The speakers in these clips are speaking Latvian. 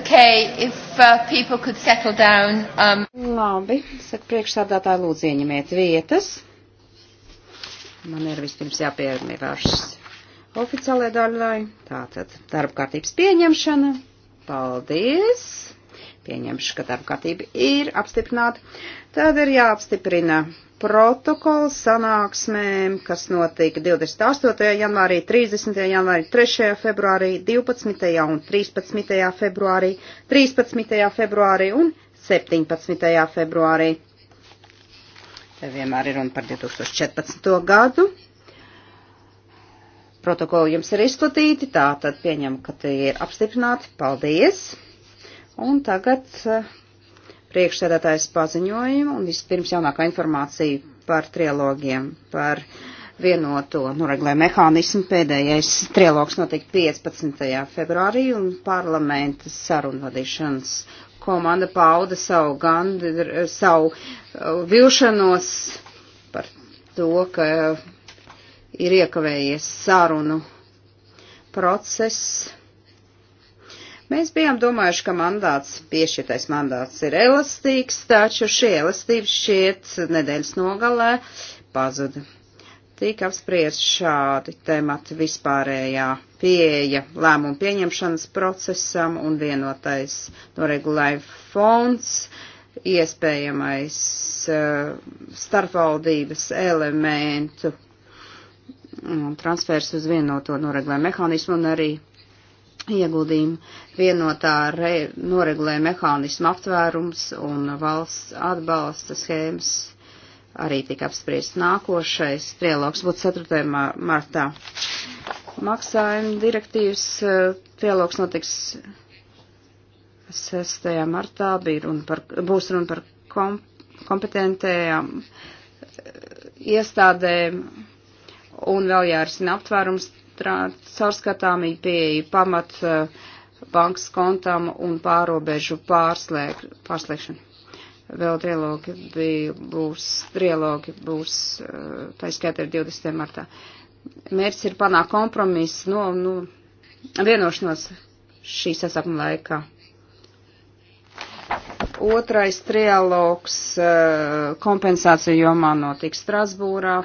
Okay, if uh, people could settle down. Um... Labi, saka priekšsādātāji, lūdzu ieņemiet vietas. Man ir vispirms jāpiemēršas oficiālajai daļai. Tātad darba kārtības pieņemšana. Paldies! Pieņemšu, ka darba kārtība ir apstiprināta. Tad ir jāapstiprina protokols sanāksmēm, kas notika 28. janvārī, 30. janvārī, 3. februārī, 12. un 13. februārī, 13. februārī un 17. februārī. Te vienmēr ir runa par 2014. gadu. Protokoli jums ir izplatīti, tā tad pieņem, ka tie ir apstiprināti. Paldies! Un tagad. Uh, priekšsēdētājs paziņojumu un vispirms jaunākā informācija par trilogiem, par vienoto noreglē nu, mehānismu. Pēdējais trilogs notika 15. februārī un parlamenta sarunvadīšanas komanda pauda savu, gandu, savu uh, vilšanos par to, ka ir iekavējies sarunu process Mēs bijām domājuši, ka mandāts, piešķirtais mandāts ir elastīgs, taču šī elastība šķiet nedēļas nogalē pazuda. Tika apspriest šādi temati vispārējā pieeja lēmumu pieņemšanas procesam un vienotais noregulējuma fonds, iespējamais uh, starpvaldības elementu mm, transfers uz vienoto noregulējumu mehānismu un arī ieguldījumu vienotā re, noregulē mehānismu aptvērums un valsts atbalsta schēmas arī tika apspriests nākošais trialogs būtu 4. martā. Maksājuma direktīvas eh, trialogs notiks 6. martā, bija runa par, būs runa par kom, kompetentējām eh, iestādēm un vēl jārisina aptvērums caurskatāmība pieeja pamat eh, bankas kontam un pārobežu pārslēg, pārslēgšana. Vēl trilogi bija, būs, trilogi būs, eh, tā skaita ir 20. martā. Mērķis ir panākt kompromisu, no, nu, no, nu, vienošanos šī sasapuma laikā. Otrais trialogs eh, kompensāciju jomā notiks Strasbūrā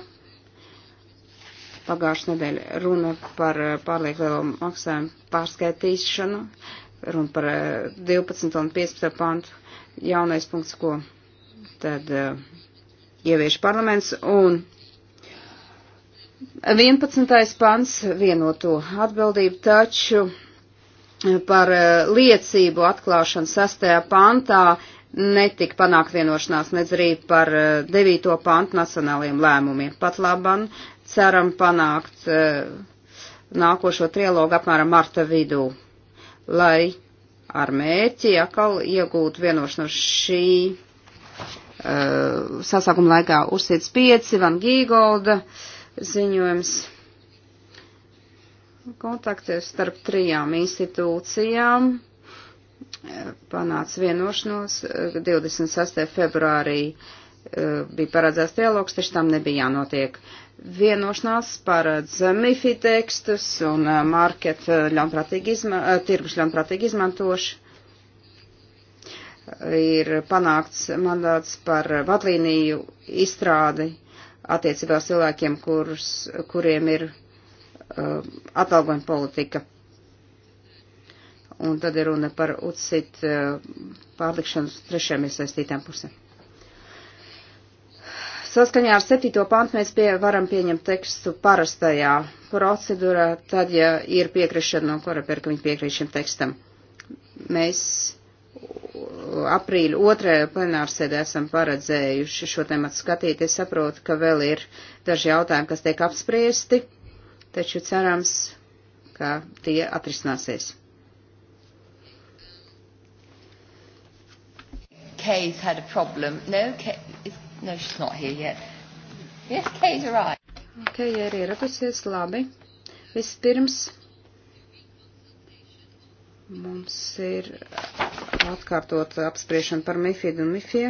Pagājušā nedēļa runa par eh, pārlieku lielo maksājumu pārskaitīšanu, runa par 12 eh, un 15 pantu jaunais punkts, ko tad uh, ievieš parlaments. Un 11. pants vienoto atbildību, taču par uh, liecību atklāšanu 6. pantā netika panākt vienošanās, nedz arī par 9. pantu nacionāliem lēmumiem. Pat laban ceram panākt e, nākošo trilogu apmēram marta vidū, lai ar mērķi atkal iegūtu vienošanos šī uh, e, sasākuma laikā uzsīts pieci Van Gīgolda ziņojums. Kontakties starp trijām institūcijām e, panāca vienošanos 26. februārī uh, bija paredzēts dialogs, taču tam nebija jānotiek. Uh, vienošanās paredz eh, MIFI tekstus un eh, market eh, ļaunprātīgi izma, tirgus ļaunprātīgi izmantoši. Ir panākts mandāts par vadlīniju izstrādi attiecībā uz cilvēkiem, kurus, kuriem ir uh, atalgojuma politika. Un tad ir runa par UCIT uh, pārlikšanu trešajām iesaistītām pusēm. Saskaņā ar 7. pantu mēs pie, varam pieņemt tekstu parastajā procedūrā, tad, ja ir piekrišana no korepera, ka viņi piekrīt šim tekstam. Mēs aprīļa otrajā plenārsēdē esam paredzējuši šo tematu skatīt. Es saprotu, ka vēl ir daži jautājumi, kas tiek apspriesti, taču cerams, ka tie atrisināsies. Kay's had a problem. No, Kay, is No, she's not here yet. Yes, Kay's arrived. Okay, ir ieradusies labi. Vispirms mums ir atkārtot apspriešana par MIFID un MIFIE.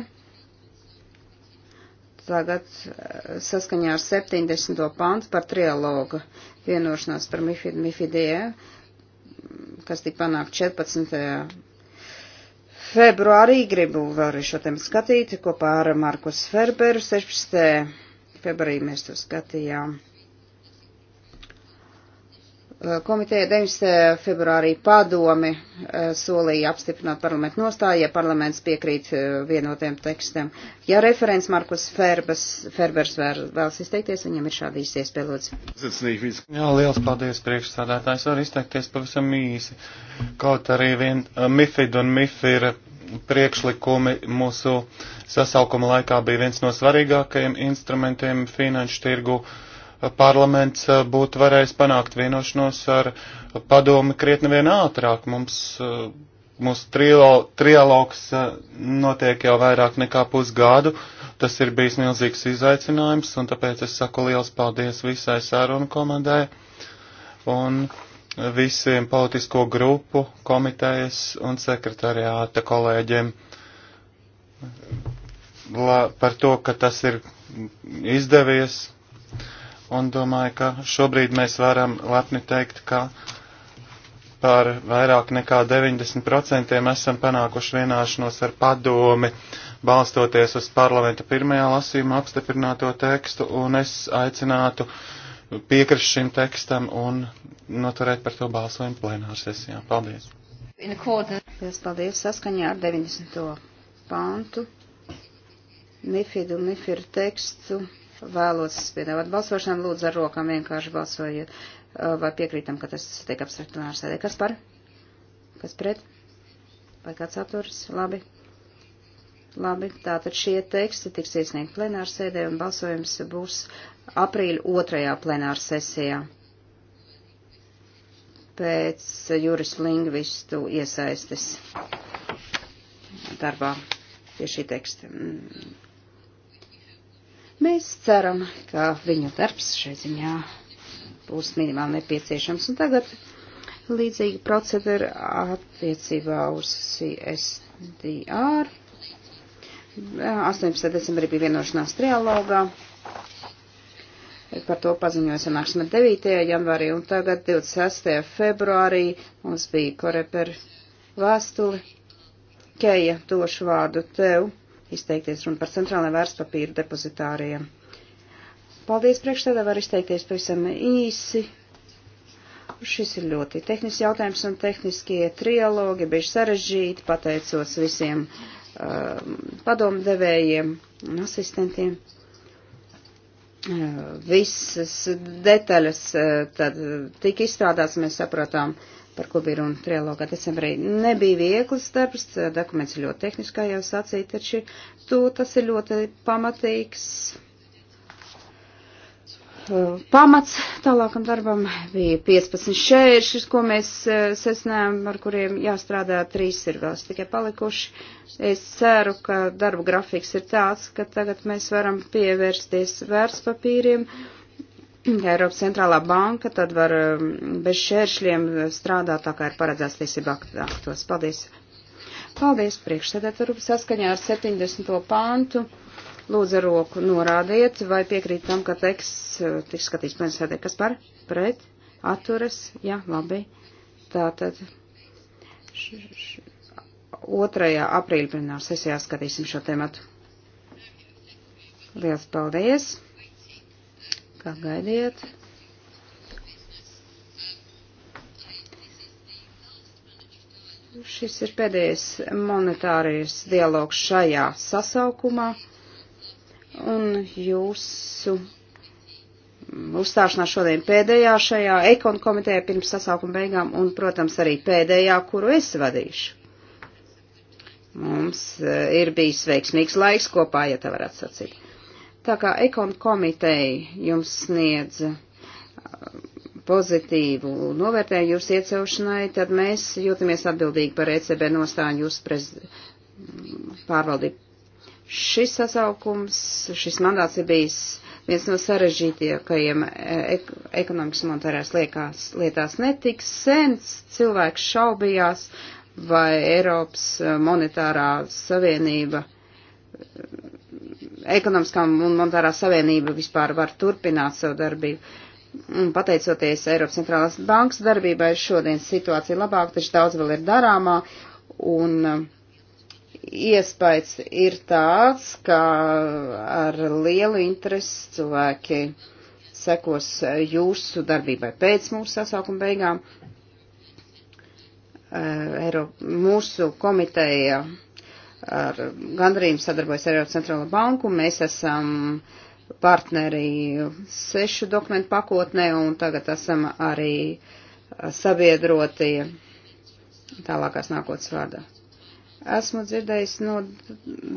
Tagad eh, saskaņā ar 70. pāntu par trialogu vienošanās par MIFID un MIFIDE, kas tika panākt 14 Februārī gribu vēlreiz šo tēmu skatīt kopā ar Markus Ferberu 16. februārī mēs to skatījām. Eh, komiteja 9. Eh, februārī padomi eh, solīja apstiprināt parlamentu nostāju, ja parlaments piekrīt vienotiem tekstam. Ja referents Markus Ferbers, Ferbers vēlas izteikties, viņam ir šādi iespēja lūdzu. Jā, liels paldies priekšsādātājs. Var izteikties pavisam īsi. Kaut arī vien MIFID un MIFIR priekšlikumi mūsu sasaukuma laikā bija viens no svarīgākajiem instrumentiem finanšu tirgu. Uh, parlaments eh, būtu varējis panākt vienošanos ar padomi krietni vien ātrāk. Mums, eh, mums trilo, trialogs eh, notiek jau vairāk nekā pusgadu. Tas ir bijis milzīgs izaicinājums, un tāpēc es saku liels paldies visai sārunu komandai un visiem politisko grupu, komitejas un sekretariāta kolēģiem la, par to, ka tas ir izdevies un domāju, ka šobrīd mēs varam lepni teikt, ka par vairāk nekā 90% esam panākuši vienāšanos ar padomi, balstoties uz parlamenta pirmajā lasījuma apstiprināto tekstu, un es aicinātu piekrist šim tekstam un noturēt par to balsojumu plenārsesijā. Paldies! Paldies, paldies saskaņā ar 90. pāntu. Mifidu, Mifiru tekstu vēlos piedāvāt balsošanu, lūdzu ar rokām vienkārši balsojiet, uh, vai piekrītam, ka tas tiek apsvērt plenāru sēdē. Kas par? Kas pret? Vai kāds atturas? Labi. Labi, tātad šie teksti tiks iesniegti plenāru sēdē un balsojums būs aprīļa otrajā plenāru sesijā pēc jurislingvistu iesaistes darbā pie šī teksta. Mm. Mēs ceram, ka viņu darbs šai ziņā būs minimāli nepieciešams. Un tagad līdzīga procedūra attiecībā uz CSDR. 18. decembrī bija vienošanās trialogā. Par to paziņoja sanāksme 9. janvārī un tagad 26. februārī mums bija koreper vēstuli. Keja, došu vārdu tev izteikties runa par centrālajiem vērtspapīru depozitāriem. Paldies priekšstādā, var izteikties pavisam īsi. Šis ir ļoti tehnisks jautājums un tehniskie trialogi bieži sarežģīti, pateicos visiem uh, padomdevējiem un asistentiem. Uh, visas detaļas uh, tad uh, tika izstrādāts, mēs sapratām. Uh, par ko bija runa trijālā decembrī. Nebija viegls darbs, dokuments ir ļoti tehnisks, kā jau sacīja, taču to tas ir ļoti pamatīgs uh, pamats tālākam darbam bija 15 šēršus, ko mēs uh, sesinājām, ar kuriem jāstrādā trīs ir vēl tikai palikuši. Es ceru, ka darba grafiks ir tāds, ka tagad mēs varam pievērsties vērtspapīriem. papīriem Eiropas centrālā banka tad var um, bez šēršļiem strādāt tā, kā ir paredzēts tiesību aktos. Paldies! Paldies priekšsēdētāju saskaņā ar 70. pāntu. Lūdzu, roku norādiet, vai piekrīt tam, ka teksts uh, tiks skatīts plenasēdē. Kas par? Pret? Atturas? Jā, labi. Tātad. Š, š, 2. aprīļa plenāra sesijā skatīsim šo tematu. Liels paldies! kā gaidiet. Šis ir pēdējais monetārijas dialogs šajā sasaukumā, un jūsu uzstāšanās šodien pēdējā šajā ekonu komitejā pirms sasaukuma beigām, un, protams, arī pēdējā, kuru es vadīšu. Mums eh, ir bijis veiksmīgs laiks kopā, ja tā varētu sacīt. Tā kā ekon komiteja jums sniedz uh, pozitīvu novērtēju jūsu iecelšanai, tad mēs jūtamies atbildīgi par ECB nostāju jūsu prez... pārvaldību. Šis sasaukums, šis mandāts ir bijis viens no sarežģītākajiem e, ek ekonomikas monetārās liekās, lietās netiks sens, cilvēks šaubījās, vai Eiropas e, monetārā savienība ekonomiskā un monetārā savienība vispār var turpināt savu darbību. Un pateicoties Eiropas centrālās bankas darbībai, šodien situācija ir labāka, taču daudz vēl ir darāmā. Un, uh, iespējas ir tāds, ka ar lielu interesi cilvēki sekos jūsu darbībai pēc mūsu sasaukuma beigām. Uh, Eiro, mūsu komiteja ar gandrību sadarbojas ar Eiropas centrālo banku. Mēs esam partneri sešu dokumentu pakotnē un tagad esam arī sabiedrotie tālākās nākotnes vārdā. Esmu dzirdējis no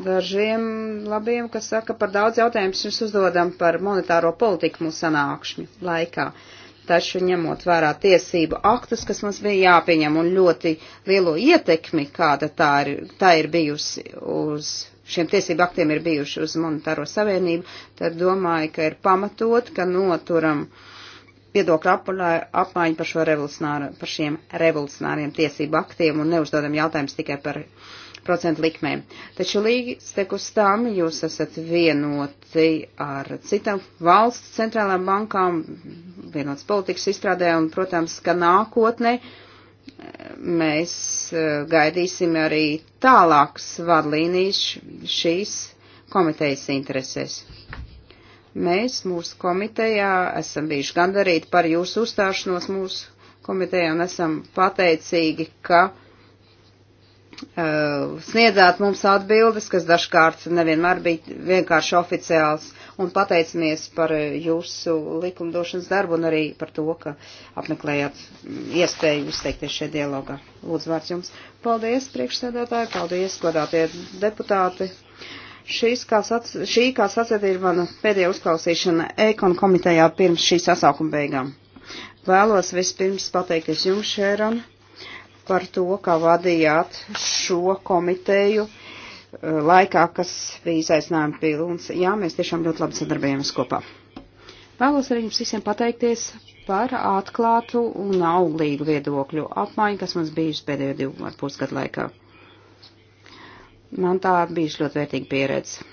dažiem labiem, kas saka par daudz jautājumus, kas uzdodam par monetāro politiku mūsu sanākšņu laikā. Uh, taču ņemot vērā tiesību aktus, kas mums bija jāpieņem un ļoti lielo ietekmi, kāda tā ir, tā ir bijusi uz šiem tiesību aktiem ir bijuši uz monetāro savienību, tad domāju, ka ir pamatot, ka noturam viedokļu apmaiņu par, šo par šiem revolucionāriem tiesību aktiem un neuzdodam jautājums tikai par procentu likmēm. Taču līdztekus tam jūs esat vienoti ar citām valsts centrālām bankām, vienots politikas izstrādē un, protams, ka nākotnē eh, mēs eh, gaidīsim arī tālākas vadlīnijas šīs komitejas interesēs. Mēs mūsu komitejā esam bijuši gandarīti par jūsu uzstāšanos mūsu komiteja un esam pateicīgi, ka Uh, sniedzāt mums atbildes, kas dažkārt nevienmēr bija vienkārši oficiāls, un pateicamies par uh, jūsu likumdošanas darbu un arī par to, ka apmeklējāt mm, iespēju izteikties šajā dialogā. Lūdzu, vārds jums. Paldies, priekšsēdētāji, paldies, godātie deputāti. Šīs, kā sac, šī, kā sacēt, ir mana pēdējā uzklausīšana Ekon komitejā pirms šī sasaukuma beigām. Vēlos vispirms pateikties jums, Šēron par to, kā vadījāt šo komiteju eh, laikā, kas bija izaicinājumi pilns. Jā, mēs tiešām ļoti labi sadarbojamies kopā. Vēlos arī jums visiem pateikties par atklātu un auglīgu viedokļu apmaiņu, kas mums bijusi pēdējo divu ar pusgadu laikā. Man tā bijusi ļoti vērtīga pieredze.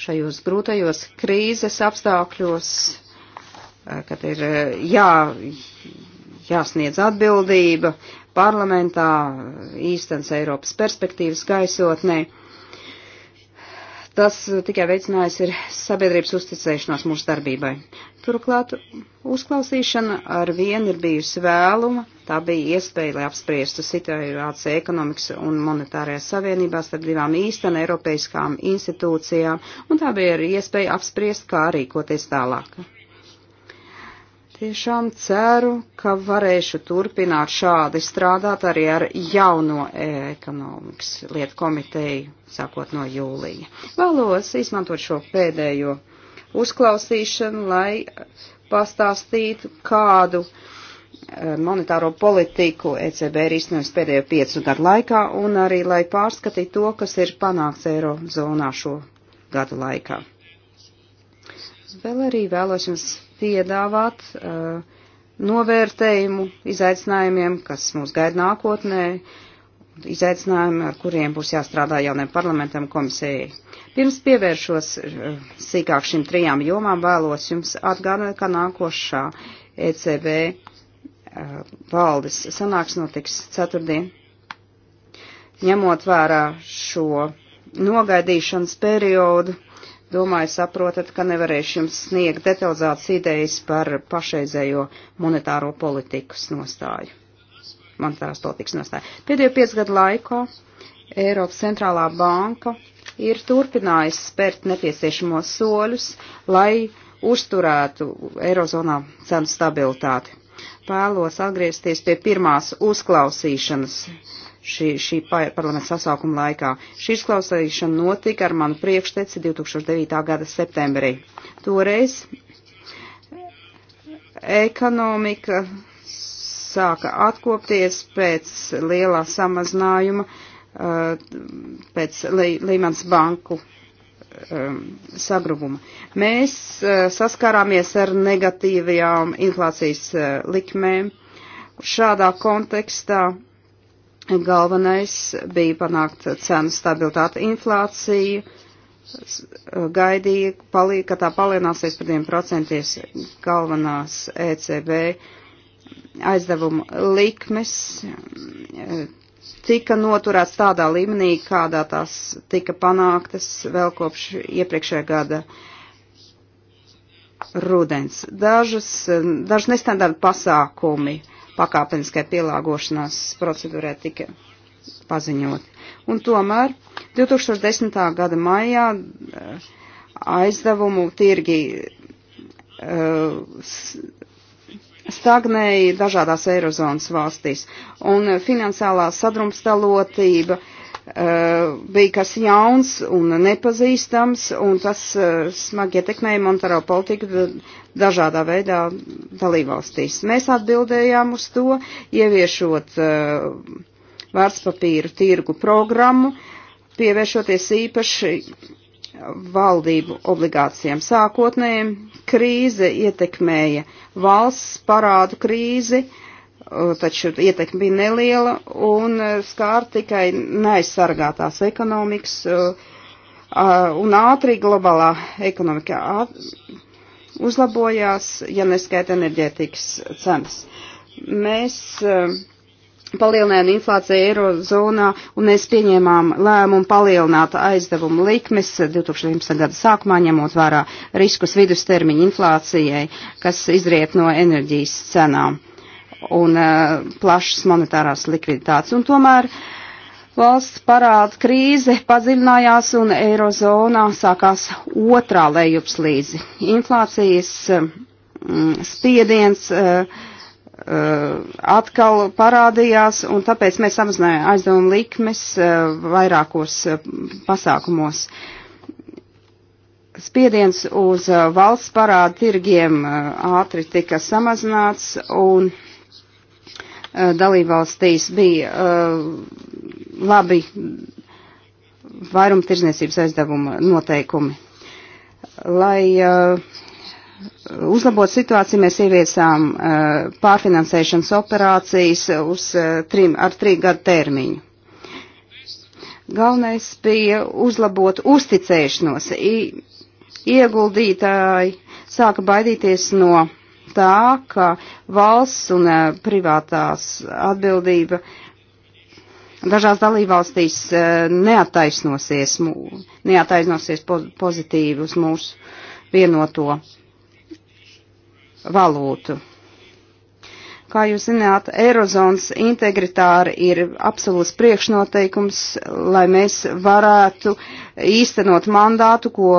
Šajos grūtajos krīzes apstākļos, eh, kad ir eh, jā, jāsniedz atbildība, parlamentā, īstenas Eiropas perspektīvas gaisotnē. Tas tikai veicinājis ir sabiedrības uzticēšanās mūsu darbībai. Turklāt uzklausīšana ar vienu ir bijusi vēluma, tā bija iespēja, lai apspriestu situāciju ekonomikas un monetārajā savienībā starp divām īsten eiropeiskām institūcijām, un tā bija arī iespēja apspriest, kā rīkoties tālāk. Tiešām ceru, ka varēšu turpināt šādi strādāt arī ar jauno ekonomikas lietu komiteju, sākot no jūlija. Vēlos izmantot šo pēdējo uzklausīšanu, lai pastāstītu, kādu eh, monetāro politiku ECB ir izsnēmis pēdējo piecu gadu laikā un arī, lai pārskatītu to, kas ir panākts Eirozonā šo gadu laikā. Vēl arī vēlos jums piedāvāt uh, novērtējumu izaicinājumiem, kas mūs gaida nākotnē, izaicinājumi, ar kuriem būs jāstrādā jauniem parlamentam komisijai. Pirms pievēršos uh, sīkāk šim trijām jomām, vēlos jums atgādināt, ka nākošā ECB uh, valdes sanāks notiks ceturtdien. Ņemot vērā šo nogaidīšanas periodu, Domāju, saprotat, ka nevarēšu jums sniegt detalizētas idejas par pašreizējo monetāro politikas nostāju. Monetāras politikas nostāju. Pēdējo piecu gadu laikā Eiropas centrālā banka ir turpinājusi spērt nepieciešamos soļus, lai uzturētu Eirozonā cenu stabilitāti. Pēlos atgriezties pie pirmās uzklausīšanas šī, šī parlamenta sasaukuma laikā. Šī izklausīšana notika ar manu priekšteci 2009. gada septembrī. Toreiz ekonomika sāka atkopties pēc lielā samazinājuma, uh, pēc Līmans banku um, sagrubuma. Mēs uh, saskārāmies ar negatīvajām inflācijas uh, likmēm. Šādā kontekstā Galvenais bija panākt cenu stabilitāti inflāciju, gaidīja, palī, ka tā palielināsies par 2% galvenās ECB aizdevumu likmes eh, tika noturēts tādā līmenī, kādā tās tika panāktas vēl kopš iepriekšējā gada rudens. Dažas, eh, daži nestandarta pasākumi uh, pakāpeniskai pielāgošanās procedūrē tika paziņot. Un tomēr 2010. gada maijā eh, aizdevumu tirgi eh, stagnēja dažādās Eirozonas valstīs, un eh, finansiālā sadrumstalotība uh, Eh, bija kas jauns un nepazīstams, un tas eh, smagi ietekmēja Montero politiku dažādā veidā dalībvalstīs. Mēs atbildējām uz to, ieviešot eh, vērtspapīru tirgu programmu, pievēršoties īpaši valdību obligācijām sākotnējiem. Krīze ietekmēja valsts parādu krīzi, uh, Eh, taču ietekme bija neliela un eh, skār tikai neaizsargātās ekonomikas eh, un ātri globālā ekonomika uzlabojās, ja neskaita enerģētikas cenas. Mēs palielinājām inflāciju eirozonā un mēs pieņēmām lēmumu palielināt aizdevumu likmes 2011. gada sākumā, ņemot vērā riskus vidustermiņa inflācijai, kas izriet no enerģijas cenām un uh, plašas monetārās likviditātes. Un tomēr valsts parāda krīze padziļinājās un eirozonā sākās otrā lejupslīdzi. Inflācijas mm, spiediens uh, uh, atkal parādījās, un tāpēc mēs samazinājām aizdevumu likmes uh, vairākos uh, pasākumos. Spiediens uz uh, valsts parādu tirgiem uh, ātri tika samazināts, un uh, Eh, dalībvalstīs bija eh, labi vairuma tirzniecības aizdevuma noteikumi. Lai eh, uzlabot situāciju, mēs ieviesām pārfinansēšanas operācijas uz trim, ar trīs gadu termiņu. Galvenais bija uzlabot uzticēšanos. Ieguldītāji sāka baidīties no tā, ka valsts un e, privātās atbildība dažās dalībvalstīs e, neataisnosies, neataisnosies pozitīvi uz mūsu vienoto valūtu. Kā jūs zināt, Eirozonas integritāri ir absolūts priekšnoteikums, lai mēs varētu īstenot mandātu, ko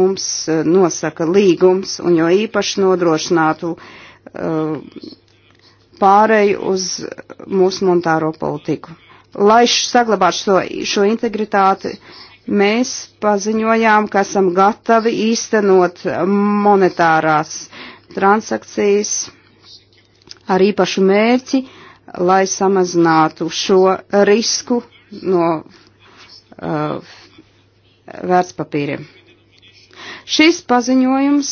mums e, nosaka līgums, un jo īpaši nodrošinātu uh, e, pārēju uz mūsu monetāro politiku. Lai saglabātu šo, šo integritāti, mēs paziņojām, ka esam gatavi īstenot monetārās transakcijas ar īpašu mērķi, lai samazinātu šo risku no uh, vērtspapīriem. Šis paziņojums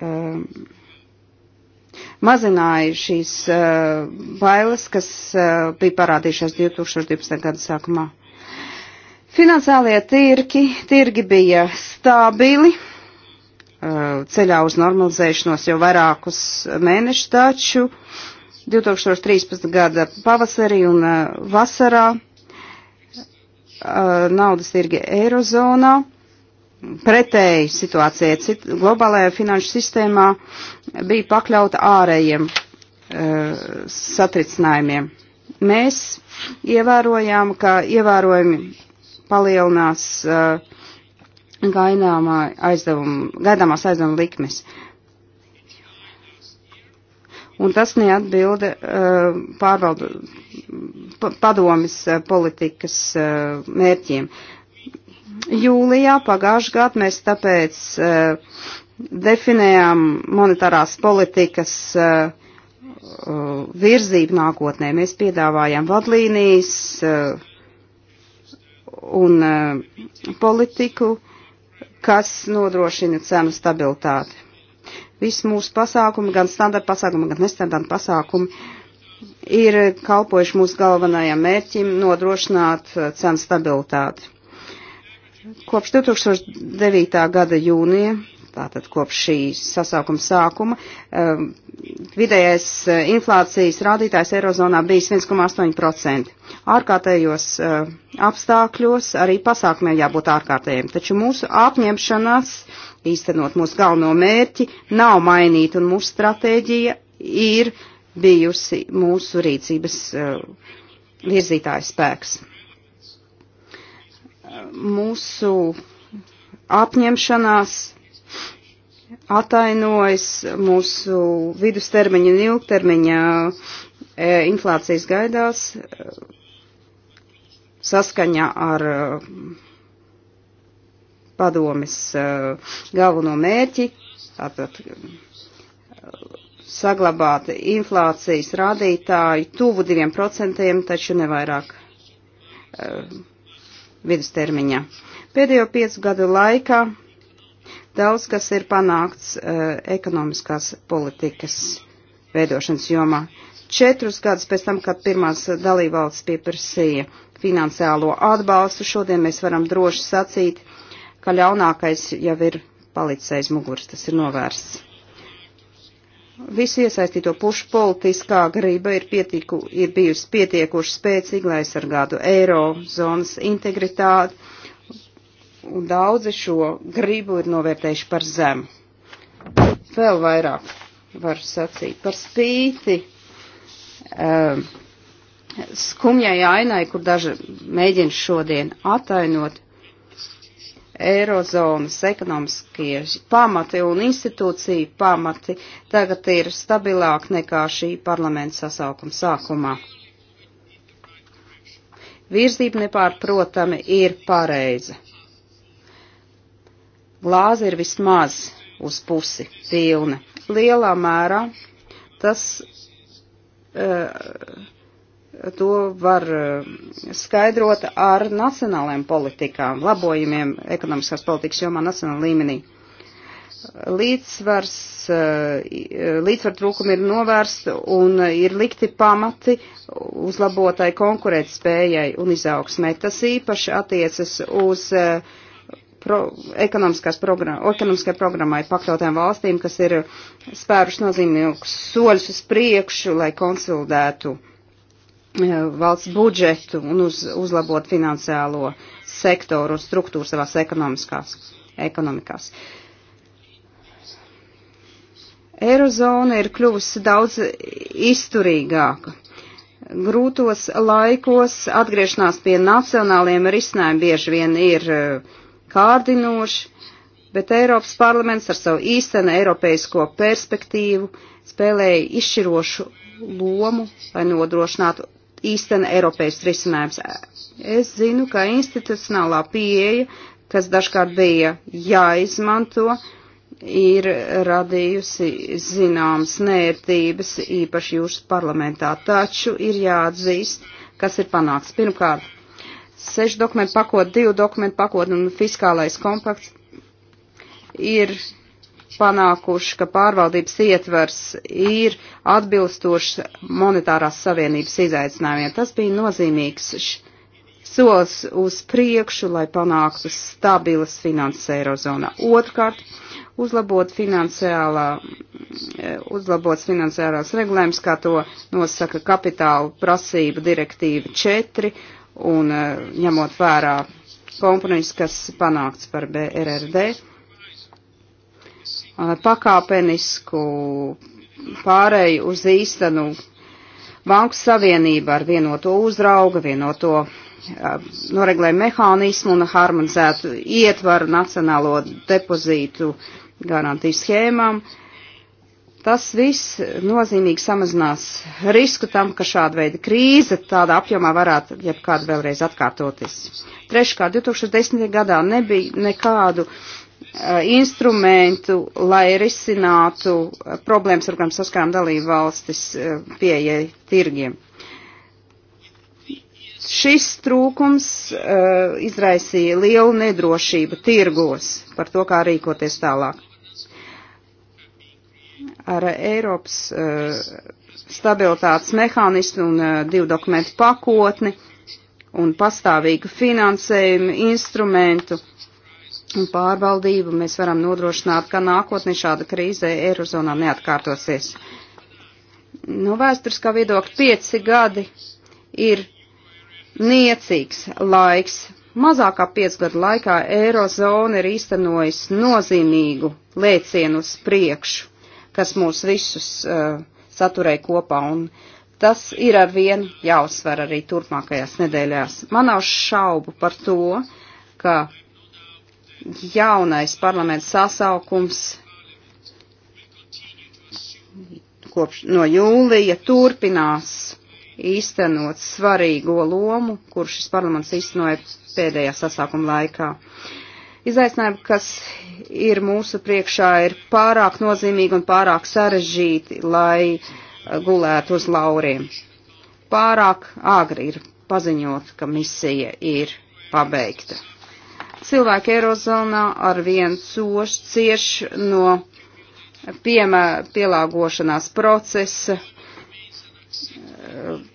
um, mazināja šīs uh, bailes, kas uh, bija parādījušās 2012. gada sākumā. Finansiālie tirki, tirgi bija stabili Uh, ceļā uz normalizēšanos jau vairākus mēnešus, taču 2013. gada pavasarī un uh, vasarā uh, naudas tirgi Eirozonā pretēji situācijai globālajā finanšu sistēmā bija pakļauta ārējiem satricinājumiem. Mēs ievērojām, ka ievērojami palielinās uh, gaidāmā aizdevuma, gaidāmās aizdevuma likmes. Un tas neatbilda uh, pārvaldu padomis uh, politikas uh, mērķiem. Jūlijā pagājušajā gadā mēs tāpēc uh, definējām monetārās politikas uh, uh virzību nākotnē. Mēs piedāvājam vadlīnijas uh, un politiku, kas nodrošina cenu stabilitāti. Visi mūsu pasākumi, gan standarta pasākumi, gan nestandarta pasākumi, ir kalpojuši mūsu galvenajam mērķim nodrošināt uh, cenu stabilitāti. Kopš 2009. gada jūnija tātad kopš šī sasaukuma sākuma. Um, vidējais uh, inflācijas rādītājs Eirozonā bijis 1,8%. Ārkārtējos uh, apstākļos arī pasākumiem jābūt ārkārtējiem, taču mūsu apņemšanās īstenot mūsu galveno mērķi nav mainīta un mūsu stratēģija ir bijusi mūsu rīcības uh, virzītājs spēks. Mūsu apņemšanās atainojas mūsu vidustermiņa un ilgtermiņa e, inflācijas gaidās e, saskaņā ar e, padomis galveno mērķi, tātad saglabāt inflācijas rādītāju tuvu 2%, taču nevairāk vidustermiņā. Pēdējo piecu gadu laikā Daudz, kas ir panākts uh, ekonomiskās politikas veidošanas jomā. Četrus gadus pēc tam, kad pirmās dalībvalsts pieprasīja finansiālo atbalstu, šodien mēs varam droši sacīt, ka ļaunākais jau ir palicis aiz muguras, tas ir novērsts. Visu iesaistīto pušu politiskā griba ir, pietiku, ir bijusi pietiekuši spēcīga, lai aizsargātu eiro zonas integritāti un daudzi šo gribu ir novērtējuši par zemu. Vēl vairāk var sacīt par spīti um, skumjai ainai, kur daži mēģina šodien atainot Eirozonas ekonomiskie pamati un institūcija pamati tagad ir stabilāk nekā šī parlamenta sasaukuma sākumā. Virzība nepārprotami ir pareiza glāze ir vismaz uz pusi pilna. Lielā mērā tas eh, to var eh, skaidrot ar nacionālajām politikām, labojumiem ekonomiskās politikas jomā nacionāla līmenī. Līdzsvars, eh, līdzsvar trūkumi ir novērsti un ir likti pamati uzlabotai konkurētspējai un izaugsmē. Tas īpaši attiecas uz uh, pro, program, ekonomiskajai programmai pakļautām valstīm, kas ir spēruši nozīmīgus soļus uz priekšu, lai konsolidētu eh, valsts budžetu un uz, uzlabot finansiālo sektoru un struktūru savās ekonomiskās, ekonomikās. Eirozona ir kļuvusi daudz izturīgāka grūtos laikos atgriešanās pie nacionāliem risinājumiem bieži vien ir uh, kārdinoši, bet Eiropas parlaments ar savu īstenu eiropeisko perspektīvu spēlēja izšķirošu lomu, lai nodrošinātu īstenu eiropeisks risinājums. Es zinu, ka institucionālā pieeja, kas dažkārt bija jāizmanto, ir radījusi zināmas nērtības, īpaši jūsu parlamentā, taču ir jāatzīst, kas ir panāks. Pirmkārt, sešu dokumentu pakot, divu dokumentu pakot un fiskālais kompakts ir panākuši, ka pārvaldības ietvers ir atbilstošs monetārās savienības izaicinājumiem. Tas bija nozīmīgs solis uz priekšu, lai panāktu stabilas finanses eirozonā. Otrkārt, uzlabot finansiālā, uzlabots finansiālās regulējums, kā to nosaka kapitāla prasība direktīva 4 un eh, ņemot vērā kompromiss, kas panākts par BRRD, eh, pakāpenisku pārēju uz īstenu Banku savienību ar vienoto uzrauga, vienoto eh, noregulējumu mehānismu un harmonizētu ietvaru nacionālo depozītu garantiju schēmām. Uh, Tas viss nozīmīgi samazinās risku tam, ka šāda veida krīze tādā apjomā varētu jebkādu vēlreiz atkārtoties. Treškārt, 2010. gadā nebija nekādu eh, instrumentu, lai risinātu eh, problēmas, ar kurām saskārām dalību valstis eh, pieejai tirgiem. Šis trūkums uh, izraisīja lielu nedrošību tirgos par to, kā rīkoties tālāk ar Eiropas eh, stabilitātes mehānismu un eh, divu dokumentu pakotni un pastāvīgu finansējumu instrumentu un pārvaldību mēs varam nodrošināt, ka nākotnē šāda krīze Eirozonā neatkārtosies. No vēsturiskā viedokļa pieci gadi ir niecīgs laiks. Mazākā piecu gadu laikā Eirozona ir īstenojis nozīmīgu lēcienu uz priekšu kas mūs visus uh, saturēja kopā, un tas ir ar vienu jāuzsver arī turpmākajās nedēļās. Man nav šaubu par to, ka jaunais parlaments sasaukums kopš no jūlija turpinās īstenot svarīgo lomu, kur šis parlaments īstenoja pēdējā sasaukuma laikā. Uh, Izaicinājumi, kas ir mūsu priekšā, ir pārāk nozīmīgi un pārāk sarežģīti, lai eh, gulētu uz lauriem. Pārāk agri ir paziņot, ka misija ir pabeigta. Cilvēki Eirozonā ar vienu coši cieš no piemē, pielāgošanās procesa,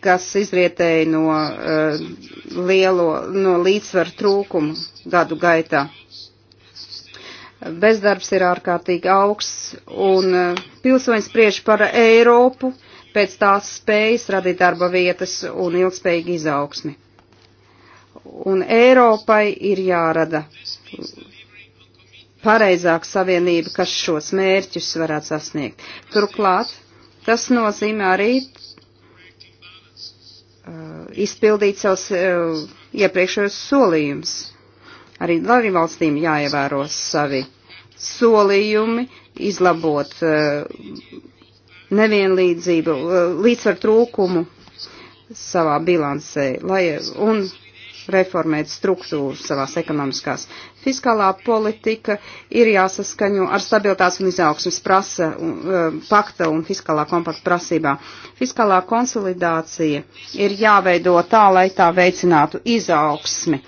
kas izrietēja no, uh, lielo, no līdzsvaru trūkumu gadu gaitā bezdarbs ir ārkārtīgi augsts, un e, pilsoņi spriež par Eiropu pēc tās spējas radīt darba vietas un ilgspējīgu izaugsmi. Un Eiropai ir jārada pareizāk savienība, kas šos mērķus varētu sasniegt. Turklāt tas nozīmē arī uh, izpildīt savus uh, iepriekšējos solījumus Arī dalībvalstīm jāievēro savi solījumi, izlabot eh, nevienlīdzību, eh, līdzsvar trūkumu savā bilansē lai, un reformēt struktūru savās ekonomiskās. Fiskālā politika ir jāsaskaņo ar stabilitātes un izaugsmes prasa, un, eh, pakta un fiskālā kompakta prasībā. Fiskālā konsolidācija ir jāveido tā, lai tā veicinātu izaugsmi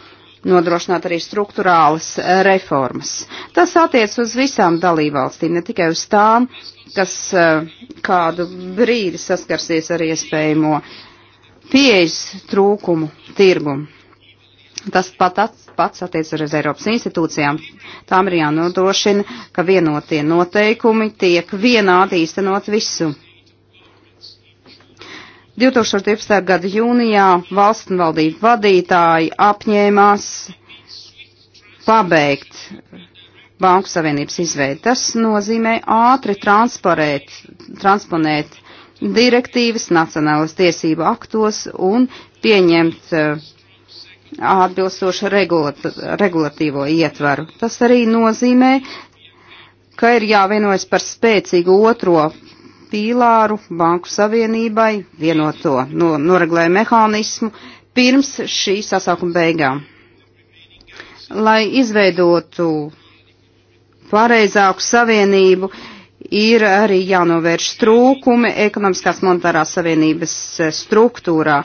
nodrošināt arī struktūrālas eh, reformas. Tas attiec uz visām dalībvalstīm, ne tikai uz tām, kas eh, kādu brīdi saskarsies ar iespējamo pieejas trūkumu tirgumu. Tas pat at, pats attiec arī uz Eiropas institūcijām. Tām ir jānodrošina, ka vienotie noteikumi tiek vienādi īstenot visu 2012. gada jūnijā valsts un valdību vadītāji apņēmās pabeigt Banku Savienības izveidi. Tas nozīmē ātri transparēt, transponēt direktīvas nacionālas tiesību aktos un pieņemt eh, atbilstošu regulat regulatīvo ietvaru. Tas arī nozīmē, ka ir jāvienojas par spēcīgu otro pīlāru Banku Savienībai, vienoto no, noreglēju mehānismu, pirms šī sasaukuma beigām. Lai izveidotu pareizāku savienību, ir arī jānovērš trūkumi ekonomiskās monetārās savienības eh, struktūrā.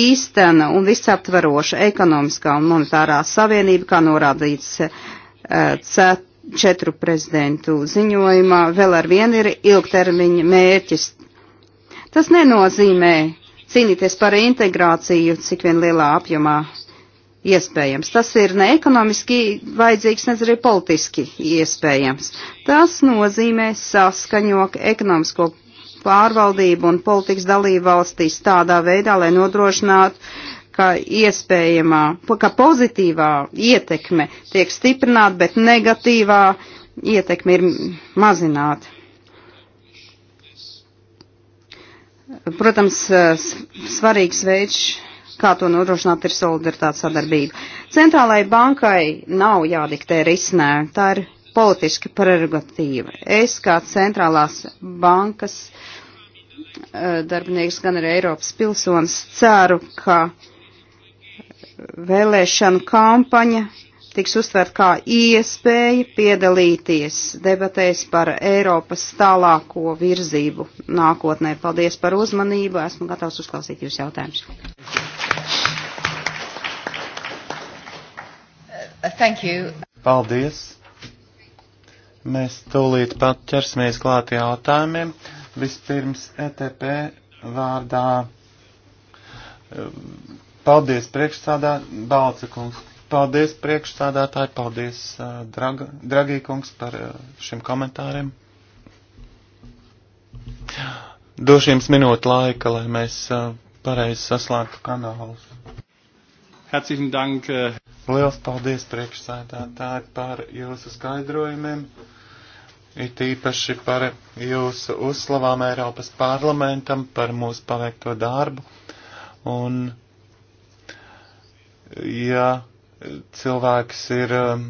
Īstena un visaptvaroša ekonomiskā un monetārā savienība, kā norādīts cet, eh, četru prezidentu ziņojumā vēl ar vienu ir ilgtermiņa mērķis. Tas nenozīmē cīnīties par integrāciju, cik vien lielā apjomā iespējams. Tas ir ne ekonomiski vajadzīgs, ne arī politiski iespējams. Tas nozīmē saskaņot ekonomisko pārvaldību un politikas dalību valstīs tādā veidā, lai nodrošinātu ka iespējamā, ka pozitīvā ietekme tiek stiprināta, bet negatīvā ietekme ir mazināta. Protams, svarīgs veids, kā to nodrošināt, ir solidaritātes sadarbība. Centrālajai bankai nav jādiktē risinājumi, tā ir politiska prerogatīva. Es kā centrālās bankas eh, darbinieks, gan arī Eiropas pilsonis ceru, ka uh, Vēlēšana kampaņa tiks uztvert kā iespēja piedalīties debatēs par Eiropas tālāko virzību nākotnē. Paldies par uzmanību, esmu gatavs uzklausīt jūs jautājumus. Uh, thank you. Paldies. Mēs tūlīt pat ķersimies klāt jautājumiem. Vispirms ETP vārdā um, Paldies priekšsādātāji, Balca kungs. Paldies priekšsādātāji, paldies uh, draga, Dragī kungs par uh, šiem komentāriem. Došu jums minūtu laika, lai mēs uh, pareizi saslēgtu kanālus. Herzlichen Dank. Liels paldies priekšsādātāji par jūsu skaidrojumiem. It īpaši par jūsu uzslavām Eiropas parlamentam, par mūsu paveikto darbu. Un ja cilvēks ir um,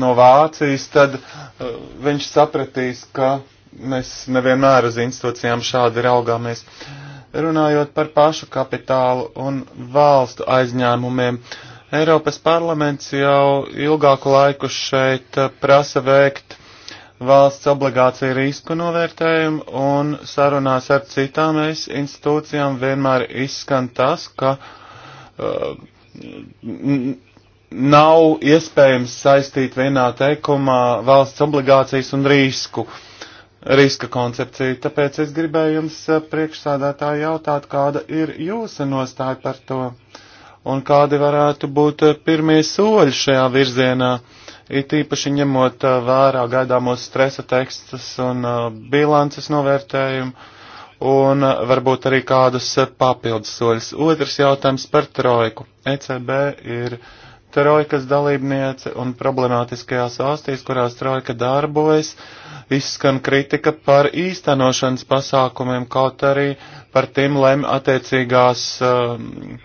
no Vācijas, tad uh, viņš sapratīs, ka mēs nevienmēr uz institūcijām šādi raugāmies. Runājot par pašu kapitālu un valstu aizņēmumiem, Eiropas parlaments jau ilgāku laiku šeit uh, prasa veikt valsts obligāciju risku novērtējumu un sarunās ar citām es institūcijām vienmēr izskan tas, ka uh, nav iespējams saistīt vienā teikumā valsts obligācijas un risku, riska koncepciju. Tāpēc es gribēju jums eh, priekšsādātāji jautāt, kāda ir jūsu nostāja par to un kādi varētu būt eh, pirmie soļi šajā virzienā, it īpaši ņemot eh, vērā gaidāmos stresa tekstus un bilances novērtējumu un varbūt arī kādus papildus soļus. Otrs jautājums par trojku. ECB ir trojkas dalībniece un problemātiskajās valstīs, kurās trojka darbojas, izskan kritika par īstenošanas pasākumiem, kaut arī par tiem lem attiecīgās um,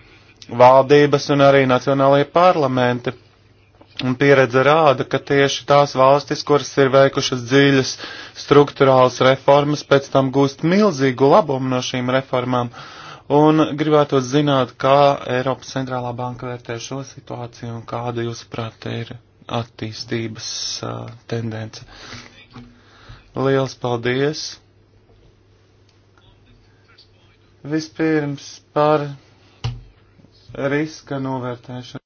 valdības un arī nacionālajie parlamenti Un pieredze rāda, ka tieši tās valstis, kuras ir veikušas dziļas struktūrāls reformas, pēc tam gūst milzīgu labumu no šīm reformām. Un gribētu zināt, kā Eiropas centrālā banka vērtē šo situāciju un kāda, jūsuprāt, ir attīstības uh, tendence. Liels paldies! Vispirms par riska novērtēšanu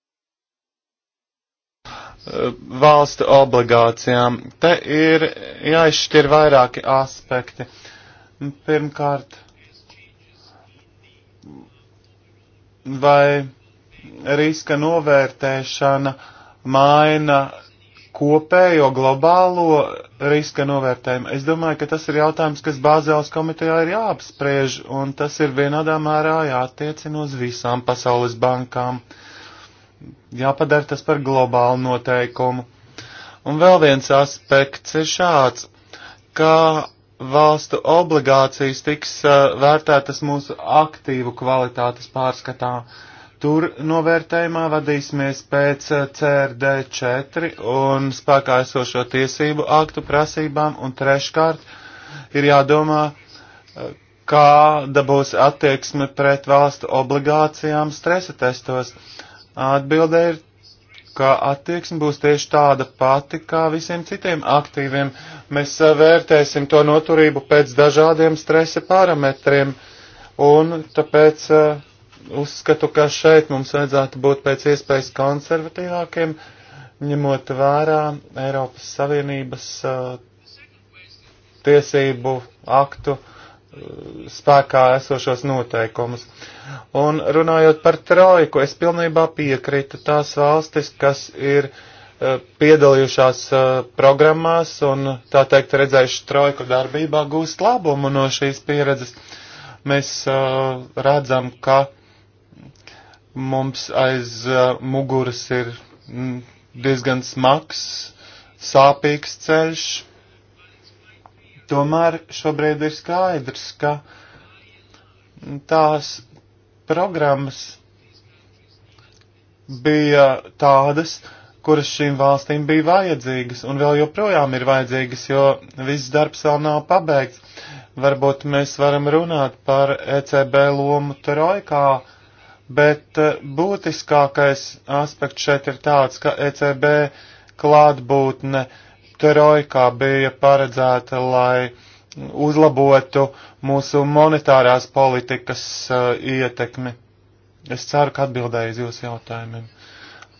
valstu obligācijām. Te ir jāizšķir vairāki aspekti. Pirmkārt, vai riska novērtēšana maina kopējo globālo riska novērtējumu. Es domāju, ka tas ir jautājums, kas Bāzēlas komitejā ir jāapspriež, un tas ir vienādā mērā jātiecina uz visām pasaules bankām. Uh, jāpadara tas par globālu noteikumu. Un vēl viens aspekts ir šāds, kā valstu obligācijas tiks uh, vērtētas mūsu aktīvu kvalitātes pārskatā. Tur novērtējumā vadīsimies pēc uh, CRD 4 un spēkā esošo tiesību aktu prasībām, un treškārt ir jādomā, uh, kāda būs attieksme pret valstu obligācijām stresa testos. Atbilde ir, ka attieksme būs tieši tāda pati kā visiem citiem aktīviem. Mēs uh, vērtēsim to noturību pēc dažādiem stresa parametriem, un tāpēc uh, uzskatu, ka šeit mums vajadzētu būt pēc iespējas konservatīvākiem, ņemot vērā Eiropas Savienības uh, tiesību aktu uh, spēkā esošos noteikumus. Un runājot par trojku, es pilnībā piekrītu tās valstis, kas ir e, piedalījušās e, programmās un, tā teikt, redzējuši trojku darbībā gūst labumu no šīs pieredzes. Mēs e, redzam, ka mums aiz muguras ir diezgan smags, sāpīgs ceļš, Tomēr šobrīd ir skaidrs, ka tās programmas bija tādas, kuras šīm valstīm bija vajadzīgas un vēl joprojām ir vajadzīgas, jo viss darbs vēl nav pabeigts. Varbūt mēs varam runāt par ECB lomu trojkā, bet eh, būtiskākais aspekts šeit ir tāds, ka ECB klātbūtne uh, trojkā bija paredzēta, lai uzlabotu mūsu monetārās politikas uh, ietekmi. Es ceru, ka atbildēju uz jūsu jautājumiem.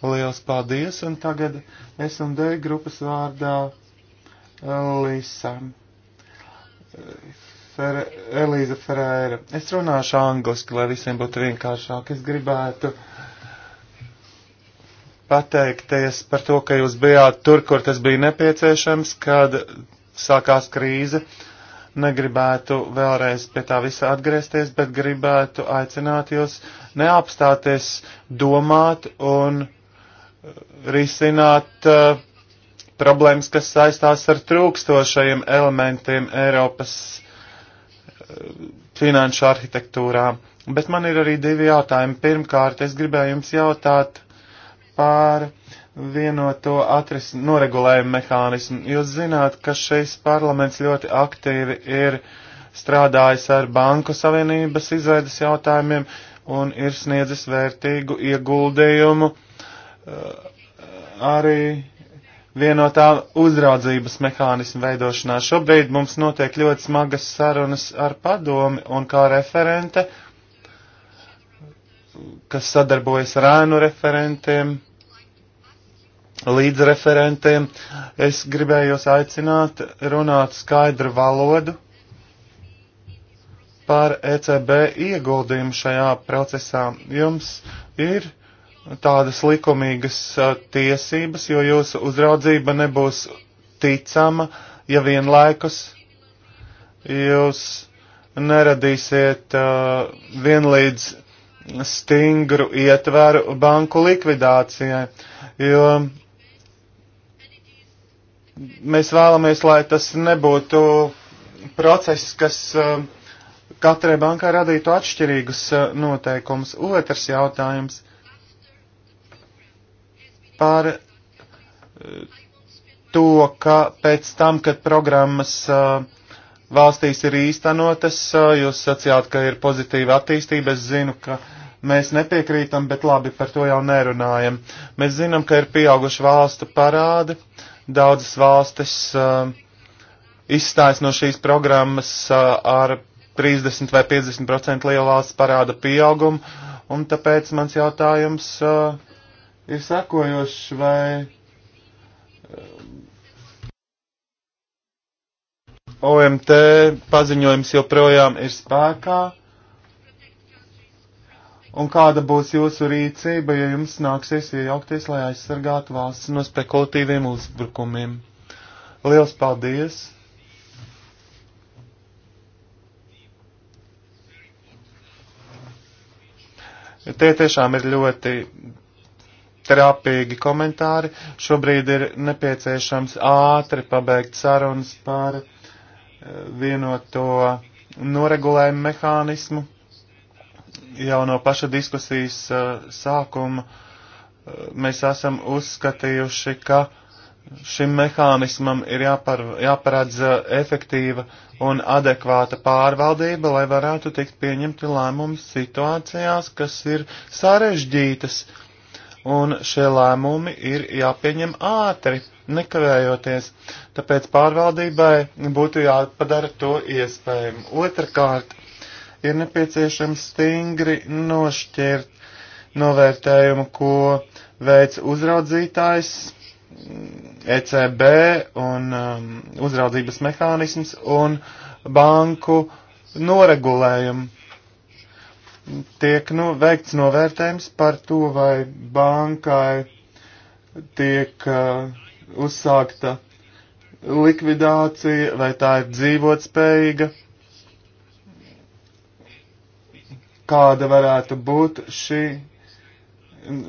Lielas paldies, un tagad S&D grupas vārdā uh, Lisam. Fer, Elīza Ferēra. Es runāšu angliski, lai visiem būtu vienkāršāk. Es gribētu uh, pateikties par to, ka jūs bijāt tur, kur tas bija nepieciešams, kad sākās krīze. Negribētu vēlreiz pie tā visa atgriezties, bet gribētu aicināt jūs neapstāties domāt un eh, risināt uh, problēmas, kas saistās ar trūkstošajiem elementiem Eiropas eh, finanšu arhitektūrā. Bet man ir arī divi jautājumi. Pirmkārt, es gribēju jums jautāt, pār vienoto atris, noregulējumu mehānismu. Jūs zināt, ka šis parlaments ļoti aktīvi ir strādājis ar Banku Savienības izveidas jautājumiem un ir sniedzis vērtīgu ieguldījumu eh, arī vienotā uzraudzības mehānismu veidošanā. Šobrīd mums notiek ļoti smagas sarunas ar padomi un kā referente uh, kas sadarbojas ar ēnu referentiem, līdz referentiem. Es gribējos aicināt runāt skaidru valodu par ECB ieguldījumu šajā procesā. Jums ir tādas likumīgas tiesības, jo jūsu uzraudzība nebūs ticama, ja vienlaikus jūs neradīsiet uh, vienlīdz stingru ietveru banku likvidācijai, jo mēs vēlamies, lai tas nebūtu process, kas eh, katrai bankai radītu atšķirīgus eh, noteikumus. Otrs jautājums par eh, to, ka pēc tam, kad programmas uh, valstīs ir īstenotas. Jūs sacījāt, ka ir pozitīva attīstība. Es zinu, ka mēs nepiekrītam, bet labi, par to jau nerunājam. Mēs zinām, ka ir pieauguši valstu parādi. Daudzas valstis uh, izstājas no šīs programmas uh, ar 30 vai 50% lielu valsts parāda pieaugumu. Un tāpēc mans jautājums uh, ir sekojošs, vai OMT paziņojums joprojām ir spēkā? Un kāda būs jūsu rīcība, ja jums nāksies iejaukties, lai aizsargātu valsts no spekulatīviem uzbrukumiem? Liels paldies! Tie tiešām ir ļoti trāpīgi komentāri. Šobrīd ir nepieciešams ātri pabeigt sarunas par vienoto noregulējumu mehānismu. Jau no paša diskusijas uh, sākuma uh, mēs esam uzskatījuši, ka šim mehānismam ir jāpar, jāparedz uh, efektīva un adekvāta pārvaldība, lai varētu tikt pieņemti lēmumi situācijās, kas ir sarežģītas, un šie lēmumi ir jāpieņem ātri nekavējoties, tāpēc pārvaldībai būtu jāpadara to iespējumu. Otrakārt, ir nepieciešams stingri nošķirt novērtējumu, ko veic uzraudzītājs, ECB un um, uzraudzības mehānisms un banku noregulējumu. Tiek nu, veikts novērtējums par to, vai bankai tiek uh, uzsākta likvidācija, vai tā ir dzīvotspējīga, kāda varētu būt šī,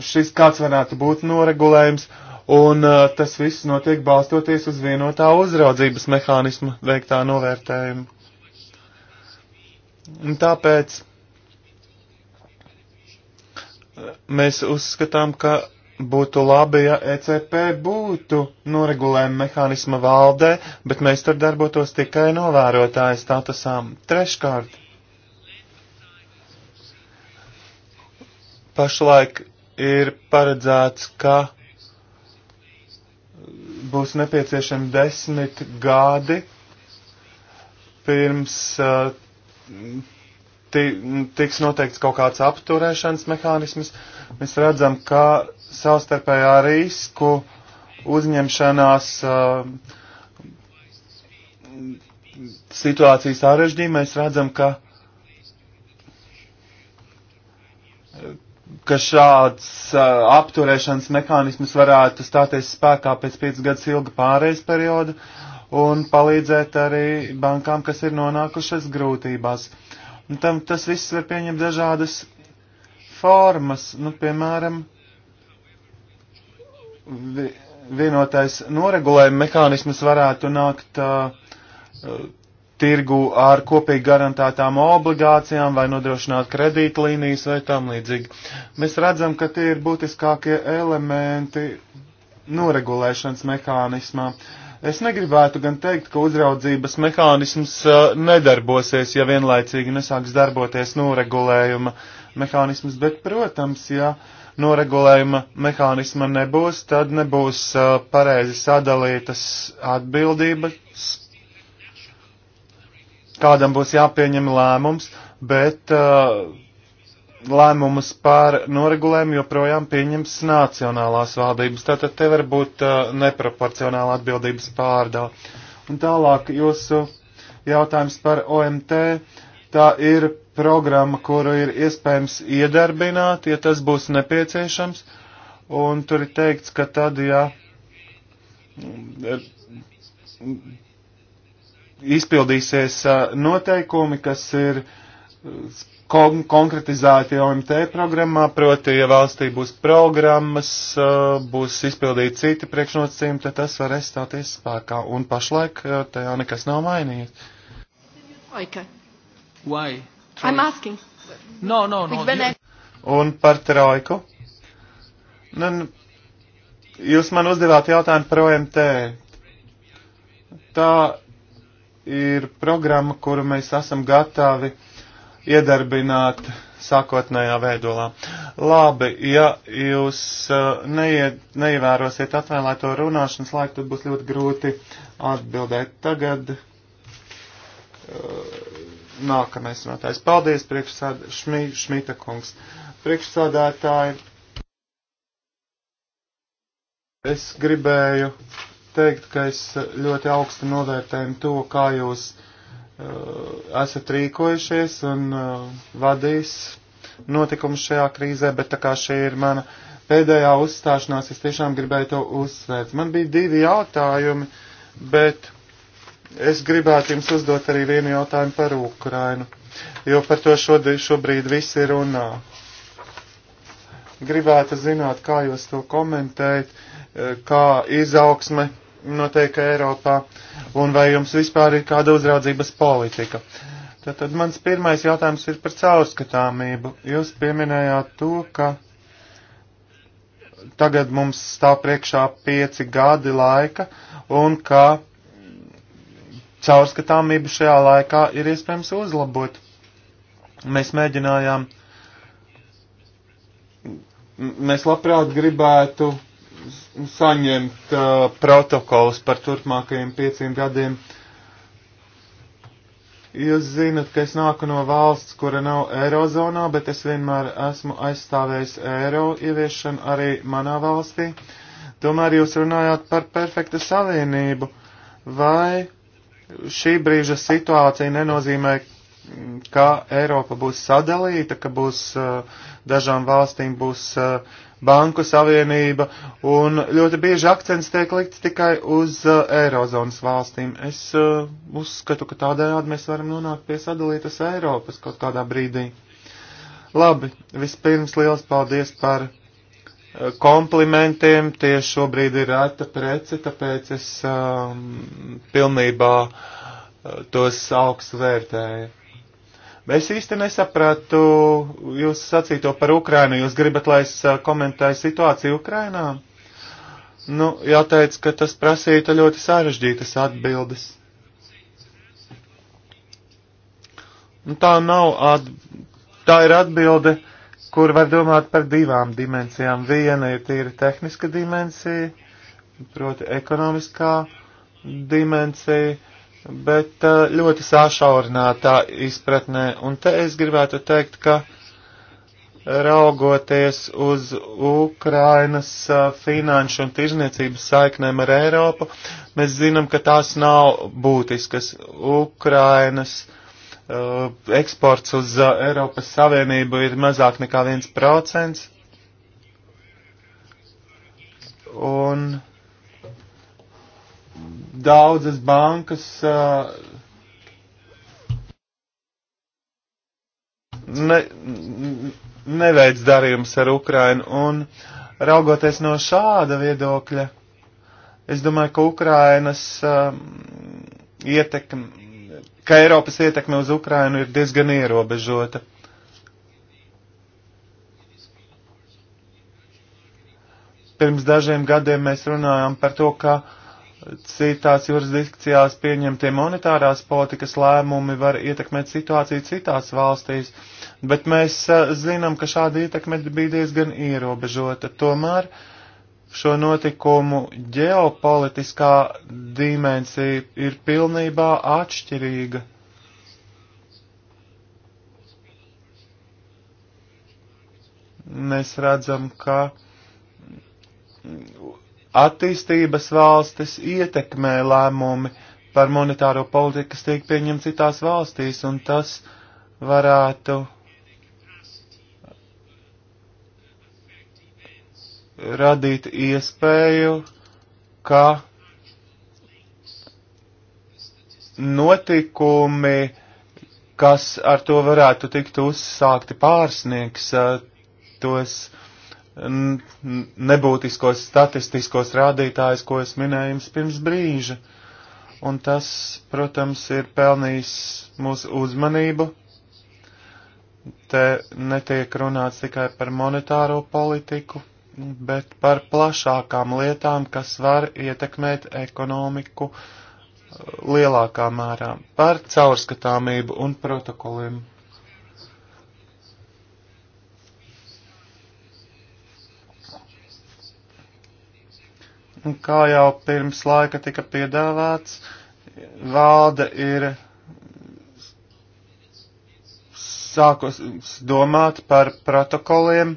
šis kāds varētu būt noregulējums, un uh, tas viss notiek balstoties uz vienotā uzraudzības mehānisma veiktā novērtējuma. Un tāpēc uh, mēs uzskatām, ka Būtu labi, ja ECP būtu noregulējuma mehānisma valdē, bet mēs tur darbotos tikai novērotāju statusām. Treškārt, pašlaik ir paredzēts, ka būs nepieciešami desmit gadi pirms uh, tiks noteikts kaut kāds apturēšanas mehānisms. Mēs redzam, ka savstarpējā risku uzņemšanās uh, situācijas sarežģī, mēs redzam, ka, ka šāds uh, apturēšanas mehānisms varētu stāties spēkā pēc 5 gadus ilga pārejas perioda un palīdzēt arī bankām, kas ir nonākušas grūtībās. Un tam tas viss var pieņemt dažādas formas, nu, piemēram, vi, vienotais noregulējuma mehānisms varētu nākt uh, tirgu ar kopīgi garantētām obligācijām vai nodrošināt kredītlīnijas vai tam līdzīgi. Mēs redzam, ka tie ir būtiskākie elementi noregulēšanas mehānismā. Es negribētu gan teikt, ka uzraudzības mehānisms uh, nedarbosies, ja vienlaicīgi nesāks darboties noregulējuma mehānisms, bet, protams, ja uh, noregulējuma mehānisma nebūs, tad nebūs uh, pareizi sadalītas atbildības, kādam būs jāpieņem lēmums, bet uh, lēmumus par noregulējumu joprojām pieņems nacionālās valdības. Tātad te var būt uh, neproporcionāla atbildības pārdala. Un tālāk jūsu jautājums par OMT. Tā ir programma, kuru ir iespējams iedarbināt, ja tas būs nepieciešams, un tur ir teikts, ka tad, ja izpildīsies noteikumi, kas ir kon konkretizēti OMT programmā, proti, ja valstī būs programmas, būs izpildīti citi priekšnosacījumi, tad tas var aizstāties spēkā. Un pašlaik tajā nekas nav mainījies. Why? I'm asking. No, no, no. You... Un par trojku? Nu, nu, jūs man uzdevāt jautājumu par OMT. Tā ir programma, kuru mēs esam gatavi iedarbināt sākotnējā veidolā. Labi, ja jūs uh, neie, neievērosiet atvēlēto runāšanas laiku, tad būs ļoti grūti atbildēt. Tagad uh, Nākamais runātājs. Paldies, priekšsādā, šmi, Šmita kungs. Priekšsādātāji, es gribēju teikt, ka es ļoti augstu novērtēju to, kā jūs uh, esat rīkojušies un uh, vadījis notikumu šajā krīzē, bet tā kā šī ir mana pēdējā uzstāšanās, es tiešām gribēju to uzsvērt. Man bija divi jautājumi, bet Es gribētu jums uzdot arī vienu jautājumu par Ukrainu, jo par to šodien, šobrīd visi runā. Gribētu zināt, kā jūs to komentējat, eh, kā izaugsme notiek Eiropā un vai jums vispār ir kāda uzraudzības politika. Tātad mans pirmais jautājums ir par caurskatāmību. Jūs pieminējāt to, ka tagad mums stāv priekšā pieci gadi laika un ka caurskatāmību šajā laikā ir iespējams uzlabot. Mēs mēģinājām, mēs labprāt gribētu saņemt uh, protokolus par turpmākajiem pieciem gadiem. Jūs zinat, ka es nāku no valsts, kura nav eirozonā, bet es vienmēr esmu aizstāvējis eiro ieviešanu arī manā valstī. Tomēr jūs runājāt par perfektu savienību. Vai šī brīža situācija nenozīmē, kā Eiropa būs sadalīta, ka būs eh, dažām valstīm būs eh, banku savienība, un ļoti bieži akcents tiek likts tikai uz eh, Eirozonas valstīm. Es uzskatu, ka tādējādi mēs varam nonākt pie sadalītas Eiropas kaut kādā brīdī. Labi, vispirms liels paldies par komplimentiem tieši šobrīd ir reta prece, tāpēc es um, pilnībā uh, tos augstu vērtēju. Es īsti nesapratu jūs sacīto par Ukrainu. Jūs gribat, lai es uh, komentēju situāciju Ukrainā? Nu, jāteic, ka tas prasītu ļoti sarežģītas atbildes. Un nu, tā nav, at... tā ir atbilde kur var domāt par divām dimensijām. Viena ir tīri tehniska dimensija, proti ekonomiskā dimensija, bet uh, ļoti sašaurinātā izpratnē. Un te es gribētu teikt, ka raugoties uz Ukrainas uh, finanšu un tirzniecības saiknēm ar Eiropu, mēs zinām, ka tās nav būtiskas. Ukrainas uh, Uh, eksports uz uh, Eiropas Savienību ir mazāk nekā 1%. Un daudzas bankas uh, ne, neveic darījums ar Ukrainu. Un raugoties no šāda viedokļa, es domāju, ka Ukrainas um, ietekme ka Eiropas ietekme uz Ukrainu ir diezgan ierobežota. Pirms dažiem gadiem mēs runājām par to, ka citās jurisdikcijās pieņemtie monetārās politikas lēmumi var ietekmēt situāciju citās valstīs, bet mēs eh, zinām, ka šāda ietekme bija diezgan ierobežota. Tomēr uh, šo notikumu ģeopolitiskā dimensija ir pilnībā atšķirīga. Mēs redzam, ka attīstības valstis ietekmē lēmumi par monetāro politiku, kas tiek pieņemts citās valstīs, un tas varētu radīt iespēju, ka notikumi, kas ar to varētu tikt uzsākti pārsniegs, tos nebūtiskos statistiskos rādītājus, ko es minēju jums pirms brīža. Un tas, protams, ir pelnījis mūsu uzmanību. Te netiek runāts tikai par monetāro politiku, bet par plašākām lietām, kas var ietekmēt ekonomiku uh, lielākā mērā, par caurskatāmību un protokoliem. Kā jau pirms laika tika piedāvāts, valde ir sākus domāt par protokoliem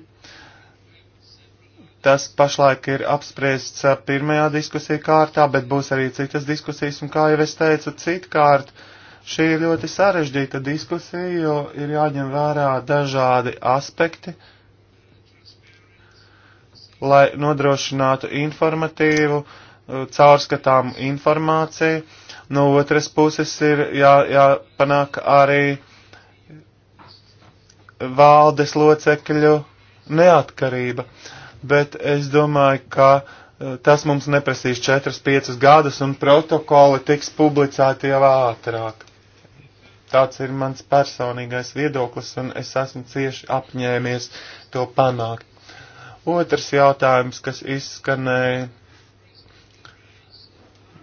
Tas pašlaik ir apspriests pirmajā diskusija kārtā, bet būs arī citas diskusijas, un kā jau es teicu, citkārt šī ir ļoti sarežģīta diskusija, jo ir jāņem vērā dažādi aspekti, lai nodrošinātu informatīvu, uh, caurskatām informāciju. No otras puses ir jā, jāpanāk arī valdes locekļu neatkarība. Uh, bet es domāju, ka eh, tas mums neprasīs 4-5 gadus un protokoli tiks publicēti jau ātrāk. Tāds ir mans personīgais viedoklis un es esmu cieši apņēmies to panākt. Otrs jautājums, kas izskanēja,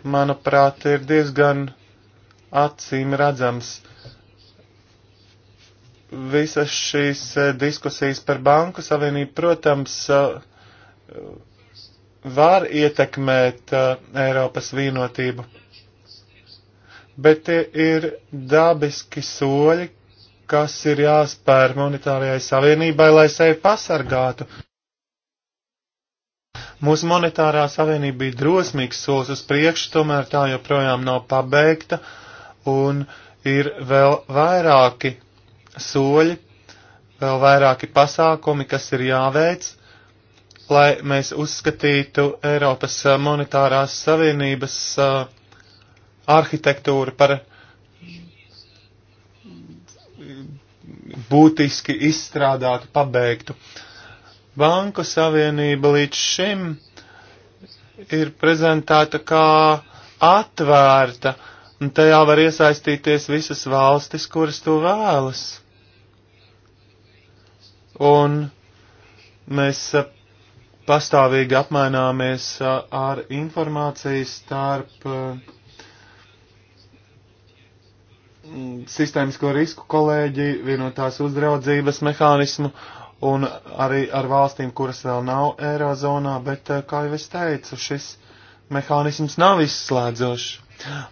manuprāt, ir diezgan acīm redzams visas šīs e, diskusijas par banku savienību, protams, e, var ietekmēt e, Eiropas vienotību, bet tie ir dabiski soļi, kas ir jāspēr monetārajai savienībai, lai sevi pasargātu. Mūsu monetārā savienība bija drosmīgs solis uz priekšu, tomēr tā joprojām nav pabeigta, un ir vēl vairāki soļi, vēl vairāki pasākumi, kas ir jāveic, lai mēs uzskatītu Eiropas eh, monetārās savienības eh, arhitektūru par būtiski izstrādātu, pabeigtu. Banku savienība līdz šim ir prezentēta kā atvērta, un tajā var iesaistīties visas valstis, kuras to vēlas un mēs eh, pastāvīgi apmaināmies eh, ar informāciju starp eh, sistēmisko risku kolēģi, vienotās uzraudzības mehānismu un arī ar valstīm, kuras vēl nav Eirozonā, bet, kā jau es teicu, šis mehānisms nav izslēdzošs.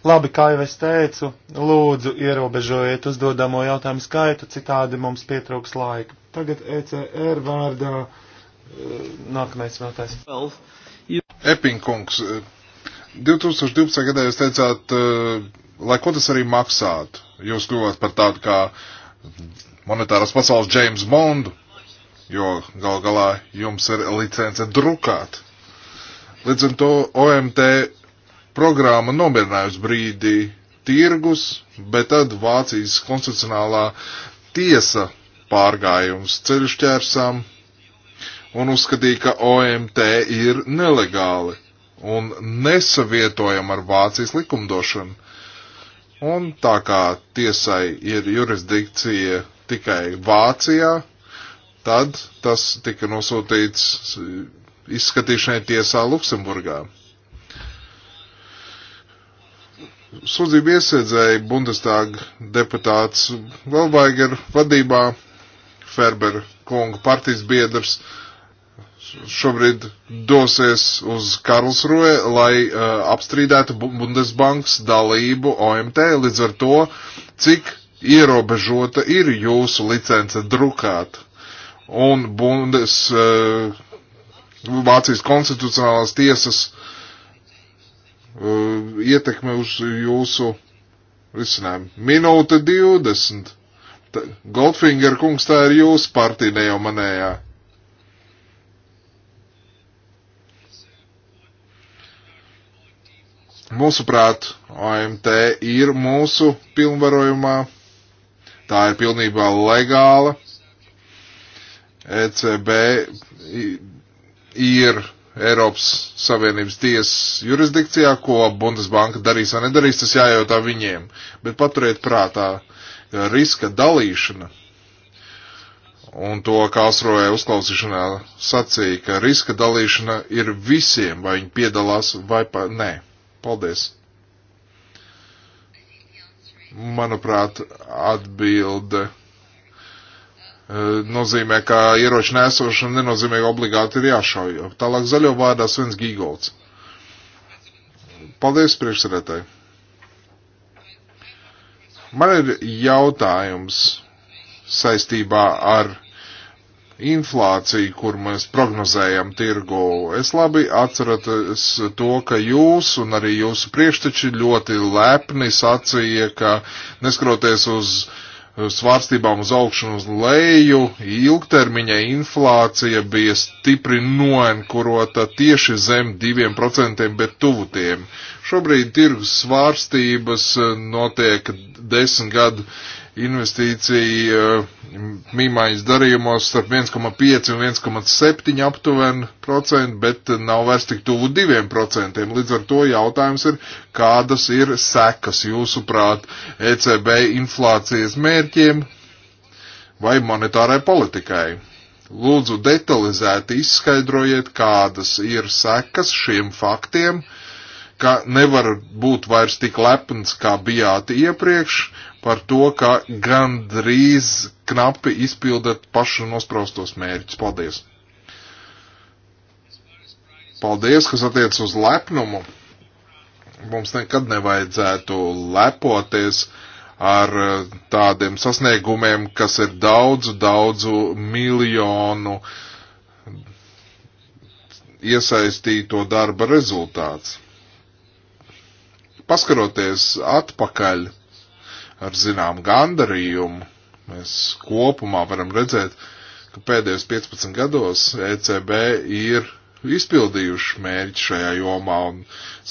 Labi, kā jau es teicu, lūdzu ierobežojiet uzdodamo jautājumu skaitu, citādi mums pietrūks laika. Tagad ECR vārdā e, nākamais vēlētājs. Epinkungs, 2012. gadā jūs teicāt, e, lai ko tas arī maksātu, jūs kļuvāt par tādu kā monetāras pasaules James Bondu, jo gal galā jums ir licence drukāt. Līdz ar to OMT programma nomierinājusi brīdi tirgus, bet tad Vācijas konstitucionālā tiesa pārgājums ceļu šķērsām un uzskatīja, ka OMT ir nelegāli un nesavietojama ar Vācijas likumdošanu. Un tā kā tiesai ir jurisdikcija tikai Vācijā, tad tas tika nosūtīts izskatīšanai tiesā Luksemburgā. Sūdzību iesēdzēja Bundestāga deputāts Velvaiger vadībā Ferber kunga partijas biedrs šobrīd dosies uz Karlsruhe, lai uh, apstrīdētu Bundesbankas dalību OMT. Līdz ar to, cik ierobežota ir jūsu licence drukāt. Un Bundes, uh, Vācijas konstitucionālās tiesas uh, ietekme uz jūsu risinājumu. Minūte 20. Goldfinger kungs, tā ir jūsu partija, ne jau manējā. Mūsuprāt, OMT ir mūsu pilnvarojumā, tā ir pilnībā legāla. ECB ir Eiropas Savienības tiesas jurisdikcijā, ko Bundesbanka darīs vai nedarīs, tas jājautā viņiem. Bet paturiet prātā, riska dalīšana. Un to Kāsroē uzklausīšanā sacīja, ka riska dalīšana ir visiem, vai viņi piedalās vai pa nē. Paldies! Manuprāt, atbilde e, nozīmē, ka ieroču nesošana nenozīmē, ka obligāti ir jāšauj. Tālāk zaļo vārdā Svens Gīgolds. Paldies priekšsēdētāji! Man ir jautājums saistībā ar inflāciju, kur mēs prognozējam tirgu. Es labi atceraties to, ka jūs un arī jūsu priekšteči ļoti lepni sacīja, ka neskroties uz uh, Eh, svārstībām uz augšu un uz leju, ilgtermiņa inflācija bija stipri noenkurota tieši zem 2%, bet tuvu tiem. Šobrīd tirgus svārstības eh, notiek 10 gadu investīcija eh, mīmaiņas darījumos starp 1,5 un 1,7 aptuveni procentu, bet nav vairs tik tuvu 2 procentiem. Līdz ar to jautājums ir, kādas ir sekas jūsuprāt ECB inflācijas mērķiem vai monetārai politikai? Lūdzu, detalizēti izskaidrojiet, kādas ir sekas šiem faktiem, ka nevar būt vairs tik lepns, kā bijāt iepriekš, par to, ka gandrīz knapi izpildat pašu nospraustos mērķus. Paldies! Paldies, kas attiec uz lepnumu. Mums nekad nevajadzētu lepoties ar eh, tādiem sasniegumiem, kas ir daudzu, daudzu miljonu iesaistīto darba rezultāts. Paskaroties atpakaļ, ar zinām gandarījumu mēs kopumā varam redzēt, ka pēdējos 15 gados ECB ir izpildījuši mērķi šajā jomā un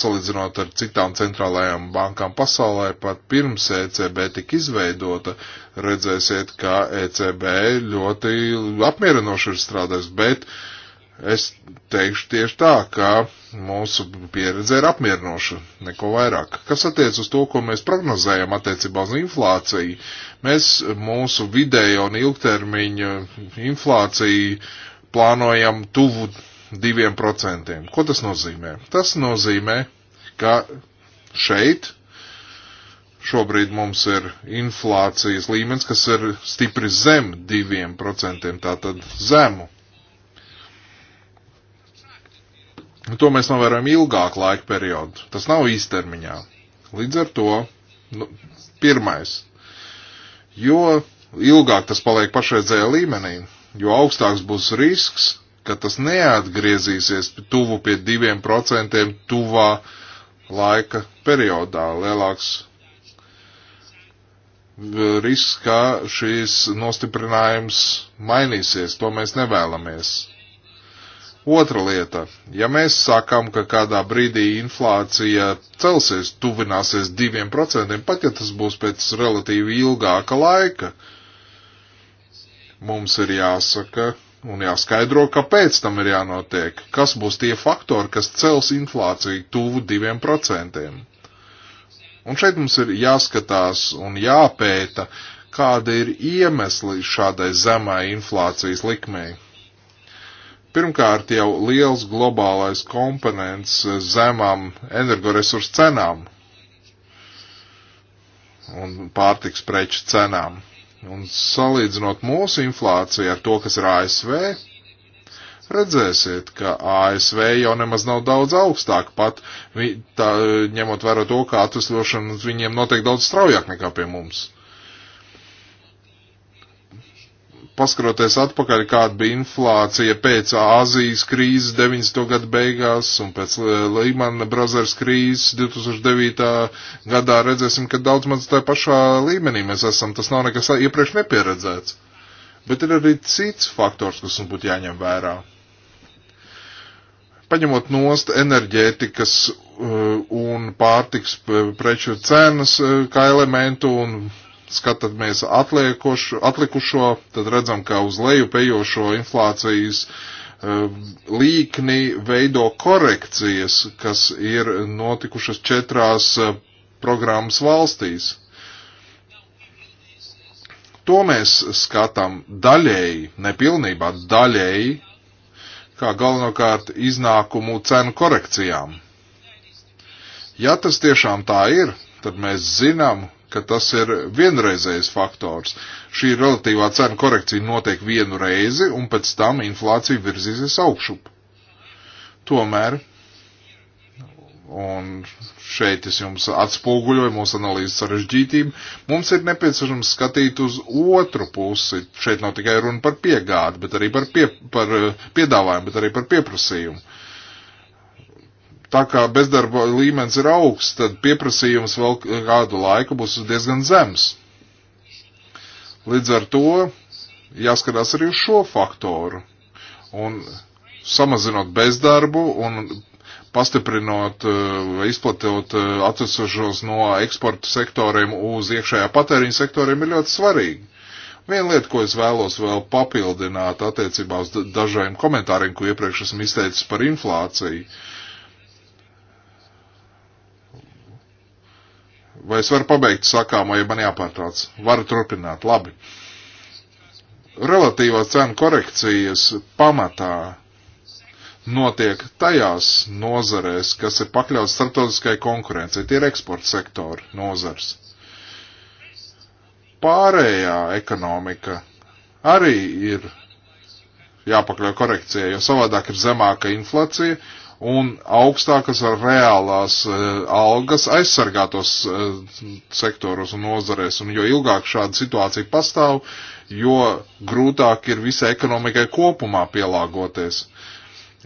salīdzinot ar citām centrālajām bankām pasaulē, pat pirms ECB tika izveidota, redzēsiet, ka ECB ļoti apmierinoši ir strādājis, bet es teikšu tieši tā, ka mūsu pieredze ir apmierinoša, neko vairāk. Kas attiec uz to, ko mēs prognozējam attiecībā uz inflāciju, mēs mūsu vidējo un ilgtermiņa inflāciju plānojam tuvu diviem procentiem. Ko tas nozīmē? Tas nozīmē, ka šeit šobrīd mums ir inflācijas līmenis, kas ir stipri zem diviem procentiem, tātad zemu Un to mēs novērojam ilgāku laiku periodu. Tas nav īstermiņā. Līdz ar to, nu, pirmais, jo ilgāk tas paliek pašreizējā līmenī, jo augstāks būs risks, ka tas neatgriezīsies tuvu pie diviem procentiem tuvā laika periodā. Lielāks e, risks, ka šīs nostiprinājums mainīsies, to mēs nevēlamies Otra lieta, ja mēs sakām, ka kādā brīdī inflācija celsies, tuvināsies diviem procentiem, pat ja tas būs pēc relatīvi ilgāka laika, mums ir jāsaka un jāskaidro, kāpēc tam ir jānotiek, kas būs tie faktori, kas cels inflāciju tuvu diviem procentiem. Un šeit mums ir jāskatās un jāpēta, kāda ir iemesli šādai zemai inflācijas likmei Pirmkārt, jau liels globālais komponents zemām energoresursu cenām un pārtiks preču cenām. Un salīdzinot mūsu inflāciju ar to, kas ir ASV, redzēsiet, ka ASV jau nemaz nav daudz augstāk, pat tā, ņemot vērā to, ka atvesļošana viņiem notiek daudz straujāk nekā pie mums. paskaroties atpakaļ, kāda bija inflācija pēc Āzijas krīzes 90. gada beigās un pēc eh, Lehman Brothers krīzes 2009. gadā, redzēsim, ka daudz maz tajā pašā līmenī mēs esam. Tas nav nekas iepriekš nepieredzēts. Bet ir arī cits faktors, kas mums būtu jāņem vērā. Paņemot nost enerģētikas eh, un pārtiks eh, preču cenas kā elementu un skatāmies atlikušo, tad redzam, ka uz leju pejošo inflācijas um, līkni veido korekcijas, kas ir notikušas četrās uh, programmas valstīs. To mēs skatām daļēji, nepilnībā daļēji, kā galvenokārt iznākumu cenu korekcijām. Ja tas tiešām tā ir, tad mēs zinām, ka tas ir vienreizējs faktors. Šī relatīvā cenu korekcija notiek vienu reizi, un pēc tam inflācija virzīsies augšup. Tomēr, un šeit es jums atspoguļoju mūsu analīzes sarežģītību, mums ir nepieciešams skatīt uz otru pusi. Šeit nav tikai runa par piegādi, bet arī par, pie, par piedāvājumu, bet arī par pieprasījumu tā kā bezdarba līmenis ir augsts, tad pieprasījums vēl kādu laiku būs diezgan zems. Līdz ar to jāskatās arī uz šo faktoru. Un samazinot bezdarbu un pastiprinot eh, vai izplatot eh, atvesošos no eksporta sektoriem uz iekšējā patēriņa sektoriem ir ļoti svarīgi. Viena lieta, ko es vēlos vēl papildināt attiecībā uz dažiem komentāriem, ko iepriekš esmu izteicis par inflāciju. Uh, Vai es varu pabeigt sakām, vai man jāpārtrauc? Varu turpināt, labi. Relatīvo cenu korekcijas pamatā notiek tajās nozarēs, kas ir pakļauts starptautiskai konkurencei, tie ir eksporta sektori nozars. Pārējā ekonomika arī ir jāpakļauj korekcijai, jo savādāk ir zemāka inflācija, un augstākas reālās uh, algas aizsargātos uh, sektoros un nozarēs. Un jo ilgāk šāda situācija pastāv, jo grūtāk ir visai ekonomikai kopumā pielāgoties.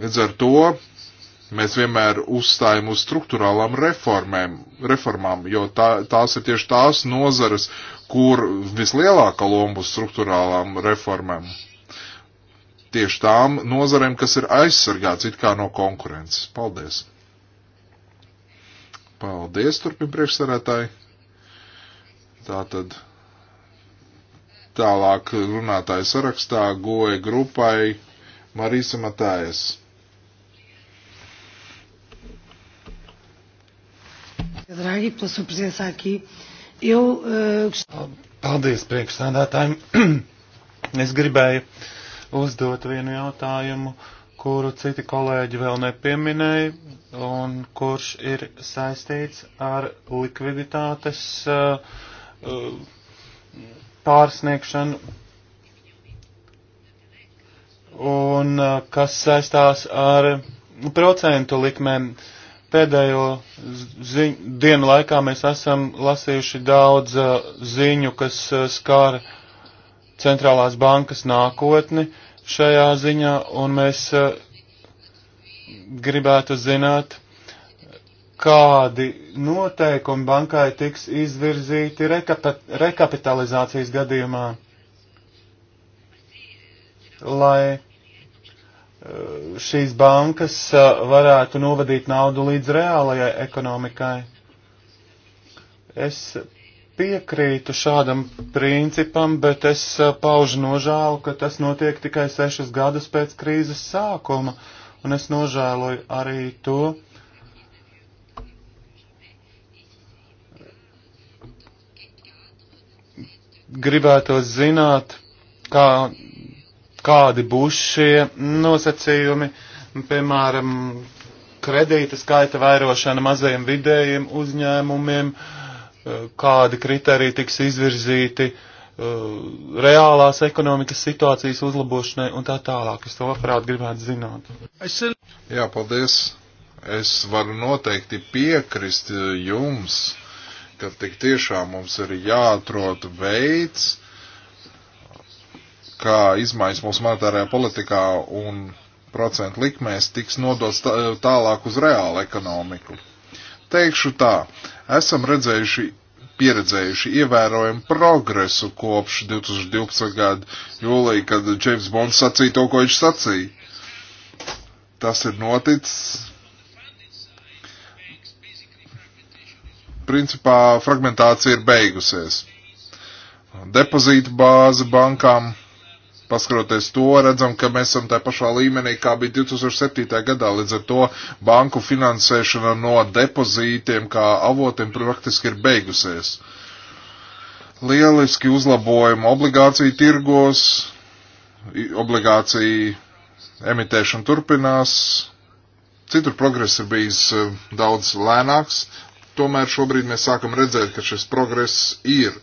Līdz ar to mēs vienmēr uzstājam uz struktūrālām reformēm, reformām, jo tā, tās ir tieši tās nozares, kur vislielākā loma būs struktūrālām reformēm tieši tām nozarēm, kas ir aizsargāts it kā no konkurences. Paldies! Paldies, turpin priekšsarētāji! Tātad tālāk runātāju sarakstā goja grupai Marīsa Matājas. Dragi, pela sua presença aqui. Eu uh, eh, gostava. Paldies, priekšsādātājiem. es gribēju uzdot vienu jautājumu, kuru citi kolēģi vēl nepieminēja, un kurš ir saistīts ar likviditātes uh, uh, pārsniegšanu un uh, kas saistās ar procentu likmēm. Pēdējo ziņu, dienu laikā mēs esam lasījuši daudz ziņu, kas skāra centrālās bankas nākotni šajā ziņā, un mēs e, gribētu zināt, kādi noteikumi bankai tiks izvirzīti rekap rekapitalizācijas gadījumā, lai e, šīs bankas e, varētu novadīt naudu līdz reālajai ekonomikai. Es piekrītu šādam principam, bet es eh, paužu nožēlu, ka tas notiek tikai sešas gadus pēc krīzes sākuma, un es nožēloju arī to, gribētos zināt, kā, kādi būs šie nosacījumi, piemēram, kredīta skaita vairošana mazajiem vidējiem uzņēmumiem, uh, kādi kriteriji tiks izvirzīti eh, reālās ekonomikas situācijas uzlabošanai un tā tālāk. Es to labprāt gribētu zināt. Jā, paldies. Es varu noteikti piekrist eh, jums, ka tik tiešām mums ir jāatrod veids, kā izmaiņas mūsu monetārajā politikā un procentu likmēs tiks nodots tālāk uz reālu ekonomiku. Teikšu tā, uh, esam redzējuši, pieredzējuši ievērojumu progresu kopš 2012. gada jūlija, kad James Bonds sacīja to, ko viņš sacīja. Tas ir noticis. Principā fragmentācija ir beigusies. Depozīta bāze bankām Paskatoties to, redzam, ka mēs esam tā pašā līmenī, kā bija 2007. gadā. Līdz ar to banku finansēšana no depozītiem kā avotiem praktiski ir beigusies. Lieliski uzlabojumi obligāciju tirgos, obligāciju emitēšana turpinās, citur progress ir bijis e, daudz lēnāks, tomēr šobrīd mēs sākam redzēt, ka šis progress ir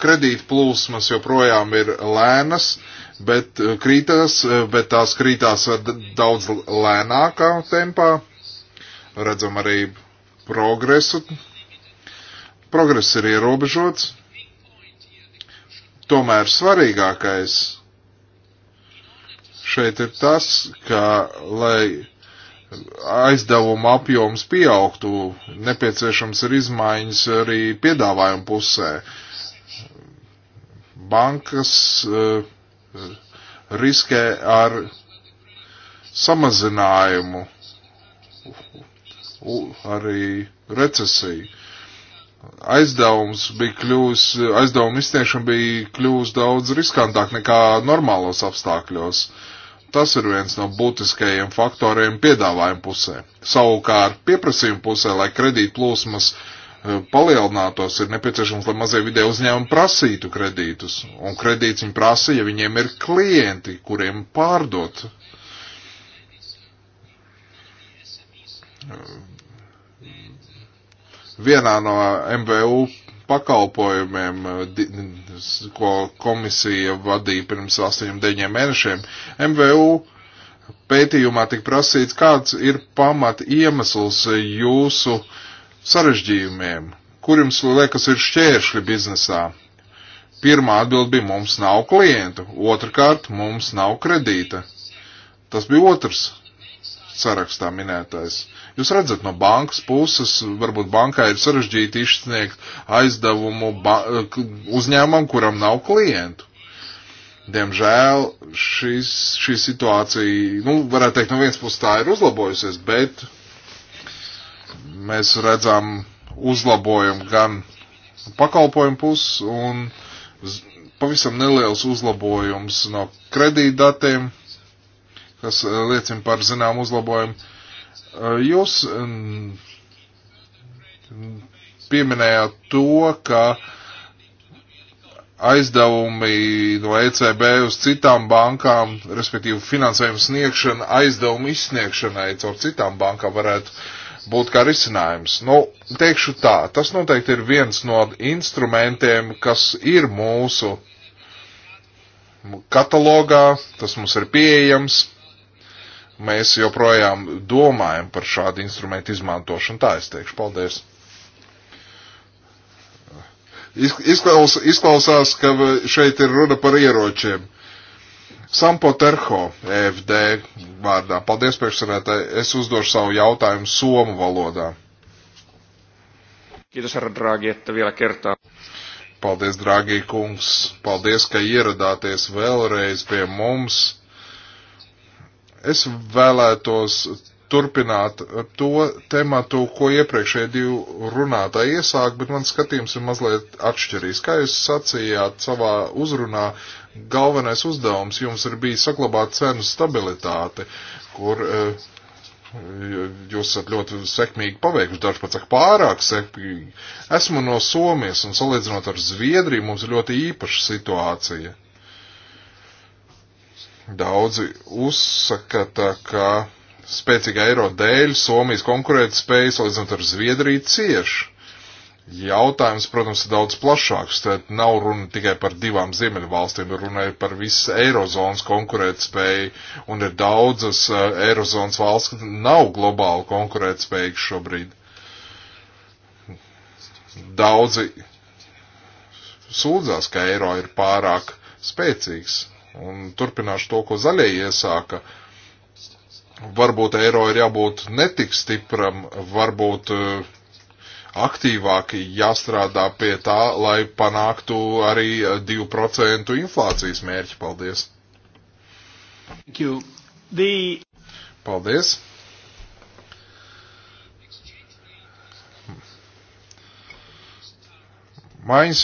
kredīt plūsmas joprojām ir lēnas, bet eh, krītās, eh, bet tās krītās daudz lēnākā tempā. Redzam arī progresu. Progress ir ierobežots. Tomēr svarīgākais šeit ir tas, ka, lai aizdevuma apjoms pieaugtu, nepieciešams ir izmaiņas arī piedāvājuma pusē. Bankas uh, riskē ar samazinājumu, arī recesiju. Aizdevums bija kļūs, aizdevuma izsniegšana bija kļūs daudz riskantāk nekā normālos apstākļos. Tas ir viens no būtiskajiem faktoriem piedāvājuma pusē. Savukārt pieprasījuma pusē, lai kredīt plūsmas uh, Eh, palielinātos, ir nepieciešams, lai mazie vidē uzņēmumi prasītu kredītus. Un kredīts viņi prasa, ja viņiem ir klienti, kuriem pārdot. Eh, vienā no MVU pakalpojumiem, eh, ko komisija vadīja pirms 8-9 mēnešiem, MVU pētījumā tika prasīts, kāds ir pamat iemesls jūsu uh, sarežģījumiem, kur jums liekas ir šķēršļi biznesā. Pirmā atbild bija mums nav klientu, otrkārt mums nav kredīta. Tas bija otrs sarakstā minētais. Jūs redzat, no bankas puses varbūt bankai ir sarežģīti izsniegt aizdevumu uzņēmumam, kuram nav klientu. Diemžēl šis, šī situācija, nu, varētu teikt, no vienas puses tā ir uzlabojusies, bet mēs redzam uzlabojumu gan pakalpojumu puses un pavisam neliels uzlabojums no kredītdatiem, kas e, liecina par zinām uzlabojumu. E, jūs pieminējāt to, ka aizdevumi no ECB uz citām bankām, respektīvi finansējuma sniegšana aizdevumu izsniegšanai caur citām bankām varētu uh, būt kā risinājums. Nu, teikšu tā, tas noteikti ir viens no instrumentiem, kas ir mūsu katalogā, tas mums ir pieejams. Mēs joprojām domājam par šādu instrumentu izmantošanu. Tā es teikšu, paldies. Izklaus, izklausās, ka šeit ir runa par ieročiem. Sampo Terho, EFD vārdā. Paldies, priekšsēdētāji. Es uzdošu savu jautājumu somu valodā. Kiitos, herra Draghi, että vielä kertaa. Paldies, Draghi kungs. Paldies, ka ieradāties vēlreiz pie mums. Es vēlētos turpināt to tematu, ko iepriekšēji divi runātāji iesāk, bet man skatījums ir mazliet atšķirīgs. Kā jūs sacījāt savā uzrunā, galvenais uzdevums jums ir bijis saglabāt cenu stabilitāti, kur eh, jūs esat ļoti sekmīgi paveikuši, dažs pats saka pārāk sekmīgi. Esmu no Somijas un salīdzinot ar Zviedriju mums ir ļoti īpaša situācija. Daudzi uzsakata, ka spēcīgā eiro dēļ Somijas konkurētspējas līdzinot ar Zviedriju cieši. Jautājums, protams, ir daudz plašāks. Tad nav runa tikai par divām ziemeļvalstīm, runa ir par visas eirozonas konkurētspēju, un ir daudzas eh, eirozonas valsts, kas nav globāli konkurētspējīgas šobrīd. Daudzi sūdzās, ka eiro ir pārāk spēcīgs, un turpināšu to, ko zaļie iesāka. Uh, varbūt eiro ir jābūt netik stipram, varbūt eh, aktīvāk jāstrādā pie tā, lai panāktu arī 2% eh, inflācijas mērķi. Paldies! The... Paldies! Maiņas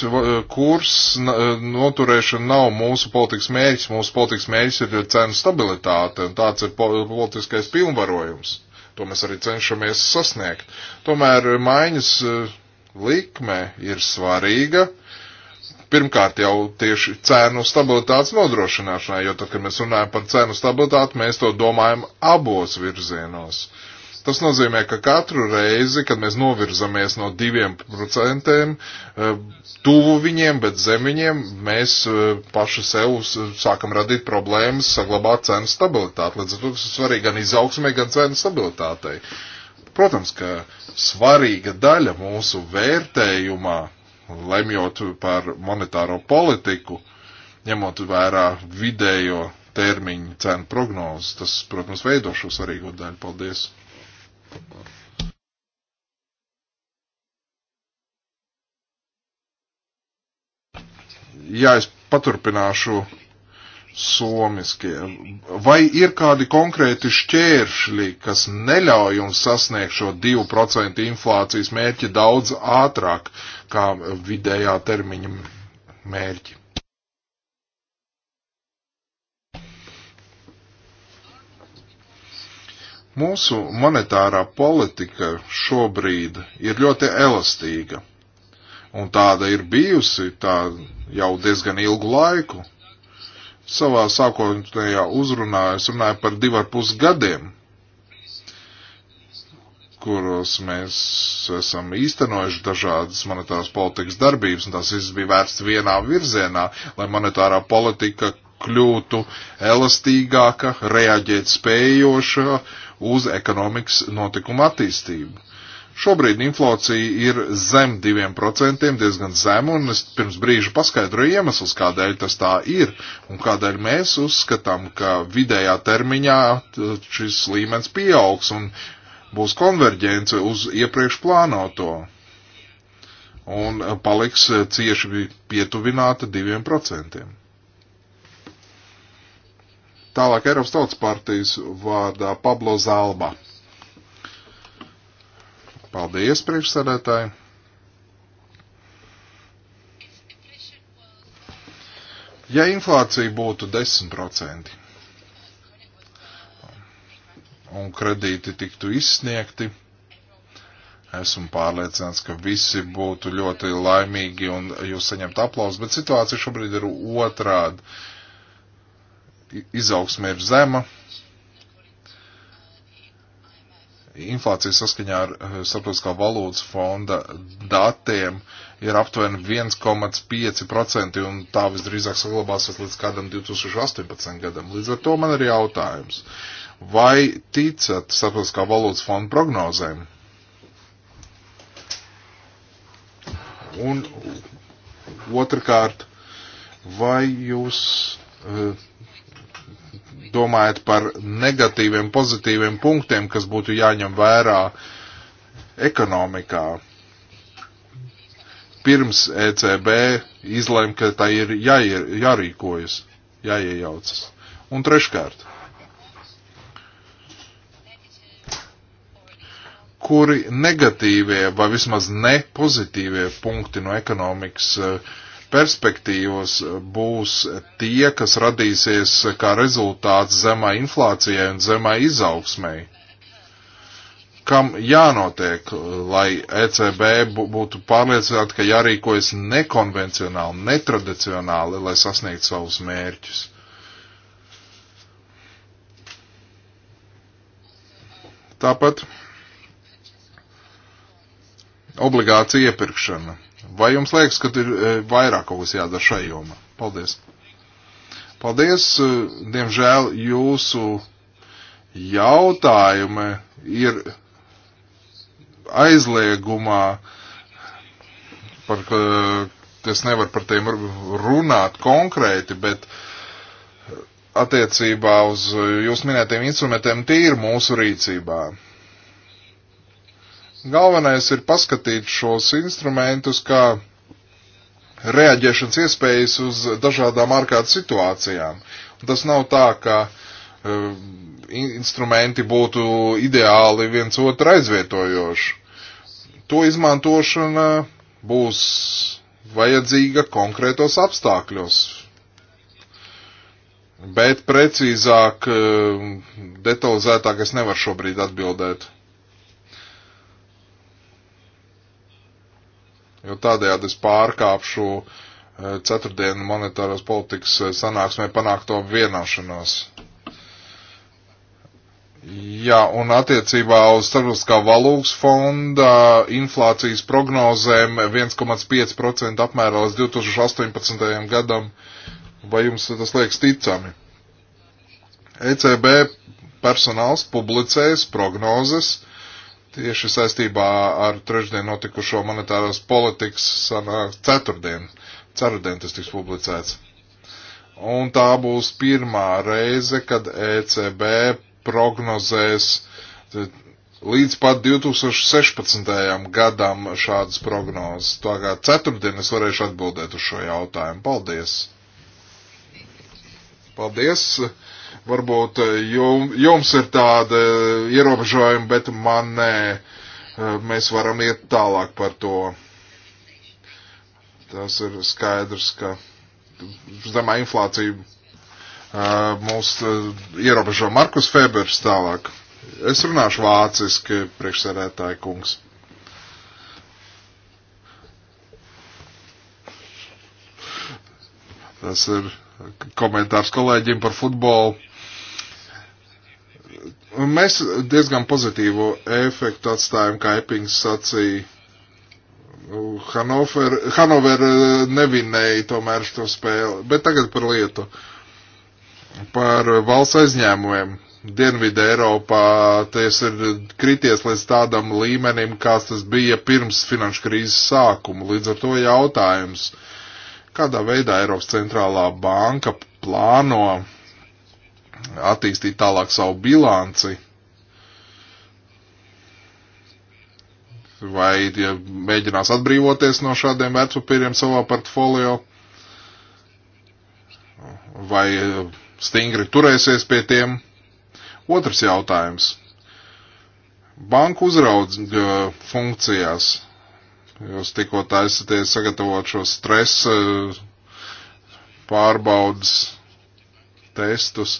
kurs noturēšana nav mūsu politikas mērķis. Mūsu politikas mērķis ir cenu stabilitāte, un tāds ir politiskais pilnvarojums. To mēs arī cenšamies sasniegt. Tomēr maiņas e, likme ir svarīga. Pirmkārt jau tieši cēnu stabilitātes nodrošināšanai, jo tad, kad mēs runājam par cēnu stabilitāti, mēs to domājam abos virzienos. Tas nozīmē, ka katru reizi, kad mēs novirzamies no diviem procentiem, eh, tuvu viņiem, bet zem viņiem, mēs eh, paši sev sākam radīt problēmas saglabāt cenu stabilitāti. Līdz ar to tas ir svarīgi gan izaugsmē, gan cenu stabilitātei. Protams, ka svarīga daļa mūsu vērtējumā, lemjot par monetāro politiku, ņemot vērā vidējo termiņu cenu prognozes, tas, protams, veido šo svarīgo daļu. Paldies! Jā, es paturpināšu somiskie. Vai ir kādi konkrēti šķēršļi, kas neļauj jums sasniegt šo 2% inflācijas mērķi daudz ātrāk kā vidējā termiņa mērķi? Mūsu monetārā politika šobrīd ir ļoti elastīga, un tāda ir bijusi tā jau diezgan ilgu laiku. Savā sākotnējā uzrunā es runāju par divu ar pus gadiem, kuros mēs esam īstenojuši dažādas monetāras politikas darbības, un tās viss bija vērsts vienā virzienā, lai monetārā politika kļūtu elastīgāka, reaģēt spējošāka uz ekonomikas notikumu attīstību. Šobrīd inflācija ir zem 2%, diezgan zem, un es pirms brīža paskaidroju iemeslus, kādēļ tas tā ir, un kādēļ mēs uzskatām, ka vidējā termiņā šis līmenis pieaugs un būs konverģence uz iepriekš plānoto un paliks cieši pietuvināta 2%. Tālāk Eiropas Tautas partijas vārdā Pablo Zalba. Paldies, priekšsēdētāji! Ja inflācija būtu 10% un kredīti tiktu izsniegti, esmu pārliecināts, ka visi būtu ļoti laimīgi un jūs saņemtu aplausus, bet situācija šobrīd ir otrāda izaugsme ir zema, inflācija saskaņā ar eh, starptautiskā valūtas fonda datiem ir aptuveni 1,5% un tā visdrīzāk saglabāsies līdz kādam 2018 gadam. Līdz ar to man ir jautājums, vai ticat starptautiskā valūtas fonda prognozēm? Un otrkārt, vai jūs uh, domājat par negatīviem, pozitīviem punktiem, kas būtu jāņem vērā ekonomikā? Pirms ECB izlēma, ka tā ir jāie, jārīkojas, jāiejaucas. Un treškārt, kuri negatīvie vai vismaz nepozitīvie punkti no ekonomikas uh, perspektīvas būs tie, kas radīsies kā rezultāts zemai inflācijai un zemai izaugsmai. Kam jānotiek, lai ECB būtu pārliecināta, ka jārīkojas nekonvencionāli, netradicionāli, lai sasniegtu savus mērķus? Tāpat obligācija iepirkšana Vai jums liekas, ka ir eh, vairāk kaut kas jādara šai jomā? Paldies! Paldies! Eh, diemžēl jūsu jautājumi ir aizliegumā, par ko es nevaru par tiem runāt konkrēti, bet eh, attiecībā uz jūs minētiem instrumentiem tie ir mūsu rīcībā. Galvenais ir paskatīt šos instrumentus kā reaģēšanas iespējas uz dažādām ārkārtas situācijām. Un tas nav tā, ka uh, instrumenti būtu ideāli viens otru aizvietojoši. To izmantošana būs vajadzīga konkrētos apstākļos. Bet precīzāk, um, detalizētāk es nevaru šobrīd atbildēt. jo tādējādi es pārkāpšu eh, ceturtdienu monetāras politikas eh, sanāksmē panākto vienošanos. Jā, un attiecībā uz starptautiskā valūtas fonda eh, inflācijas prognozēm 1,5% apmērā līdz 2018. gadam, vai jums tas liekas ticami? ECB personāls publicēs prognozes tieši saistībā ar trešdien notikušo monetāros politikas sanāk, ceturtdien. Ceturtdien tas tiks publicēts. Un tā būs pirmā reize, kad ECB prognozēs e, līdz pat 2016. gadam šādas prognozes. Tā kā ceturtdien es varēšu atbildēt uz šo jautājumu. Paldies! Paldies! varbūt eh, jum, jums ir tāda ierobežojuma, bet man nē. Eh, mēs varam iet tālāk par to. Tas ir skaidrs, ka zemā inflācija eh, mūs ierobežo Markus Febers tālāk. Es runāšu vāciski, priekšsēdētāji kungs. Tas ir komentārs kolēģiem par futbolu. Mēs diezgan pozitīvu efektu atstājam, kā Epings sacīja. Hanover, Hanover eh, nevinēja tomēr šo spēli, bet tagad par lietu. Par valsts aizņēmumiem. Dienvidu Eiropā tas ir krities līdz tādam līmenim, kāds tas bija pirms finanšu krīzes sākuma. Līdz ar to jautājums. Uh, kādā veidā Eiropas centrālā banka plāno attīstīt tālāk savu bilanci, vai ja mēģinās atbrīvoties no šādiem vērtspapīriem savā portfolio, vai stingri turēsies pie tiem. Otrs jautājums. Banku uzraudz eh, funkcijās Jūs tikko taisaties sagatavot šo stresa eh, pārbaudas testus.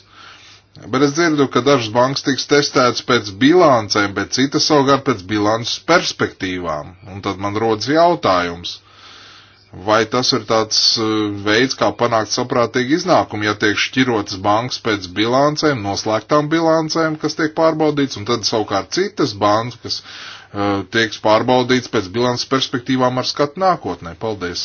Bet es dzirdu, ka dažas bankas tiks testētas pēc bilancēm, bet citas savukārt pēc bilances perspektīvām. Un tad man rodas jautājums, vai tas ir tāds eh, veids, kā panākt saprātīgu iznākumu, ja tiek šķirotas bankas pēc bilancēm, noslēgtām bilancēm, kas tiek pārbaudīts, un tad savukārt citas bankas, kas Eh, tieks pārbaudīts pēc bilances perspektīvām ar skatu nākotnē. Paldies!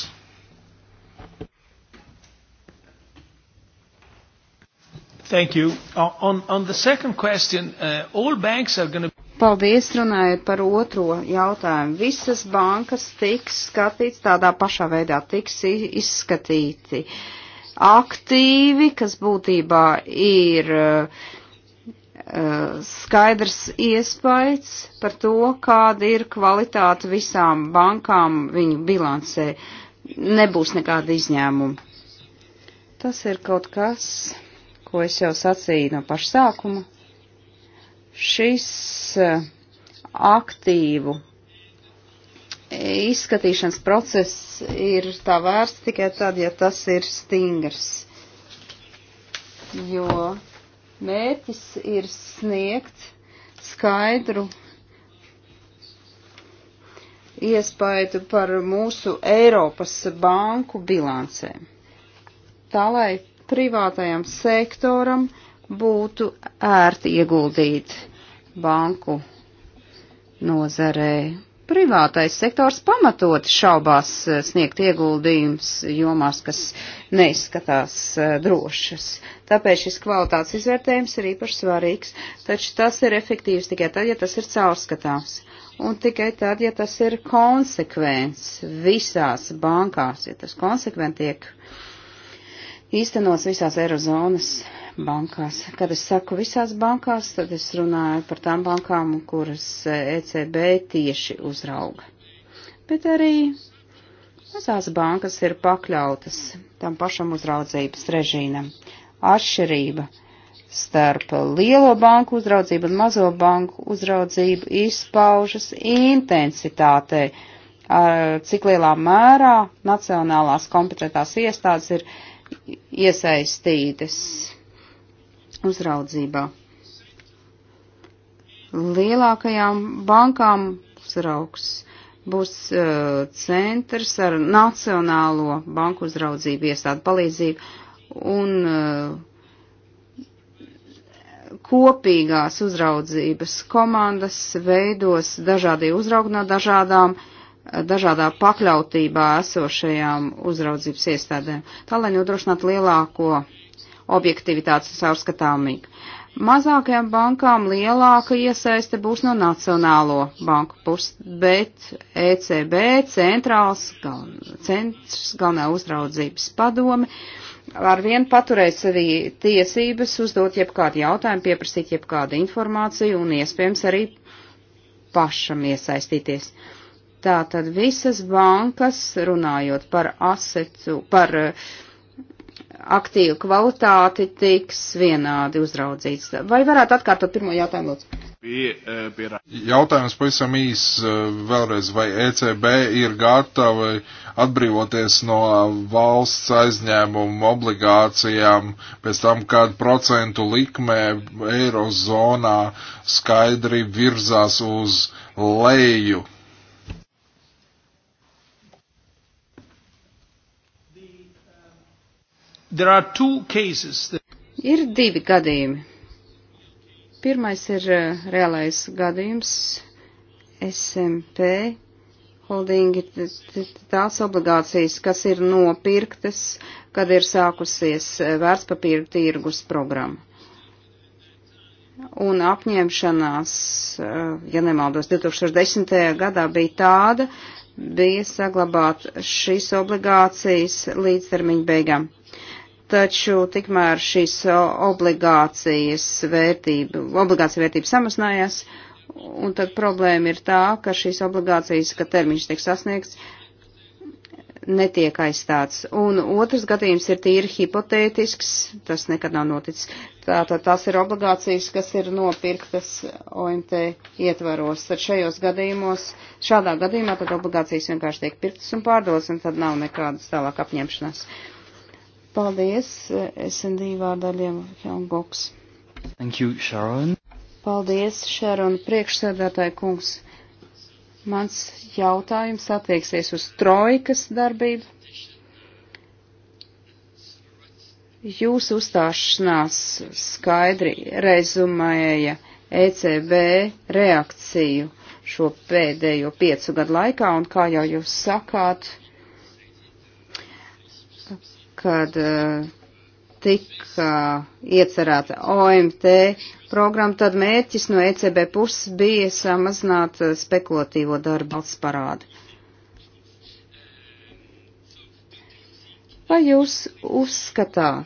Thank you. On, on the second question, uh, all banks are going to Paldies, runājot par otro jautājumu. Visas bankas tiks skatīts tādā pašā veidā, tiks izskatīti aktīvi, kas būtībā ir uh, Eh, skaidrs iespējas par to, kāda ir kvalitāte visām bankām viņu bilancē. Nebūs nekāda izņēmuma. Tas ir kaut kas, ko es jau sacīju no paša sākuma. Šis eh, aktīvu eh, izskatīšanas process ir tā vērts tikai tad, ja tas ir stingrs. Jo Mērķis ir sniegt skaidru iespaidu par mūsu Eiropas banku bilancēm. Tā lai privātajam sektoram būtu ērti ieguldīt banku nozarē privātais sektors pamatot šaubās eh, sniegt ieguldījums jomās, kas neizskatās eh, drošas. Tāpēc šis kvalitātes izvērtējums ir īpaši svarīgs, taču tas ir efektīvs tikai tad, ja tas ir caurskatāms. Un tikai tad, ja tas ir konsekvents visās bankās, ja tas konsekventi tiek īstenots visās Eirozonas bankās. Kad es saku visās bankās, tad es runāju par tām bankām, kuras ECB eh, e tieši uzrauga. Bet arī mazās bankas ir pakļautas tam pašam uzraudzības režīmam. Atšķirība starp lielo banku uzraudzību un mazo banku uzraudzību izpaužas intensitātei, cik lielā mērā nacionālās kompetentās iestādes ir iesaistītas uzraudzībā. Lielākajām bankām uzraugs būs uh, centrs ar Nacionālo banku uzraudzību iestādu palīdzību un uh, kopīgās uzraudzības komandas veidos dažādie uzraugi no dažādām uh, dažādā pakļautībā esošajām uzraudzības iestādēm, tā lai nodrošinātu lielāko objektivitātes caurskatāmību. Mazākajām bankām lielāka iesaiste būs no Nacionālo banku puses, bet ECB centrāls, gal, centrs, galvenā uzraudzības padome ar vienu paturēs arī tiesības uzdot jebkādu jautājumu, pieprasīt jebkādu informāciju un iespējams arī pašam iesaistīties. Tātad visas bankas, runājot par asetu, par uh, aktīvu kvalitāti tiks vienādi uzraudzīts. Vai varētu atkārtot pirmo jautājumu, lūdzu? Eh, Jautājums pavisam īs eh, vēlreiz, vai ECB ir gatava atbrīvoties no valsts aizņēmumu obligācijām pēc tam, kad procentu likmē eirozonā skaidri virzās uz leju? That... Ir divi gadījumi. Pirmais ir uh, reālais gadījums SMP holdingi, tās obligācijas, kas ir nopirktas, kad ir sākusies eh, vērtspapīra tirgus programma. Un apņemšanās, eh, ja nemaldos, 2010. gadā bija tāda, bija saglabāt šīs obligācijas līdz termiņa beigām taču tikmēr šīs obligācijas vērtība, obligācija vērtība samazinājās, un tad problēma ir tā, ka šīs obligācijas, ka termiņš tiek sasniegts, netiek aizstāts. Un otrs gadījums ir tīri hipotētisks, tas nekad nav noticis. Tātad tās ir obligācijas, kas ir nopirktas OMT ietvaros. Tad šajos gadījumos, šādā gadījumā tad obligācijas vienkārši tiek pirktas un pārdotas, un tad nav nekādas tālāk apņemšanās. Uh, Paldies, eh, SND vārdā Lieva Hjangoks. Thank you, Sharon. Paldies, Šarona priekšsēdētāja kungs. Mans jautājums attieksies uz trojkas darbību. Jūsu uzstāšanās skaidri rezumēja ECB reakciju šo pēdējo piecu gadu laikā, un kā jau jūs sakāt, kad eh, tika iecerēta OMT programma, tad mērķis no ECB puses bija samazināt eh, spekulatīvo darbu valsts parādu. Vai jūs uzskatāt,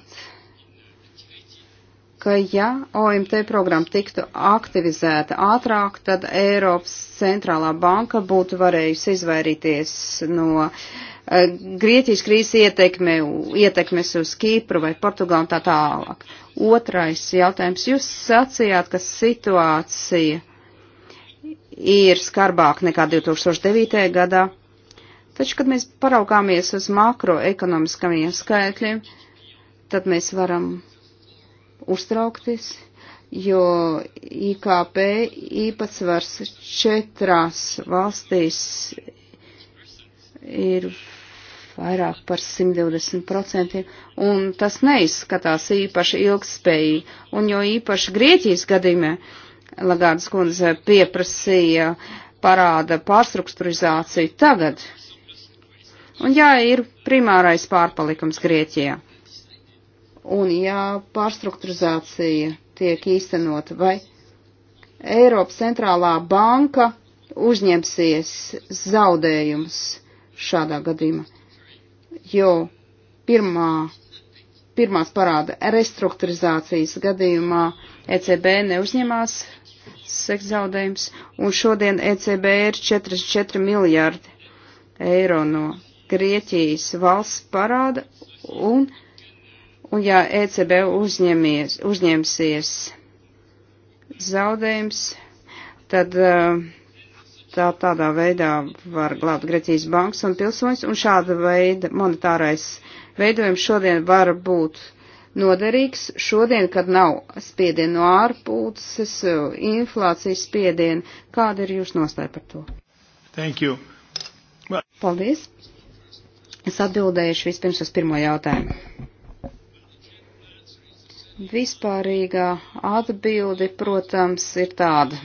ka ja OMT programma tiktu aktivizēta ātrāk, tad Eiropas centrālā banka būtu varējusi izvairīties no uh, Eh, Grieķijas krīzes ietekme, ietekmes uz Kīpru vai Portugālu un tā tālāk. Otrais jautājums. Jūs sacījāt, ka situācija ir skarbāka nekā 2009. gadā, taču, kad mēs paraugāmies uz makroekonomiskajiem skaitļiem, tad mēs varam uztraukties, jo IKP īpatsvars četrās valstīs ir vairāk par 120%, un tas neizskatās īpaši ilgspējīgi, un jo īpaši Grieķijas gadījumā Lagārdas kundze pieprasīja parāda pārstrukturizāciju tagad. Un jā, ir primārais pārpalikums Grieķijā. Un jā, pārstrukturizācija tiek īstenota, vai Eiropas centrālā banka uzņemsies zaudējumus šādā gadījumā jo pirmā, pirmās parāda restruktūrizācijas gadījumā ECB neuzņemās seks zaudējums, un šodien ECB ir 44 miljārdi eiro no Grieķijas valsts parāda, un, un ja ECB uzņemies, uzņemsies zaudējums, tad uh, tā, tādā veidā var glābt Grieķijas bankas un pilsoņus, un šāda veida monetārais veidojums šodien var būt noderīgs. Šodien, kad nav spiediena no ārpūces, inflācijas spiediena, kāda ir jūs nostāja par to? Thank you. Well... Paldies. Es atbildējuši vispirms uz pirmo jautājumu. Vispārīgā atbildi, protams, ir tāda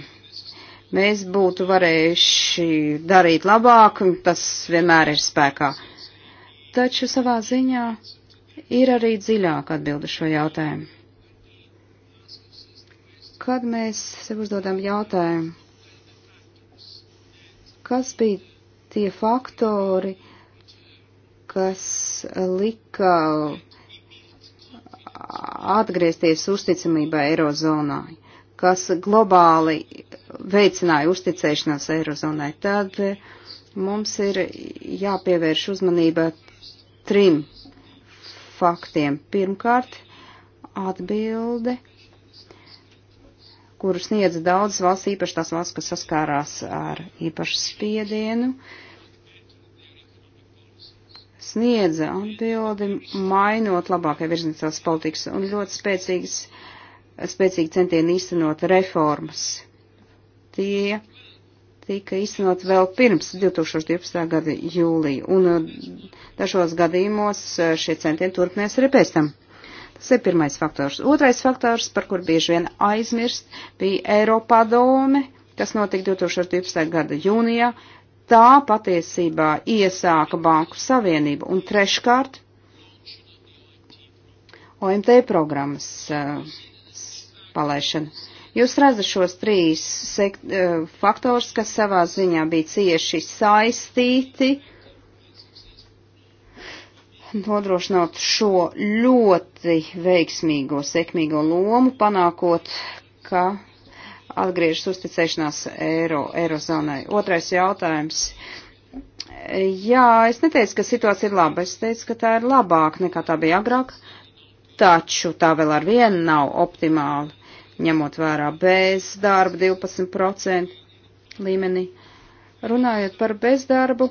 mēs būtu varējuši darīt labāk, un tas vienmēr ir spēkā. Taču savā ziņā ir arī dziļāk atbildu šo jautājumu. Kad mēs sev uzdodam jautājumu, kas bija tie faktori, kas lika atgriezties uzticamībai Eirozonai, kas globāli veicināja uzticēšanās Eirozonai, tad eh, mums ir jāpievērš uzmanība trim faktiem. Pirmkārt, atbilde, kuru sniedz daudz valsts, īpaši tās valsts, kas saskārās ar īpašu spiedienu, sniedza atbildi, mainot labākai virzienās politikas un ļoti spēcīgas, spēcīgi centieni īstenot reformas tie tika īstenot vēl pirms 2012. gada jūlija, un eh, dažos gadījumos eh, šie centieni turpinās arī pēc tam. Tas ir pirmais faktors. Otrais faktors, par kur bieži vien aizmirst, bija Eiropadome, kas notika 2012. gada jūnijā. Tā patiesībā iesāka Banku Savienību. Un treškārt, OMT programmas uh, palaišana Jūs redzat šos trīs sekt, eh, faktors, kas savā ziņā bija cieši saistīti, nodrošinot šo ļoti veiksmīgo, sekmīgo lomu, panākot, ka atgriežas uzticēšanās eiro, eirozonai. Otrais jautājums. Jā, es neteicu, ka situācija ir laba, es teicu, ka tā ir labāka nekā tā bija agrāk, taču tā vēl ar vienu nav optimāla ņemot vērā bezdarba 12% līmenī. Runājot par bezdarbu,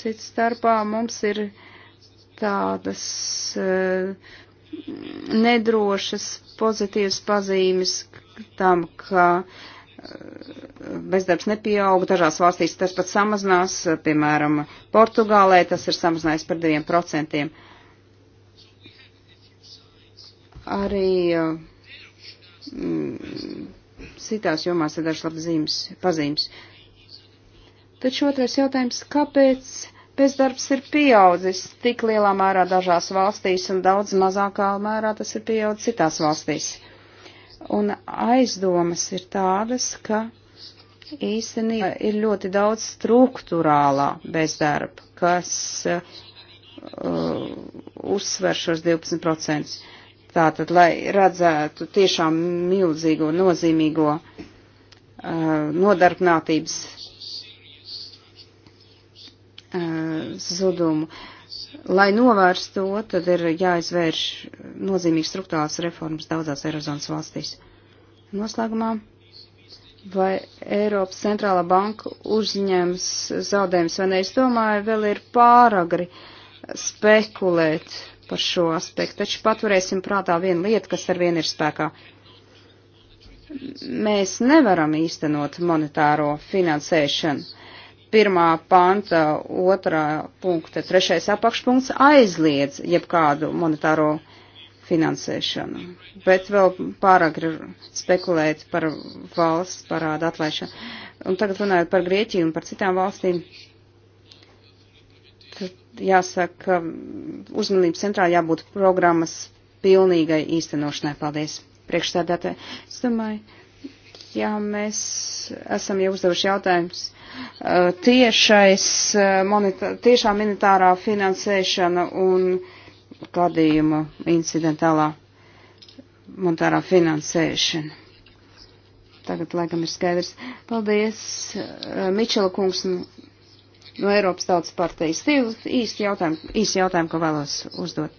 cits starpā mums ir tādas uh, nedrošas pozitīvas pazīmes tam, ka eh, bezdarbs nepieauga, dažās valstīs tas pat samazinās, piemēram, Portugālē tas ir samazinājis par diviem procentiem. Arī uh, Mm, citās jomās ir dažas labas zīmes, pazīmes. Taču otrais jautājums, kāpēc bezdarbs ir pieaudzis tik lielā mērā dažās valstīs un daudz mazākā mērā tas ir pieaudzis citās valstīs? Un aizdomas ir tādas, ka īstenībā ir ļoti daudz struktūrālā bezdarba, kas uh, uzsver šos 12%. Tātad, lai redzētu tiešām milzīgo, nozīmīgo uh, nodarbinātības uh, zudumu. Lai novērstu to, tad ir jāizvērš nozīmīgas struktūrās reformas daudzās Eirozonas valstīs. Noslēgumā, vai Eiropas centrālā banka uzņems zaudējumus vai ne, es domāju, vēl ir pāragri spekulēt par šo aspektu, taču paturēsim prātā vienu lietu, kas ar vienu ir spēkā. Mēs nevaram īstenot monetāro finansēšanu. Pirmā panta, otrā punkta, trešais apakšpunkts aizliedz jebkādu monetāro finansēšanu, bet vēl pārāk ir spekulēt par valsts parādu atlaišanu. Un tagad runājot par Grieķiju un par citām valstīm jāsaka, uzmanības centrā jābūt programmas pilnīgai īstenošanai. Paldies, priekšstādātē. Es domāju, jā, mēs esam jau uzdevuši jautājumus. Eh, tiešais, eh, monita, tiešā monetārā finansēšana un gadījuma incidentālā monetārā finansēšana. Tagad, laikam, ir skaidrs. Paldies, eh, Mičela kungs un no Eiropas Tautas partijas. Divi īsti jautājumi, īsti jautājumi, ko vēlos uzdot.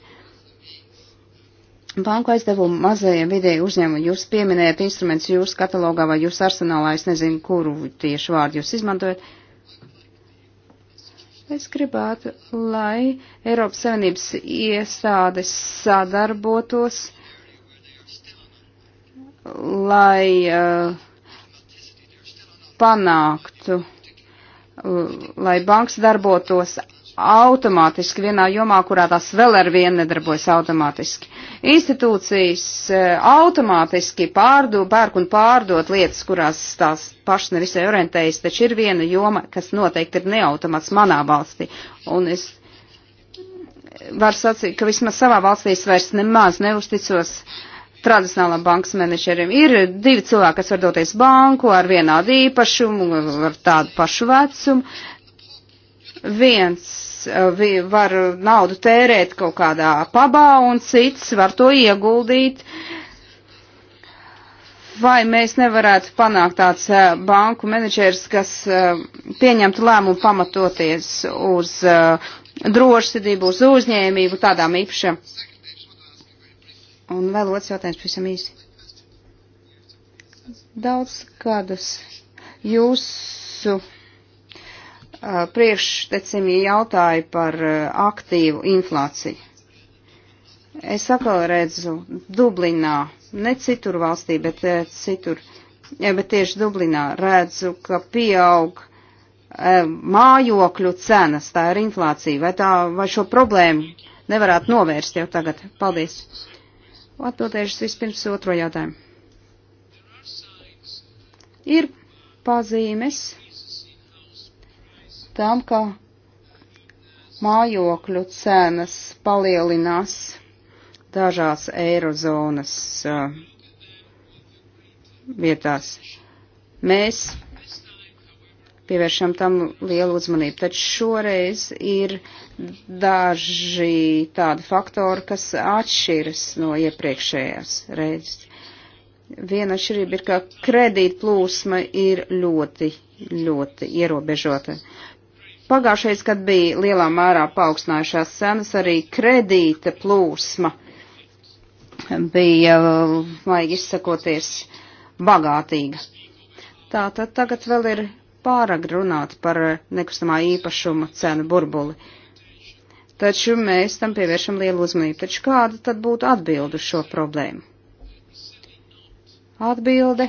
Banku aizdevumu mazajiem vidēju uzņēmumu. Jūs pieminējat instruments jūsu katalogā vai jūsu arsenālā, es nezinu, kuru tieši vārdu jūs izmantojat. Es gribētu, lai Eiropas Savienības iestādes sadarbotos, lai uh, panāktu lai banks darbotos automātiski vienā jomā, kurā tās vēl ar vienu nedarbojas automātiski. Institūcijas e, automātiski pārdo, pērk un pārdot lietas, kurās tās pašas nevisai orientējas, taču ir viena joma, kas noteikti ir neautomāts manā valstī. Un es varu sacīt, ka vismaz savā valstī es vairs nemaz neusticos uh, tradicionālam bankas menedžerim. Ir divi cilvēki, kas var doties banku ar vienādu īpašumu, ar tādu pašu vecumu. Viens eh, var naudu tērēt kaut kādā pabā un cits var to ieguldīt. Vai mēs nevarētu panākt tāds eh, banku menedžers, kas eh, pieņemtu lēmumu pamatoties uz drošsirdību, uz uzņēmību, tādām īpašām Un vēl otrs jautājums pavisam īsi. Daudz gadus jūsu uh, priekštecimie jautāja par uh, aktīvu inflāciju. Es atkal redzu Dublinā, ne citur valstī, bet uh, citur, ja, bet tieši Dublinā redzu, ka pieaug mājokļu cenas, tā ir inflācija, vai tā, vai šo problēmu nevarētu novērst jau tagad. Paldies! Atbildēšu vispirms otro jautājumu. Ir pazīmes tam, ka mājokļu cenas palielinās dažās eirozonas uh, vietās. Mēs pievēršam tam lielu uzmanību, taču šoreiz ir uh, daži tādi faktori, kas atšķiras no iepriekšējās reizes. Viena atšķirība ir, ka kredīt plūsma ir ļoti, ļoti ierobežota. Pagājušais, kad bija lielā mērā paaugstinājušās cenas, arī kredīta plūsma bija, vajag izsakoties, bagātīga. Tātad tagad vēl ir pārāk runāt par nekustamā īpašuma cenu burbuli. Uh, taču mēs tam pievēršam lielu uzmanību. Taču kāda tad būtu atbildu šo problēmu? Atbilde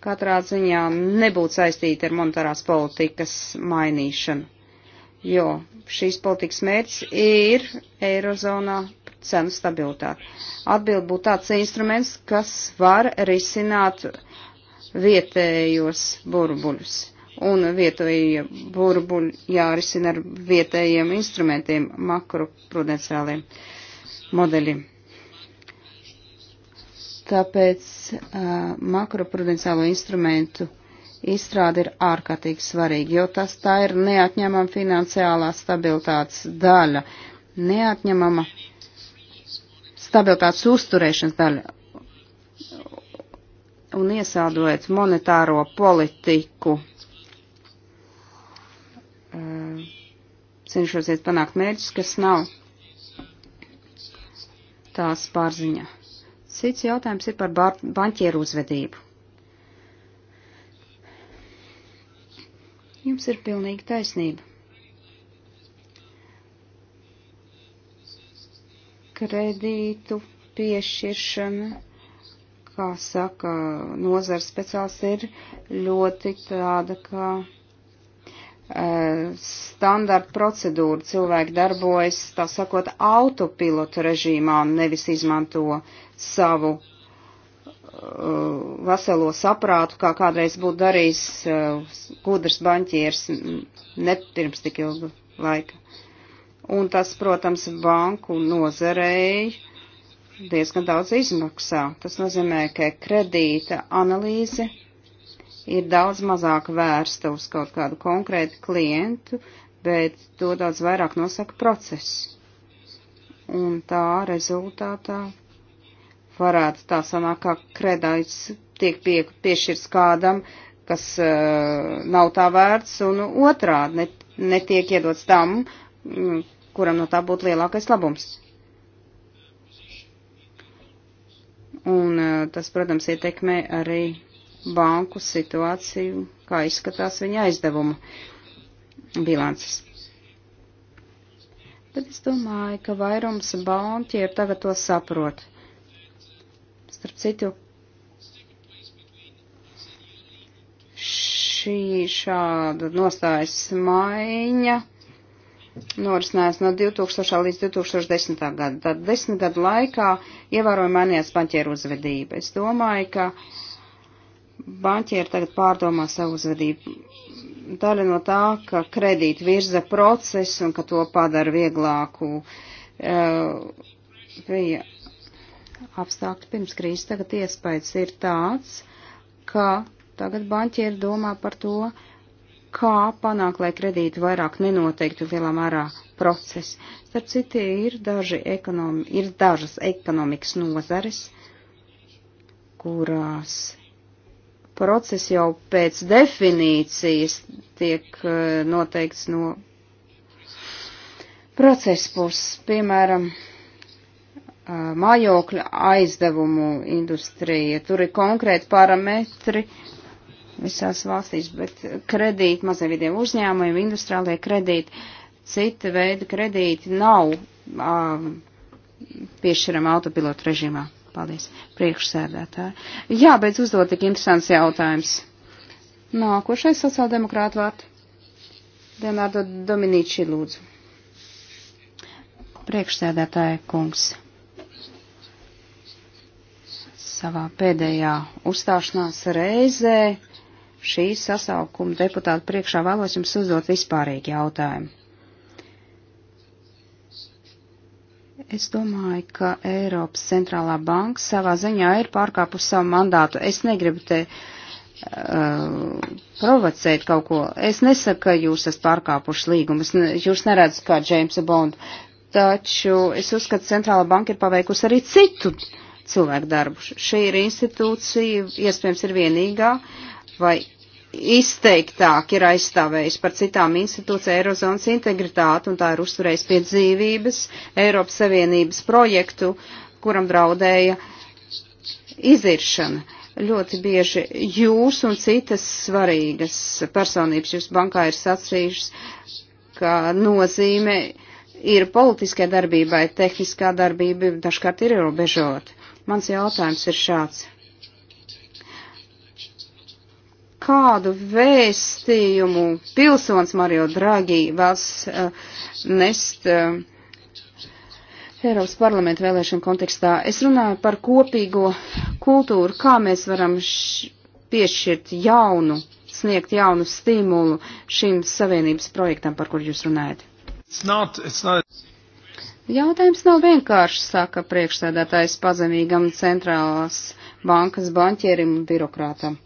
katrā ziņā nebūtu saistīta ar monetārās politikas mainīšanu, jo šīs politikas mērķis ir Eirozonā cenu stabilitāte. Atbild būtu tāds instruments, kas var risināt vietējos burbuļus un vietējie burbuļi jārisina ar vietējiem instrumentiem, makroprudenciāliem modeļiem. Tāpēc uh, makroprudenciālo instrumentu izstrāde ir ārkārtīgi svarīga, jo tas tā ir neatņemama finansiālā stabilitātes daļa, neatņemama stabilitātes uzturēšanas daļa. Un iesādojot monetāro politiku uh, cenšosies panākt mērķus, kas nav tās pārziņā. Cits jautājums ir par banķieru uzvedību. Jums ir pilnīga taisnība. Kredītu piešķiršana, kā saka nozars speciāls, ir ļoti tāda, kā. Ka Eh, standarta procedūra. Cilvēki darbojas, tā sakot, autopilotu režīmā un nevis izmanto savu uh, veselo saprātu, kā kādreiz būtu darījis uh, gudrs baņķieris ne pirms tik ilga laika. Un tas, protams, banku nozarei diezgan daudz izmaksā. Tas nozīmē, ka kredīta analīze ir daudz mazāk vērsta uz kaut kādu konkrētu klientu, bet to daudz vairāk nosaka process. Un tā rezultātā varētu tā sanāk, ka kredīts tiek pie, piešķirts kādam, kas uh, nav tā vērts, un otrādi net, netiek iedots tam, mm, kuram no tā būtu lielākais labums. Un uh, tas, protams, ietekmē arī banku situāciju, kā izskatās viņa aizdevuma bilances. Bet es domāju, ka vairums banķieru tagad to saprot. Starp citu, šī šāda nostājas maiņa norisinājās no 2000. līdz 2010. gada. Tad desmit gadu laikā ievērojami mainījās banķieru uzvedība. Es domāju, ka banķieri tagad pārdomā savu uzvedību. Daļa no tā, ka kredīt virza procesu un ka to padara vieglāku, eh, bija apstākļi pirms krīzes. Tagad iespējas ir tāds, ka tagad banķieri domā par to, kā panākt, lai kredīti vairāk nenoteiktu lielā mērā procesu. Starp citu, ir, daži ekonomi, ir dažas ekonomikas nozares, kurās process jau pēc definīcijas tiek eh, noteikts no procesa puses, piemēram, eh, mājokļa aizdevumu industrija. Tur ir konkrēti parametri visās valstīs, bet kredīti maziem vidiem uzņēmumiem, industriālie kredīti, cita veida kredīti nav um, eh, piešķiram autopilotu režīmā. Paldies, priekšsēdētāji. Jā, beidz uzdot tik interesants jautājums. Nākošais sociāldemokrāta vārds. Leonardo Dominīči, lūdzu. Priekšsēdētāja kungs. Savā pēdējā uzstāšanās reizē šī sasaukuma deputāta priekšā vēlos jums uzdot vispārīgi jautājumu. Es domāju, ka Eiropas centrālā banka savā ziņā ir pārkāpusi savu mandātu. Es negribu te uh, provocēt kaut ko. Es nesaku, ka jūs esat pārkāpuši līgumus. Jūs neredzat kā Džeimsa Bondu. Taču es uzskatu, centrālā banka ir paveikusi arī citu cilvēku darbu. Šī ir institūcija, iespējams, ir vienīgā vai izteiktāk ir aizstāvējis par citām institūcijām Eirozonas integritāti un tā ir uzturējis pie dzīvības Eiropas Savienības projektu, kuram draudēja iziršana. Ļoti bieži jūs un citas svarīgas personības jūs bankā ir sacījušas, ka nozīme ir politiskai darbībai, tehniskā darbība dažkārt ir ierobežota. Mans jautājums ir šāds kādu vēstījumu pilsons Mario Draghi vēlas uh, nest uh, Eiropas parlamenta vēlēšanu kontekstā. Es runāju par kopīgo kultūru, kā mēs varam piešķirt jaunu, sniegt jaunu stimulu šim savienības projektam, par kur jūs runājat. It's not, it's not... Jautājums nav vienkāršs, saka priekšsēdētājs pazemīgam centrālās bankas banķierim un birokrātam.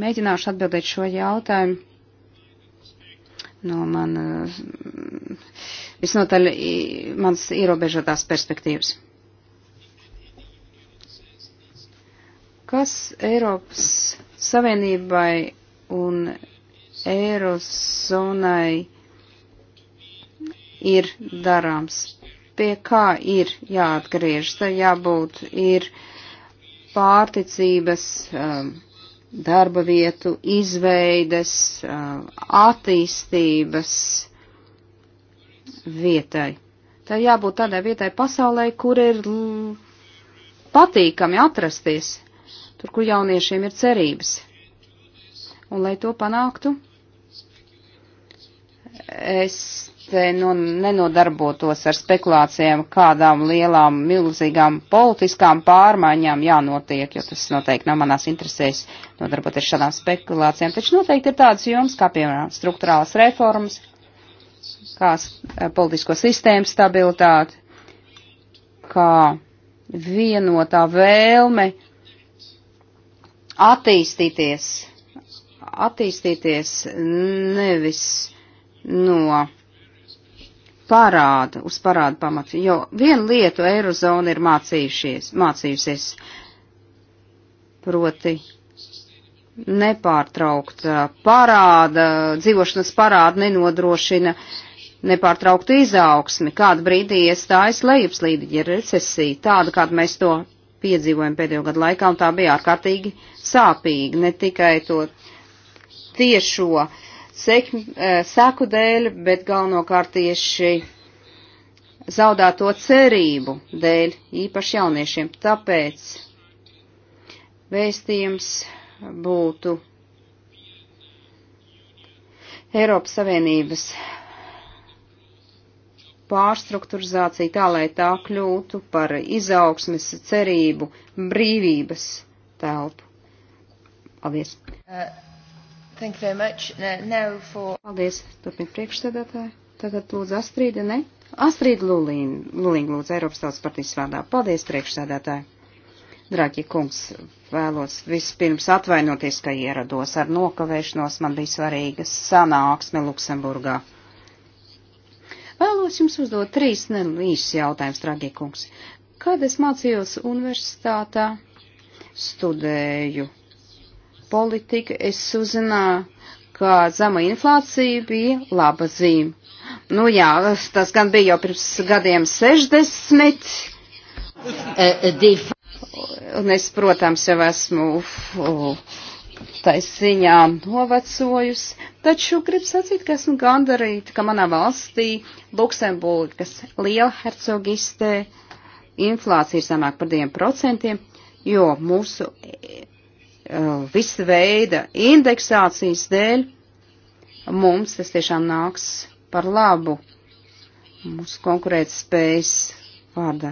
Mēģināšu atbildēt šo jautājumu no man visnotaļ manas ierobežotās perspektīvas. Kas Eiropas Savienībai un Eirozonai ir darāms, pie kā ir jāatgriežas, tai jābūt ir pārticības um, darba vietu izveides, attīstības vietai. Tā jābūt tādai vietai pasaulē, kur ir patīkami atrasties, tur, kur jauniešiem ir cerības. Un, lai to panāktu, es te eh, nu, nenodarbotos ar spekulācijām, kādām lielām, milzīgām politiskām pārmaiņām jānotiek, jo tas noteikti nav manās interesēs nodarboties šādām spekulācijām. Taču noteikti ir tādas jomas, kā piemēram struktūrālas reformas, kā eh, politisko sistēmu stabilitāte, kā vienotā vēlme attīstīties, attīstīties nevis no parādu, uz parādu pamatu, jo vienu lietu Eirozona ir mācījušies, mācījusies, proti nepārtraukt uh, parāda, dzīvošanas parāda nenodrošina nepārtrauktu izaugsmi, kādu brīdī iestājas lejupslīdi, ja recesija, tāda, kādu mēs to piedzīvojam pēdējo gadu laikā, un tā bija ārkārtīgi sāpīgi, ne tikai to tiešo uh, sekm, eh, seku dēļ, bet galvenokārt tieši zaudēto cerību dēļ, īpaši jauniešiem. Tāpēc vēstījums būtu Eiropas Savienības pārstrukturizācija tā, lai tā kļūtu par izaugsmes cerību brīvības telpu. Paldies! Uh. Thank you very much. Now for... Paldies, turpin priekšstādātāji. Tagad lūdzu Astrīda, ne? Astrīda Lulīna, Lulīna lūdzu Eiropas Tautas partijas vārdā. Paldies, priekšstādātāji. Draķi kungs, vēlos vispirms atvainoties, ka ierados ar nokavēšanos. Man bija svarīga sanāksme Luksemburgā. Vēlos jums uzdot trīs nelīšas jautājumus, dragie kungs. Kad es mācījos universitātā, studēju politika, es uzzināju, ka zema inflācija bija laba zīme. Nu jā, tas gan bija jau pirms gadiem 60. Un es, protams, jau esmu taisiņā novecojusi, taču gribu sacīt, ka esmu gandarīta, ka manā valstī Luksemburgas liela hercogistē inflācija ir samāk par 2%, jo mūsu Uh, visa veida indeksācijas dēļ mums tas tiešām nāks par labu mūsu konkurētspējas vārdā.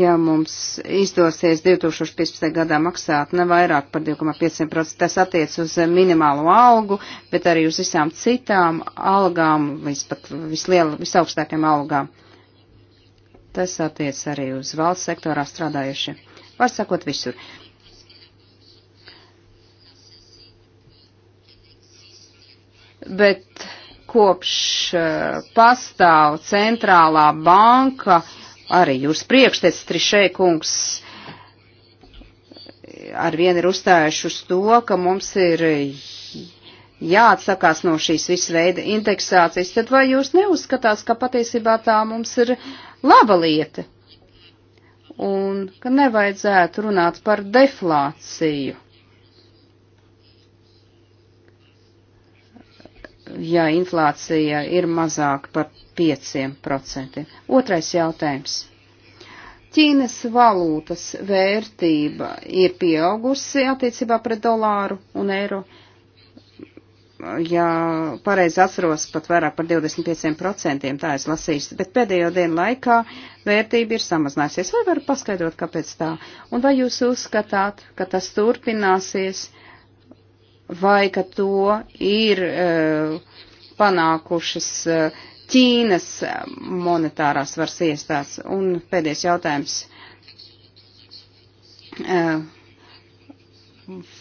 Ja mums izdosies 2015. gadā maksāt ne vairāk par 2,5%, tas attiec uz minimālo algu, bet arī uz visām citām algām, vispat visliel, visaugstākajām algām. Tas attiec arī uz valsts sektorā strādājušiem Var sakot visur. Bet kopš eh, pastāv centrālā banka, arī jūs priekštec Trišē kungs ar vienu ir uzstājuši uz to, ka mums ir jāatsakās no šīs visu veida indeksācijas, tad vai jūs neuzskatās, ka patiesībā tā mums ir laba lieta? un ka nevajadzētu runāt par deflāciju. Ja inflācija ir mazāk par 5%. Otrais jautājums. Ķīnas valūtas vērtība ir pieaugusi attiecībā pret dolāru un eiro. Uh, ja pareizi atceros, pat vairāk par 25% tā es lasīju, bet pēdējo dienu laikā vērtība ir samazinājusies. Vai varu paskaidrot, kāpēc tā? Un vai jūs uzskatāt, ka tas turpināsies, vai ka to ir uh, panākušas uh, Ķīnas monetārās varas iestādes? Un pēdējais jautājums. Uh,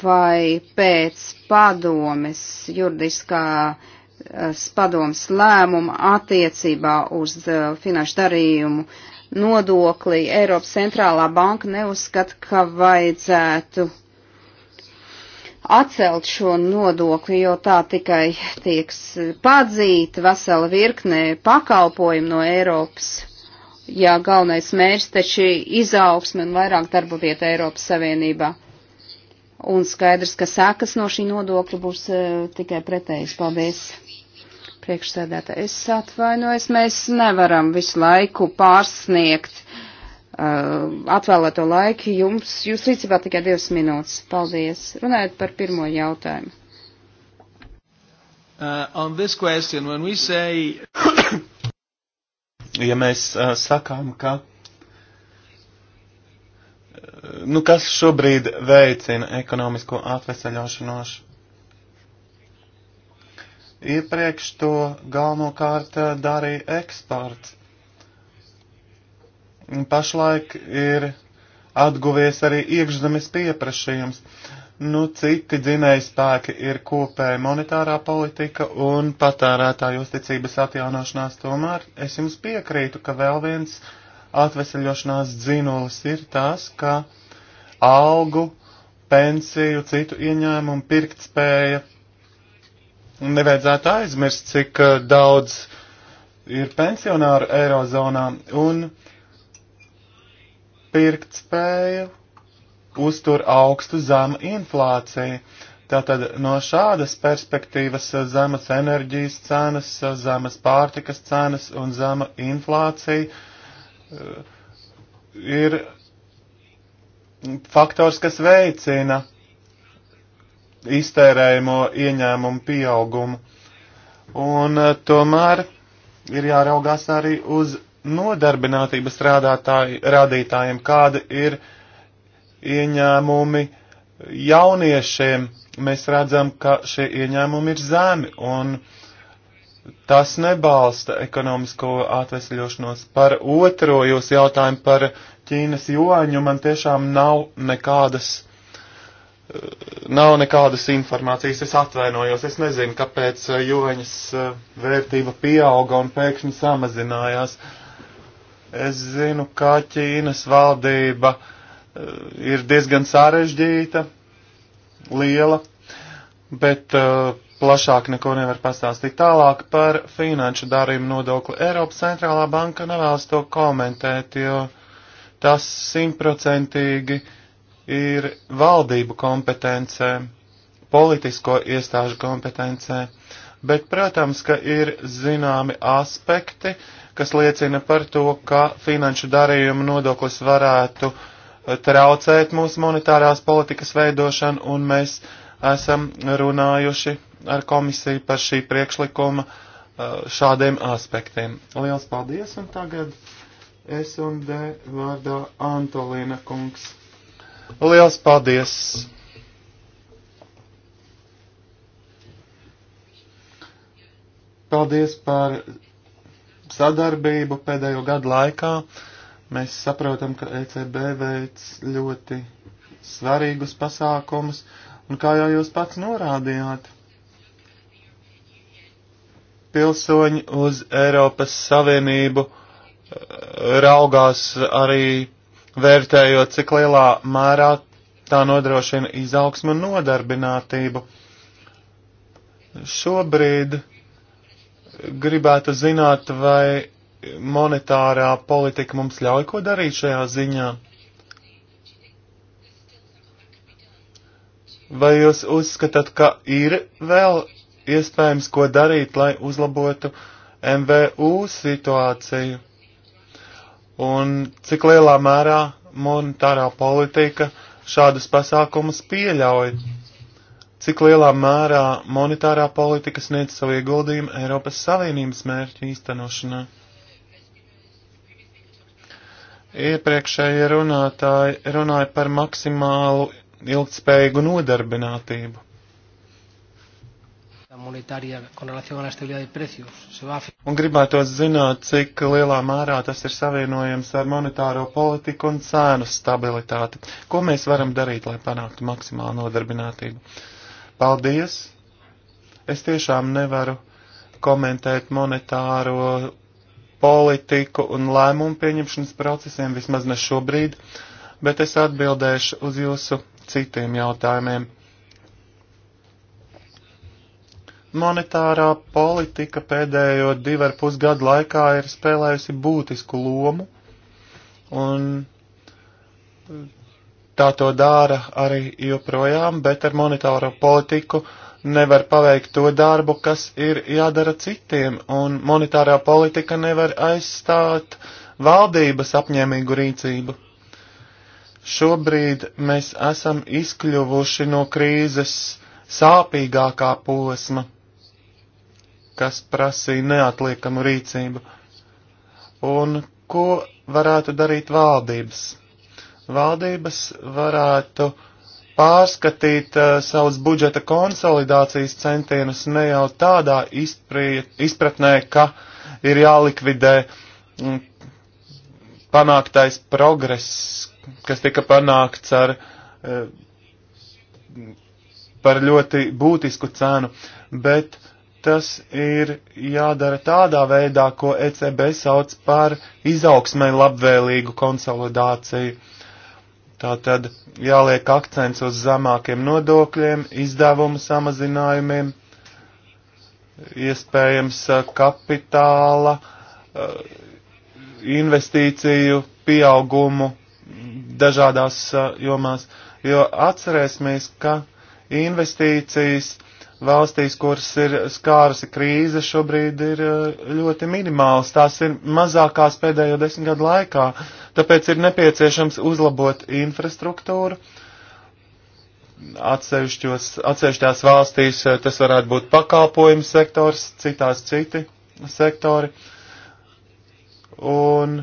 vai pēc padomes juridiskā padomas lēmuma attiecībā uz uh, finanšu darījumu nodokli Eiropas centrālā banka neuzskata, ka vajadzētu atcelt šo nodokli, jo tā tikai tieks padzīta vesela virknē pakalpojumu no Eiropas. Jā, galvenais mērķis taču izaugsme un vairāk darba vieta Eiropas Savienībā. Un skaidrs, ka sākas no šī nodokļa būs uh, tikai pretējas. Paldies! Priekšsēdētā es atvainojos, mēs nevaram visu laiku pārsniegt uh, atvēlēto laiku. Jums, jūs rīcībā tikai divas minūtes. Paldies! Runājot par pirmo jautājumu. Uh, question, say... ja mēs uh, sakām, ka Nu, kas šobrīd veicina ekonomisko atveseļošanos? Iepriekš to galvenokārt eh, darīja eksports. Pašlaik ir atguvies arī iekšzemes pieprasījums. Nu, citi dzinēji spēki ir kopēja monetārā politika un patērētāju uzticības atjaunošanās. Tomēr es jums piekrītu, ka vēl viens uh, atveseļošanās dzīnolis ir tas, ka algu, pensiju, citu ieņēmumu, pirktspēja nevajadzētu aizmirst, cik eh, daudz ir pensionāru Eirozonā un pirktspēju uztur augstu zemu inflāciju. Tātad no šādas perspektīvas eh, zemes enerģijas cenas, eh, zemes pārtikas cenas un zema inflācija Eh, ir faktors, kas veicina iztērējumu ieņēmumu pieaugumu. Un eh, tomēr ir jāraugās arī uz nodarbinātības rādītājiem, kāda ir ieņēmumi jauniešiem. Mēs redzam, ka šie ieņēmumi ir zemi, un uh, tas nebalsta ekonomisko atvesļošanos. Par otro jūs jautājumu par Ķīnas joņu man tiešām nav nekādas. Eh, nav nekādas informācijas, es atvainojos, es nezinu, kāpēc eh, joņas eh, vērtība pieauga un pēkšņi samazinājās. Es zinu, ka Ķīnas valdība ir diezgan sarežģīta, liela, bet uh, plašāk neko nevar pastāstīt tālāk par finanšu darījumu nodokli. Eiropas centrālā banka nevēlas to komentēt, jo tas simtprocentīgi ir valdību kompetencē, politisko iestāžu kompetencē. Bet, protams, ka ir zināmi aspekti, kas liecina par to, ka finanšu darījumu nodoklis varētu eh, traucēt mūsu monetārās politikas veidošanu, un mēs esam runājuši ar komisiju par šī priekšlikuma uh, šādiem aspektiem. Liels paldies, un tagad es un D vārdā Antolīna kungs. Liels paldies! Paldies par sadarbību pēdējo gadu laikā. Mēs saprotam, ka ECB veic ļoti svarīgus pasākumus, un kā jau jūs pats norādījāt, pilsoņi uz Eiropas Savienību eh, raugās arī vērtējot, cik lielā mērā tā nodrošina izaugsmu un nodarbinātību. Šobrīd gribētu zināt, vai monetārā politika mums ļauj ko darīt šajā ziņā. Vai jūs uzskatāt, ka ir vēl iespējams, ko darīt, lai uzlabotu MVU situāciju un cik lielā mērā monetārā politika šādus pasākumus pieļauj, cik lielā mērā monetārā politika sniedz savu ieguldījumu Eiropas Savienības mērķu īstenošanā. Iepriekšējie runātāji runāja par maksimālu ilgspējīgu nodarbinātību monetaria con relación a la estabilidad de precios se va a... Un gribētos zināt, cik lielā mērā tas ir savienojams ar monetāro politiku un cēnu stabilitāti. Ko mēs varam darīt, lai panāktu maksimālu nodarbinātību? Paldies! Es tiešām nevaru komentēt monetāro politiku un lēmumu pieņemšanas procesiem, vismaz ne šobrīd, bet es atbildēšu uz jūsu citiem jautājumiem. Monetārā politika pēdējo divu ar pus gadu laikā ir spēlējusi būtisku lomu, un tā to dara arī joprojām, bet ar monetāro politiku nevar paveikt to darbu, kas ir jādara citiem, un monetārā politika nevar aizstāt valdības apņēmīgu rīcību. Šobrīd mēs esam izkļuvuši no krīzes sāpīgākā posma kas prasīja neatliekamu rīcību. Un ko varētu darīt valdības? Valdības varētu pārskatīt uh, savus budžeta konsolidācijas centienus ne jau tādā izprie, izpratnē, ka ir jālikvidē mm, panāktais progress, kas tika panākts ar, uh, par ļoti būtisku cenu, bet tas ir jādara tādā veidā, ko ECB sauc par izaugsmai labvēlīgu konsolidāciju. Tātad jāliek akcents uz zemākiem nodokļiem, izdevumu samazinājumiem, iespējams eh, kapitāla, eh, investīciju pieaugumu dažādās eh, jomās, jo atcerēsimies, ka investīcijas valstīs, kuras ir skārusi krīze, šobrīd ir eh, ļoti minimāls. Tās ir mazākās pēdējo desmit gadu laikā. Tāpēc ir nepieciešams uzlabot infrastruktūru. Atsevišķās valstīs eh, tas varētu būt pakalpojumu sektors, citās citi sektori. Un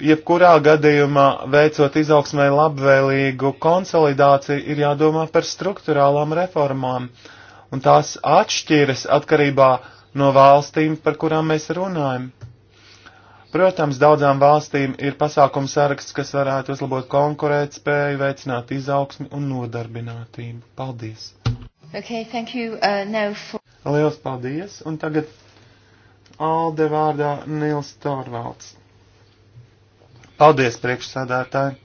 jebkurā gadījumā, veicot izaugsmai labvēlīgu konsolidāciju, ir jādomā par struktūrālām reformām. Uh, un tās atšķiras atkarībā no valstīm, par kurām mēs runājam. Protams, daudzām valstīm ir pasākums saraksts, kas varētu uzlabot konkurētspēju, veicināt izaugsmi un nodarbinātību. Paldies! Okay, thank you, uh, now for... Liels paldies! Un tagad Alde vārdā Nils Torvalds. Paldies, priekšsādātāji!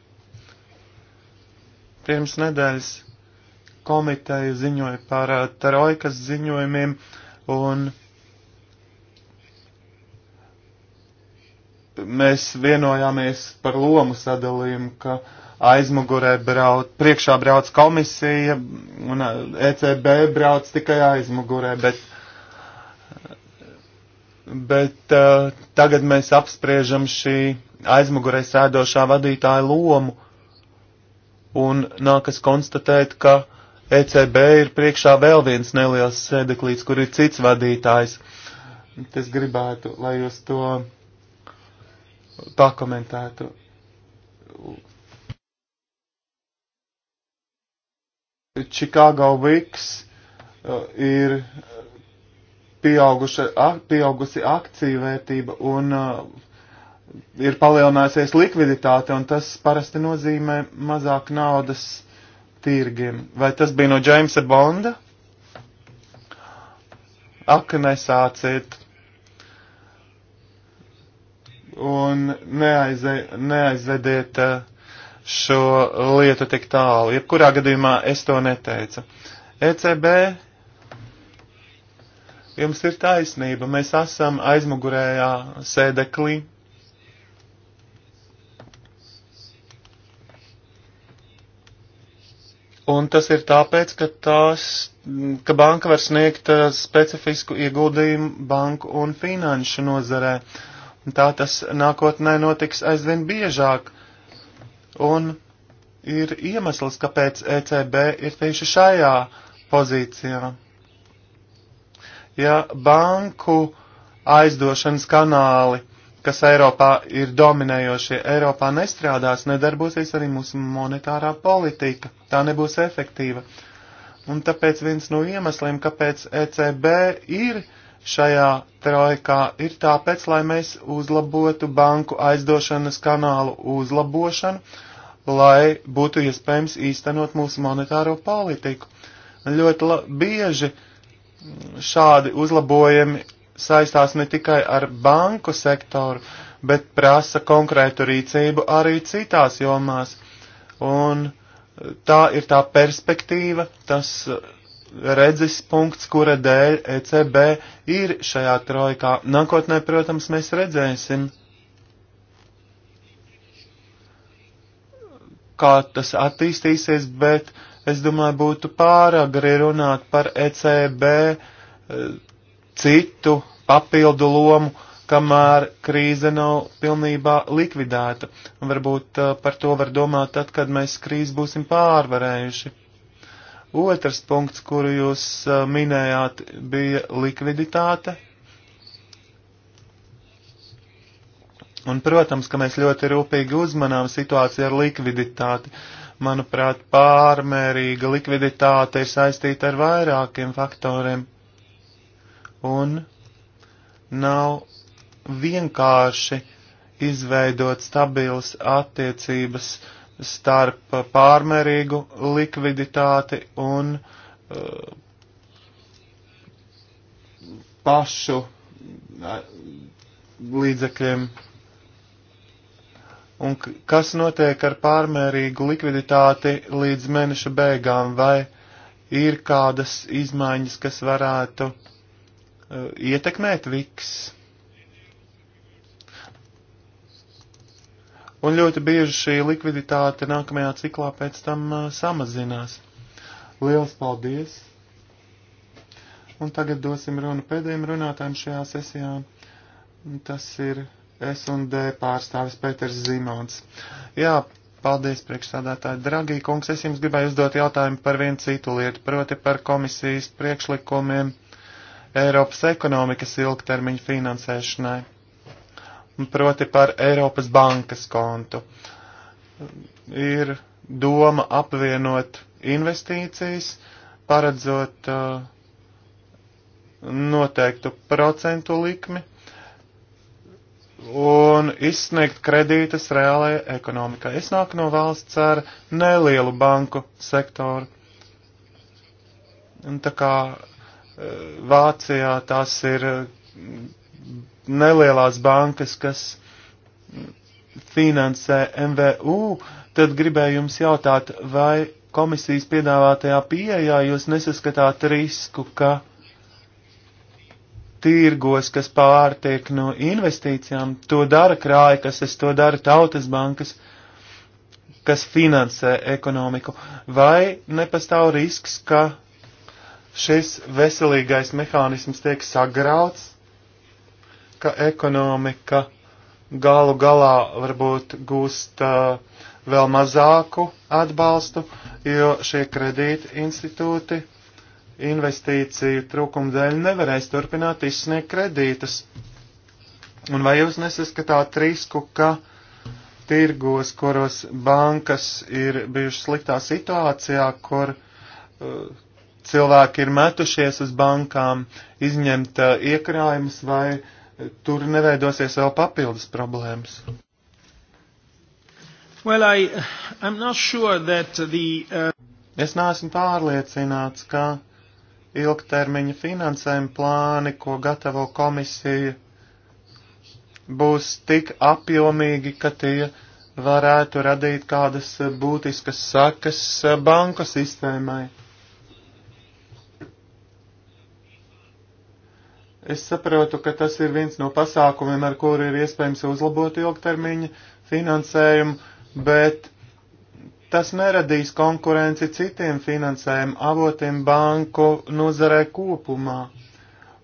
Pirms nedēļas komiteja ziņoja par eh, trojkas ziņojumiem un mēs vienojāmies par lomu sadalījumu, ka aizmugurē brauc, priekšā brauc komisija un ECB eh, e brauc tikai aizmugurē, bet, bet uh, tagad mēs apspriežam šī aizmugurē sēdošā vadītāja lomu un nākas konstatēt, ka uh, ECB ir priekšā vēl viens neliels sēdeklīts, kur ir cits vadītājs. Es gribētu, lai jūs to pakomentētu. Chicago Wicks uh, ir pieauguša, pieaugusi akciju vērtība un uh, ir palielinājusies likviditāte, un tas parasti nozīmē mazāk naudas tirgiem. Vai tas bija no Džeimsa Bonda? Aka nesāciet un neaize, neaizvediet eh, šo lietu tik tālu. Jebkurā gadījumā es to neteicu. ECB, jums ir taisnība, mēs esam aizmugurējā sēdeklī Un tas ir tāpēc, ka, tās, ka banka var sniegt uh, specifisku ieguldījumu banku un finanšu nozarē. Un tā tas nākotnē notiks aizvien biežāk. Un ir iemesls, kāpēc ECB ir tieši šajā pozīcijā. Ja banku aizdošanas kanāli kas Eiropā ir dominējošie, Eiropā nestrādās, nedarbosies arī mūsu monetārā politika. Tā nebūs efektīva. Un tāpēc viens no iemesliem, kāpēc ECB ir šajā trojkā, ir tāpēc, lai mēs uzlabotu banku aizdošanas kanālu uzlabošanu, lai būtu iespējams īstenot mūsu monetāro politiku. Ļoti bieži šādi uzlabojumi saistās ne tikai ar banku sektoru, bet prasa konkrētu rīcību arī citās jomās. Un tā ir tā perspektīva, tas redzes punkts, kura dēļ ECB ir šajā trojkā. Nākotnē, protams, mēs redzēsim, kā tas attīstīsies, bet es domāju, būtu pāragri runāt par ECB citu papildu lomu, kamēr krīze nav pilnībā likvidēta. Un varbūt uh, par to var domāt tad, kad mēs krīzi būsim pārvarējuši. Otrs punkts, kuru jūs uh, minējāt, bija likviditāte. Un, protams, ka mēs ļoti rūpīgi uzmanām situāciju ar likviditāti. Manuprāt, pārmērīga likviditāte ir saistīta ar vairākiem faktoriem un nav vienkārši izveidot stabilas attiecības starp pārmērīgu likviditāti un uh, pašu uh, līdzekļiem. Un kas notiek ar pārmērīgu likviditāti līdz mēneša beigām, vai ir kādas izmaiņas, kas varētu uh, Eh, ietekmēt viks. Un ļoti bieži šī likviditāte nākamajā ciklā pēc tam eh, samazinās. Liels paldies! Un tagad dosim runu pēdējiem runātājiem šajā sesijā. Tas ir S&D pārstāvis Pēters Zimons. Jā, Paldies, priekšsādātāji. Dragī kungs, es jums gribēju uzdot jautājumu par vienu citu lietu, proti par komisijas priekšlikumiem Eiropas ekonomikas ilgtermiņa finansēšanai, proti par Eiropas bankas kontu. Ir doma apvienot investīcijas, paredzot uh, noteiktu procentu likmi un izsniegt kredītas reālajai ekonomikai. Es nāku no valsts ar nelielu banku sektoru. Un tā kā Vācijā tās ir nelielās bankas, kas finansē MVU, tad gribēju jums jautāt, vai komisijas piedāvātajā pieejā jūs nesaskatāt risku, ka tirgos, kas pārtiek no investīcijām, to dara krājkas, es to dara tautas bankas, kas finansē ekonomiku, vai nepastāv risks, ka šis veselīgais mehānisms tiek sagrauts, ka ekonomika galu galā varbūt gūst uh, vēl mazāku atbalstu, jo šie kredīti institūti investīciju trūkuma dēļ nevarēs turpināt izsniegt kredītus. Un vai jūs nesaskatāt risku, ka tirgos, kuros bankas ir bijušas sliktā situācijā, kur uh, cilvēki ir metušies uz bankām izņemt uh, iekrājumus vai uh, tur neveidosies vēl papildus problēmas? Well, I, I'm not sure that the, uh... Es neesmu pārliecināts, ka ilgtermiņa finansējuma plāni, ko gatavo komisija, būs tik apjomīgi, ka tie varētu radīt kādas uh, būtiskas sakas uh, banku sistēmai. Es saprotu, ka tas ir viens no pasākumiem, ar kuru ir iespējams uzlabot ilgtermiņa finansējumu, bet tas neradīs konkurenci citiem finansējumu avotiem banku nozarē kopumā.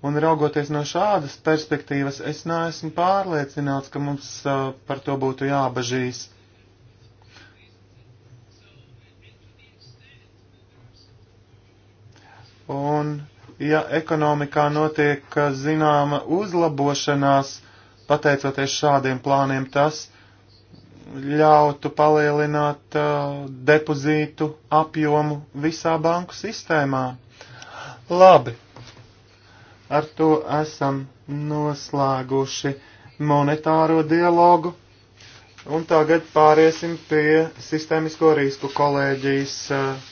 Un raugoties no šādas perspektīvas, es neesmu pārliecināts, ka mums uh, par to būtu jābažīs. Un ja ekonomikā notiek zināma uzlabošanās, pateicoties šādiem plāniem, tas ļautu palielināt uh, depozītu apjomu visā banku sistēmā. Labi, ar to esam noslēguši monetāro dialogu. Un tagad pāriesim pie sistēmisko risku kolēģijas uh,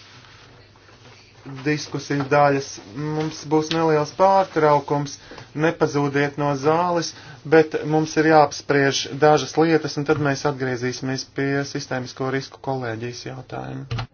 diskusiju daļas. Mums būs neliels pārtraukums, nepazūdiet no zāles, bet mums ir jāapspriež dažas lietas, un tad mēs atgriezīsimies pie sistēmisko risku kolēģijas jautājuma.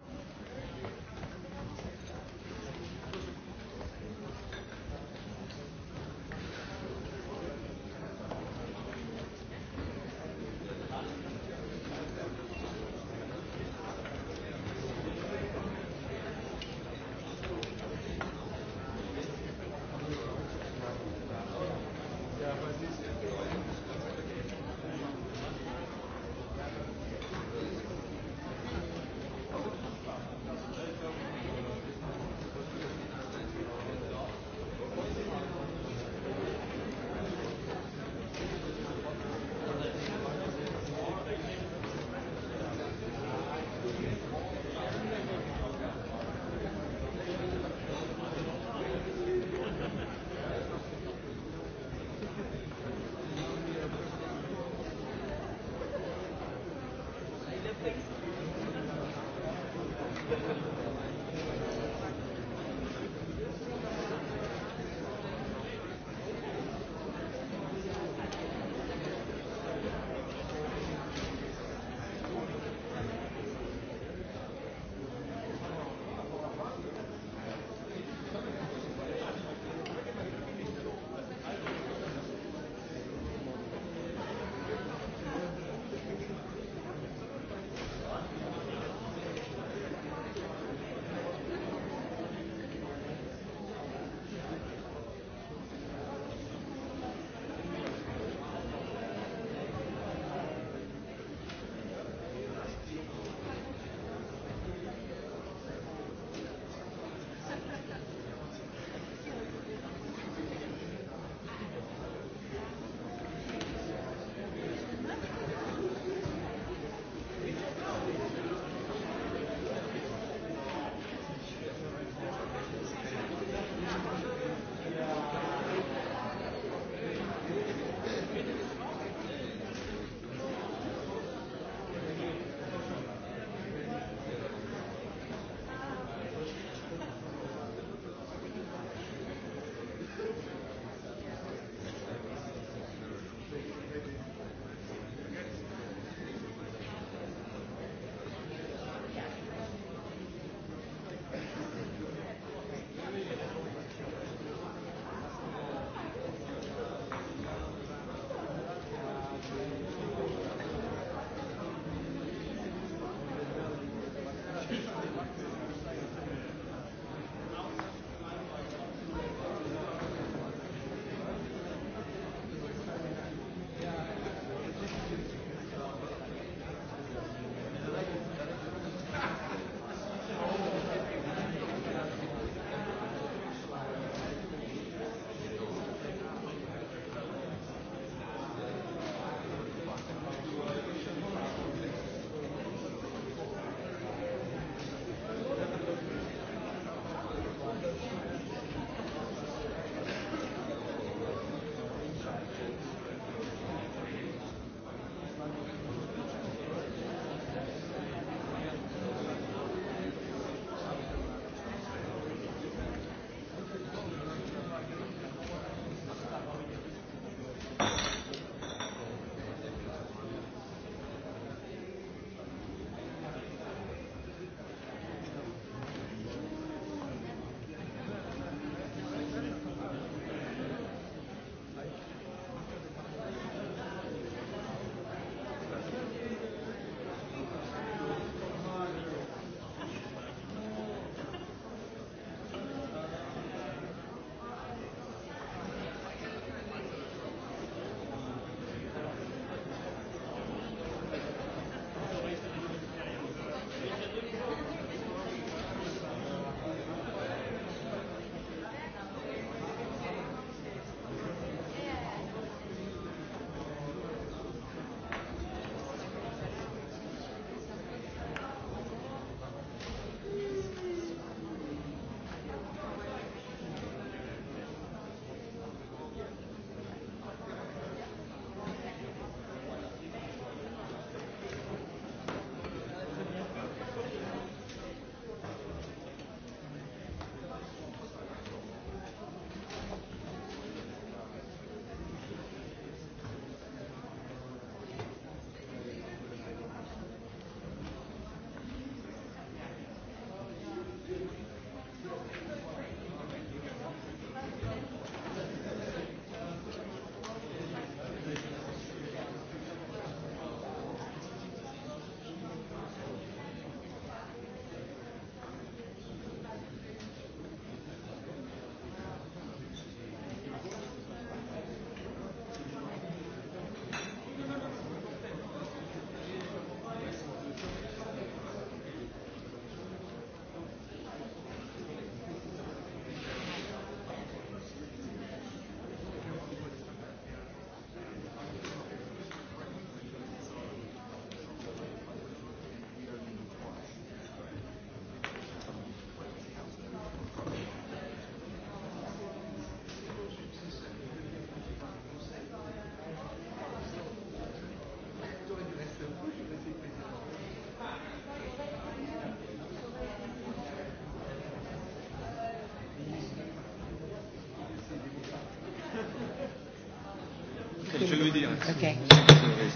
Okay.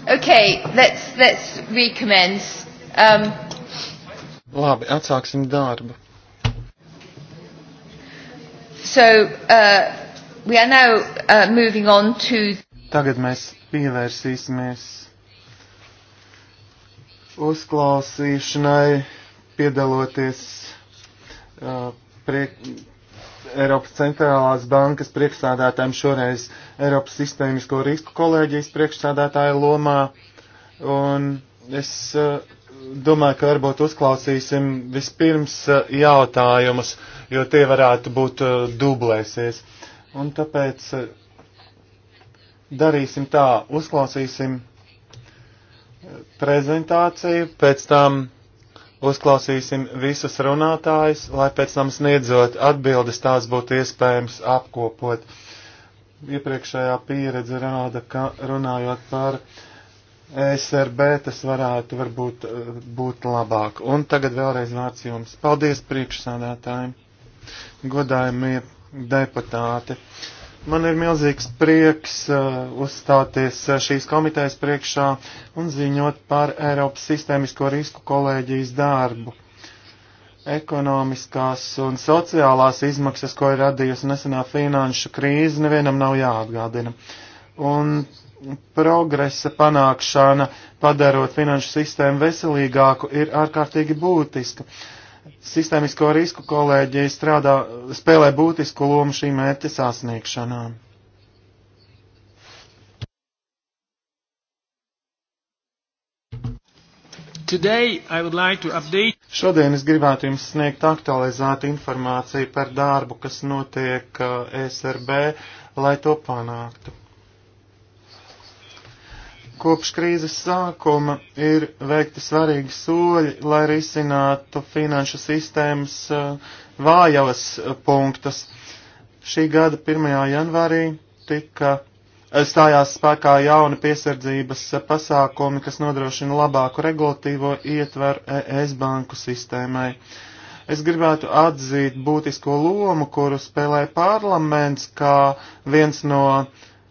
Okay, let's, let's recommence. Um, Labi, atsāksim darbu. So, uh, we are now uh, moving on to. Tagad mēs pievērsīsimies uzklausīšanai, piedaloties uh, priekšā Eiropas centrālās bankas priekšsādātājiem šoreiz Eiropas sistēmisko risku kolēģijas priekšsādātāja lomā. Un es eh, domāju, ka varbūt uzklausīsim vispirms eh, jautājumus, jo tie varētu būt eh, dublēsies. Un tāpēc darīsim tā, uzklausīsim prezentāciju, pēc tam uzklausīsim visus runātājus, lai pēc tam sniedzot atbildes tās būtu iespējams apkopot. Iepriekšējā pieredze rāda, ka runājot par e SRB tas varētu varbūt eh, būt labāk. Un tagad vēlreiz vārds jums. Paldies priekšsādātājiem, godājumie deputāti. Uh, Man ir milzīgs prieks uh, uzstāties uh, šīs komitejas priekšā un ziņot par Eiropas sistēmisko risku kolēģijas darbu. Ekonomiskās un sociālās izmaksas, ko ir radījusi nesenā finanšu krīze, nevienam nav jāatgādina. Un progresa panākšana, padarot finanšu sistēmu veselīgāku, ir ārkārtīgi būtiska. Uh, Sistēmisko risku kolēģi strādā, spēlē būtisku lomu šī mērķa sasniegšanā. Today I would like to update. Šodien es gribētu jums sniegt aktualizētu informāciju par darbu, kas notiek eh, SRB, lai to panāktu. Kopš krīzes sākuma ir veikti svarīgi soļi, lai risinātu finanšu sistēmas eh, vājavas eh, punktus. Šī gada 1. janvārī tika eh, stājās spēkā jauni piesardzības pasākumi, kas nodrošina labāku regulatīvo ietveru ES banku sistēmai. Es gribētu atzīt būtisko lomu, kuru spēlē parlaments kā viens no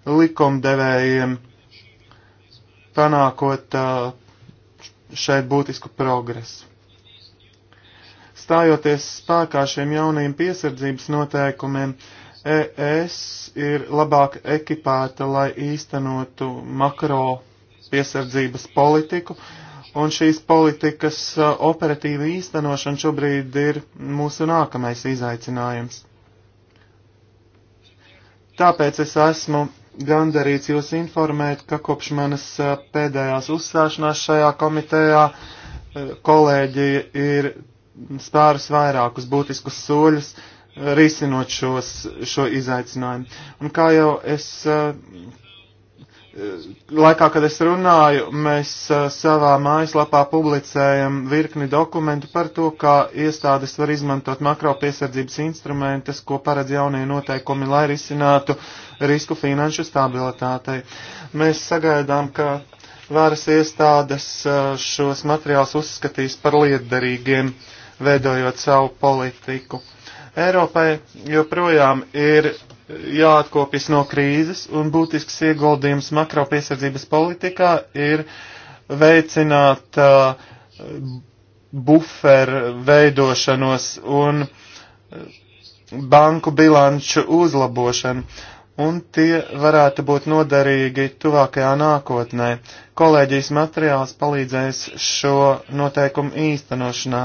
likumdevējiem panākot šeit būtisku progresu. Stājoties spēkā šiem jaunajiem piesardzības noteikumiem, ES ir labāk ekipēta, lai īstenotu makro piesardzības politiku, un šīs politikas operatīva īstenošana šobrīd ir mūsu nākamais izaicinājums. Tāpēc es esmu gandarīts jūs informēt, ka kopš manas pēdējās uzstāšanās šajā komitejā kolēģi ir spērus vairākus būtiskus soļus, risinot šos, šo izaicinājumu. Un kā jau es Eh, laikā, kad es runāju, mēs eh, savā mājaslapā publicējam virkni dokumentu par to, kā iestādes var izmantot makropiesardzības instrumentus, ko paredz jaunie noteikumi, lai risinātu risku finanšu stabilitātei. Mēs sagaidām, ka varas iestādes eh, šos materiālus uzskatīs par lietderīgiem, veidojot savu politiku Eiropai joprojām ir jāatkopjas no krīzes, un būtisks ieguldījums makro piesardzības politikā ir veicināt uh, buferu veidošanos un uh, banku bilanču uzlabošanu. Uh, un tie varētu būt noderīgi tuvākajā nākotnē. Kolēģijas materiāls palīdzēs šo noteikumu īstenošanā.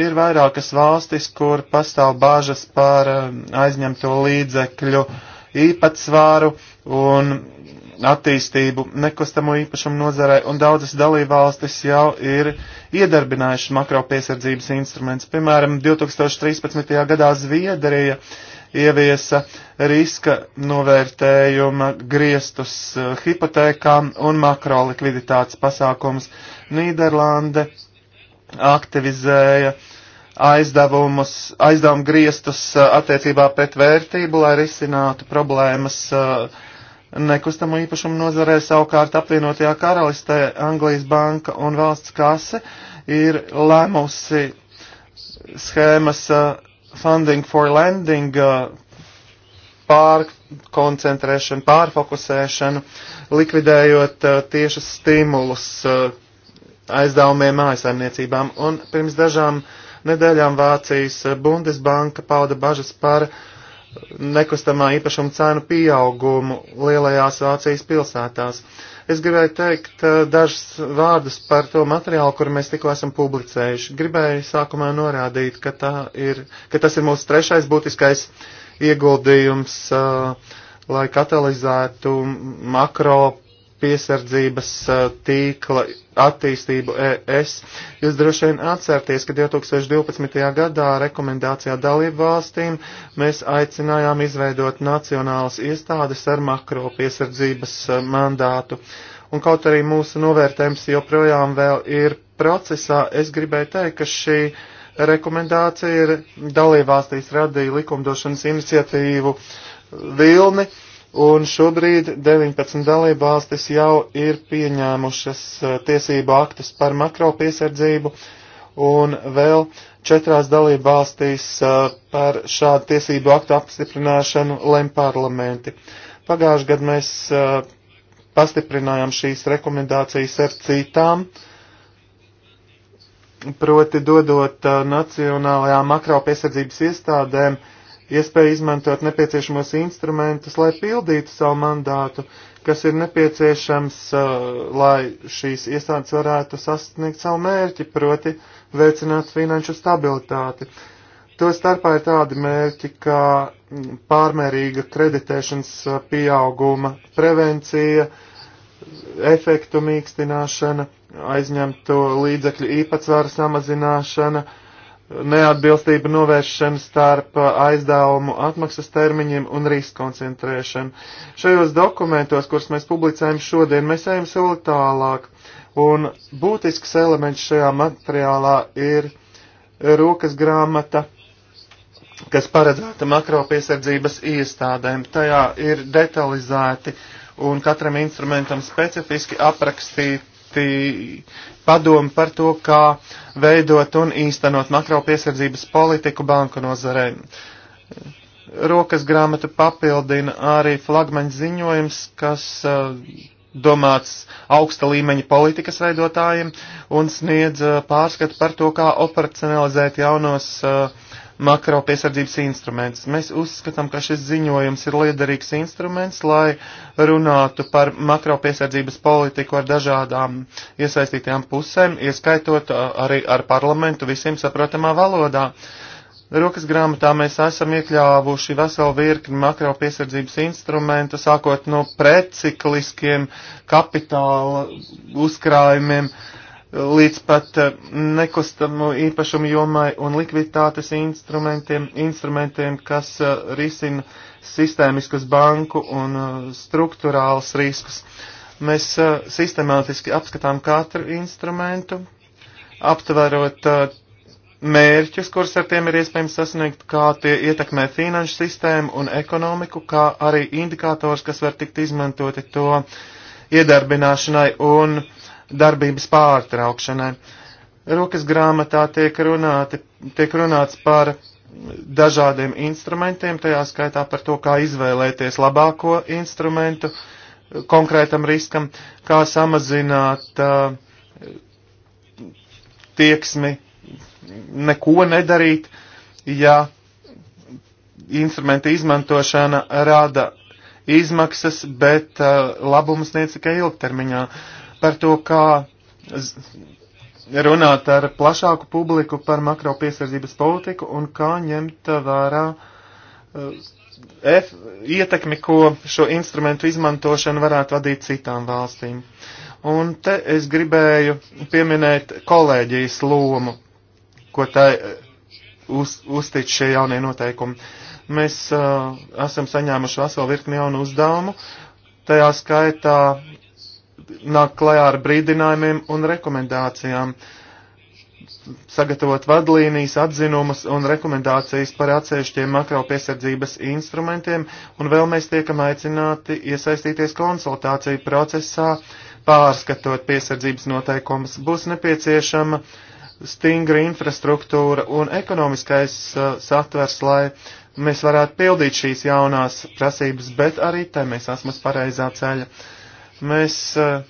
Ir vairākas valstis, kur pastāv bāžas par um, aizņemto līdzekļu īpatsvāru un attīstību nekustamo īpašumu nozarē, un daudzas dalībvalstis jau ir iedarbinājušas makropiesardzības instruments. Piemēram, 2013. gadā Zviedrija ieviesa riska novērtējuma griestus eh, hipotēkām un makrolikviditātes pasākumus. Nīderlande aktivizēja aizdevumus, aizdevumu griestus eh, attiecībā pret vērtību, lai risinātu problēmas eh, nekustamo īpašumu nozarē. Savukārt apvienotajā karalistē Anglijas banka un valsts kase ir lēmusi schēmas uh, Funding for Landing uh, pārkoncentrēšanu, pārfokusēšanu, likvidējot uh, tiešas stimulus uh, aizdevumiem mājasaimniecībām. Un pirms dažām nedēļām Vācijas Bundesbanka pauda bažas par nekustamā īpašuma cenu pieaugumu lielajās Vācijas pilsētās. Uh, Es gribēju teikt eh, dažus vārdus par to materiālu, kuru mēs tikko esam publicējuši. Gribēju sākumā norādīt, ka, ir, ka tas ir mūsu trešais būtiskais ieguldījums, eh, lai katalizētu makro piesardzības eh, tīkla attīstību ES. Jūs droši vien atcerties, ka 2012. gadā rekomendācijā dalību valstīm mēs aicinājām izveidot nacionālas iestādes ar makro piesardzības e, mandātu. Un kaut arī mūsu novērtējums joprojām vēl ir procesā, es gribēju teikt, ka šī rekomendācija ir dalībvalstīs radīja likumdošanas iniciatīvu vilni Un šobrīd 19 dalībvalstis jau ir pieņēmušas eh, tiesību aktus par makro piesardzību, un vēl četrās dalībvalstīs eh, par šādu tiesību aktu apstiprināšanu lem parlamenti. Pagājuši gadu mēs eh, pastiprinājām šīs rekomendācijas ar citām, proti dodot nacionālajām makro piesardzības iestādēm uh, iespēju izmantot nepieciešamos instrumentus, lai pildītu savu mandātu, kas ir nepieciešams, uh, lai šīs iestādes varētu sasniegt savu mērķi, proti veicināt finanšu stabilitāti. To starpā ir tādi mērķi, kā mm, pārmērīga kreditēšanas uh, pieauguma prevencija, efektu mīkstināšana, aizņemto līdzekļu īpatsvāra samazināšana, uh, neatbilstība novēršana starp aizdevumu atmaksas termiņiem un riska koncentrēšanu. Šajos dokumentos, kurus mēs publicējam šodien, mēs ejam soli tālāk, un būtisks elements šajā materiālā ir rokas grāmata, kas paredzēta makro piesardzības iestādēm. Tajā ir detalizēti un katram instrumentam specifiski aprakstīti sniegti padomi par to, kā veidot un īstenot makro piesardzības politiku banku nozarē. Rokas grāmata papildina arī flagmaņa ziņojums, kas uh, domāts augsta līmeņa politikas veidotājiem un sniedz eh, pārskatu par to, kā operacionalizēt jaunos uh, makro piesardzības instruments. Mēs uzskatām, ka šis ziņojums ir liederīgs instruments, lai runātu par makro piesardzības politiku ar dažādām iesaistītajām pusēm, ieskaitot arī ar parlamentu visiem saprotamā valodā. Rokas grāmatā mēs esam iekļāvuši veselu virkni makro piesardzības instrumentu, sākot no precikliskiem kapitāla uzkrājumiem, uh, līdz pat eh, nekustamo īpašumu jomai un likviditātes instrumentiem, instrumentiem, kas eh, risina sistēmiskas banku un eh, struktūrāls riskus. Mēs sistemātiski apskatām katru instrumentu, aptverot mērķus, kurus ar tiem ir iespējams sasniegt, kā tie ietekmē finanšu sistēmu un ekonomiku, kā arī indikators, kas var tikt izmantoti to iedarbināšanai un uh, darbības pārtraukšanai. Rokas grāmatā tiek, runāti, tiek runāts par dažādiem instrumentiem, tajā skaitā par to, kā izvēlēties labāko instrumentu konkrētam riskam, kā samazināt uh, tieksmi neko nedarīt, ja instrumenta izmantošana rada izmaksas, bet uh, labums ne tikai ilgtermiņā. Uh, par to, kā runāt ar plašāku publiku par makro piesardzības politiku un kā ņemt vērā eh, F, ietekmi, ko šo instrumentu izmantošana varētu vadīt citām valstīm. Un te es gribēju pieminēt kolēģijas lomu, ko tai eh, uz, uztic šie jaunie noteikumi. Mēs uh, esam saņēmuši veselu virkni jaunu uzdevumu, tajā skaitā nāk klajā ar brīdinājumiem un rekomendācijām, sagatavot vadlīnijas, atzinumus un rekomendācijas par atsevišķiem makro piesardzības instrumentiem, un vēl mēs tiekam aicināti iesaistīties konsultāciju procesā, pārskatot piesardzības noteikumus. Būs nepieciešama stingra infrastruktūra un ekonomiskais uh, satvers, lai uh, mēs varētu pildīt šīs jaunās prasības, bet arī te mēs esam uz pareizā ceļa. Mēs uh,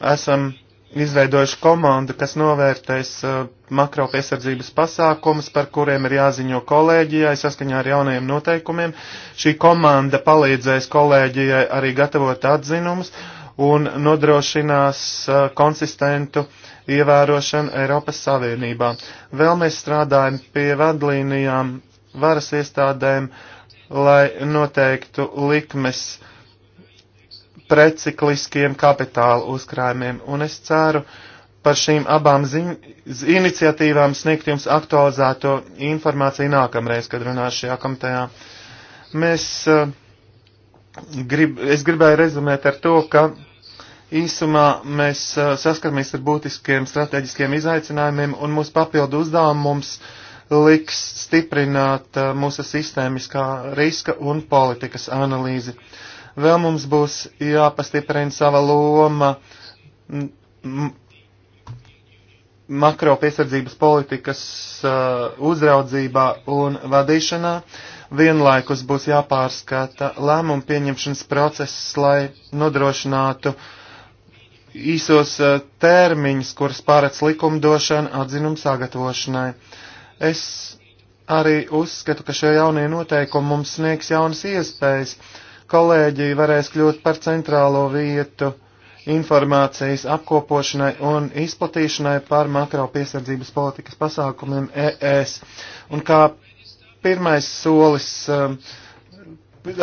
esam izveidojuši komandu, kas novērtēs uh, eh, makro piesardzības pasākumus, par kuriem ir jāziņo kolēģijai saskaņā ar jaunajiem noteikumiem. Šī komanda palīdzēs kolēģijai arī gatavot atzinumus un nodrošinās uh, konsistentu ievērošanu Eiropas Savienībā. Vēl mēs strādājam pie vadlīnijām varas iestādēm, lai noteiktu likmes precikliskiem kapitāla uzkrājumiem, un es ceru par šīm abām ziņ, iniciatīvām sniegt jums aktualizēto informāciju nākamreiz, kad runāšu šajā komitejā. Mēs, eh, grib, es gribēju rezumēt ar to, ka īsumā mēs eh, saskaramies ar būtiskiem strateģiskiem izaicinājumiem, un mūsu papildu uzdevumu mums liks stiprināt eh, mūsu sistēmiskā riska un politikas analīzi. Uh, Vēl mums būs jāpastiprina sava loma makro piesardzības politikas uh, uzraudzībā un vadīšanā. Vienlaikus būs jāpārskata lēmumu pieņemšanas process, lai nodrošinātu īsos uh, termiņus, kuras pārēc likumdošana atzinumu sagatavošanai. Es arī uzskatu, ka šie jaunie noteikumi mums sniegs jaunas iespējas. Uh, kolēģi varēs kļūt par centrālo vietu informācijas apkopošanai un izplatīšanai par makro piesardzības politikas pasākumiem ES. Un kā pirmais solis, um,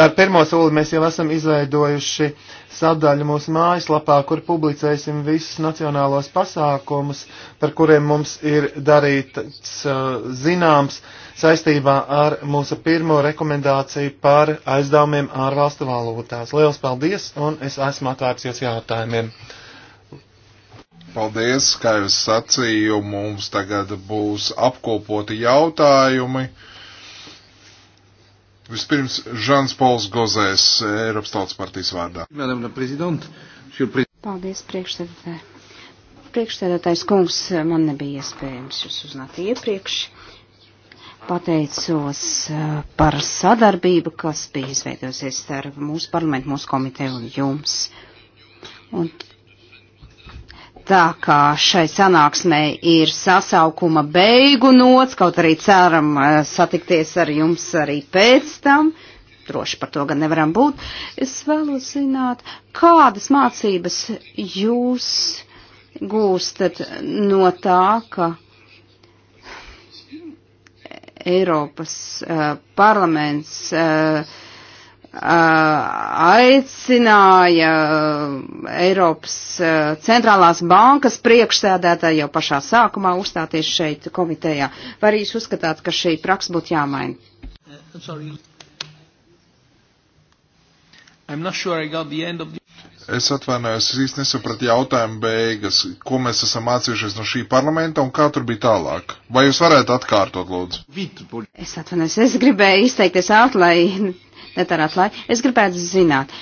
ar pirmo soli mēs jau esam izveidojuši sadaļu mūsu mājaslapā, kur publicēsim visus nacionālos pasākumus, par kuriem mums ir darīts uh, zināms saistībā ar mūsu pirmo rekomendāciju par aizdevumiem ārvalstu valūtās. Lielas paldies, un es esmu atvērts jūs jautājumiem. Paldies, kā jūs sacīju, mums tagad būs apkopoti jautājumi. Vispirms Žans Pols Gozēs, Eiropas Tautas partijas vārdā. Paldies, priekšsēdētāji. Priekšsēdētājs kungs, man nebija iespējams jūs uznāt iepriekš pateicos eh, par sadarbību, kas bija izveidojusies starp mūsu parlamentu, mūsu komiteju un jums. Un tā kā šai sanāksmē ir sasaukuma beigu nots, kaut arī ceram eh, satikties ar jums arī pēc tam, droši par to gan nevaram būt, es vēlos zināt, kādas mācības jūs gūstat no tā, ka Eiropas uh, parlaments uh, aicināja Eiropas centrālās bankas priekšsēdētāju jau pašā sākumā uzstāties šeit komitejā. Vai arī jūs uzskatāt, ka šī praksa būtu jāmaina? Sorry. I'm not sure I got the end of the Es atvainojos, es īsti nesapratu jautājumu beigas, ko mēs esam mācījušies no šī parlamenta un kā tur bija tālāk. Vai jūs varētu atkārtot, lūdzu? Es atvainojos, es gribēju izteikties āt, lai netarāt lai. Es gribētu zināt,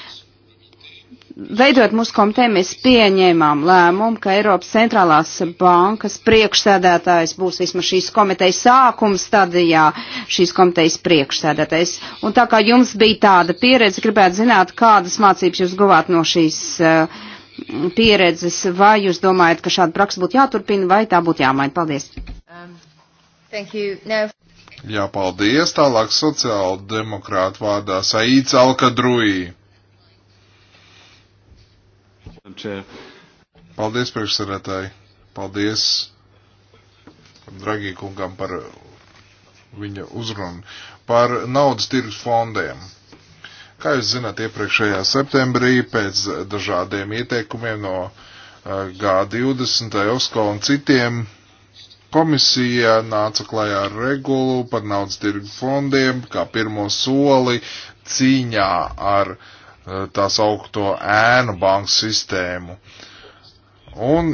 Veidot mūsu komiteju, mēs pieņēmām lēmumu, ka Eiropas centrālās bankas priekšsēdētājs būs vismaz šīs komitejas sākuma stadijā, šīs komitejas priekšsēdētājs. Un tā kā jums bija tāda pieredze, gribētu zināt, kādas mācības jūs guvāt no šīs uh, pieredzes, vai jūs domājat, ka šāda praksa būtu jāturpina, vai tā būtu jāmaina? Paldies! Um, no. Jā, paldies! Tālāk sociāla demokrāta vārdā Saīts Alkadruī. Madam Chair. Paldies, priekšsarētāji. Paldies, dragī kungam, par viņa uzrunu. Par naudas tirgus fondiem. Kā jūs zināt, iepriekšējā septembrī pēc dažādiem ieteikumiem no eh, G20, EOSCO un citiem komisija nāca klajā ar regulu par naudas tirgu fondiem kā pirmo soli cīņā ar uh, Eh, tās augto ēnu banku sistēmu. Un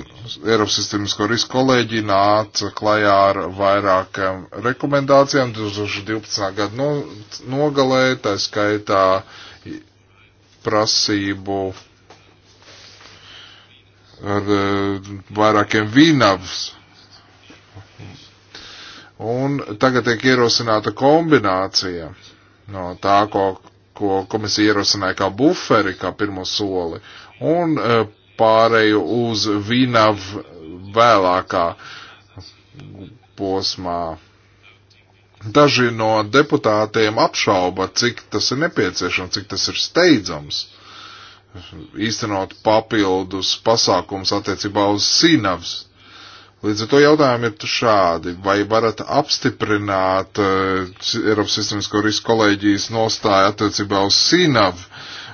Eiropas Sistemisko risku kolēģi nāca klajā ar vairākām rekomendācijām 2012. gada no, nogalē, tā skaitā prasību ar eh, vairākiem vīnavs. Un tagad tiek ierosināta kombinācija no tā, ko ko komisija ierosināja kā buferi, kā pirmo soli, un e, pārēju uz vīnav vēlākā posmā. Daži no deputātiem apšauba, cik tas ir nepieciešams, cik tas ir steidzams īstenot papildus pasākums attiecībā uz sīnavs Līdz ar to jautājumi ir šādi. Vai varat apstiprināt uh, Eiropas Sistemisko risku kolēģijas nostāju attiecībā uz SINAV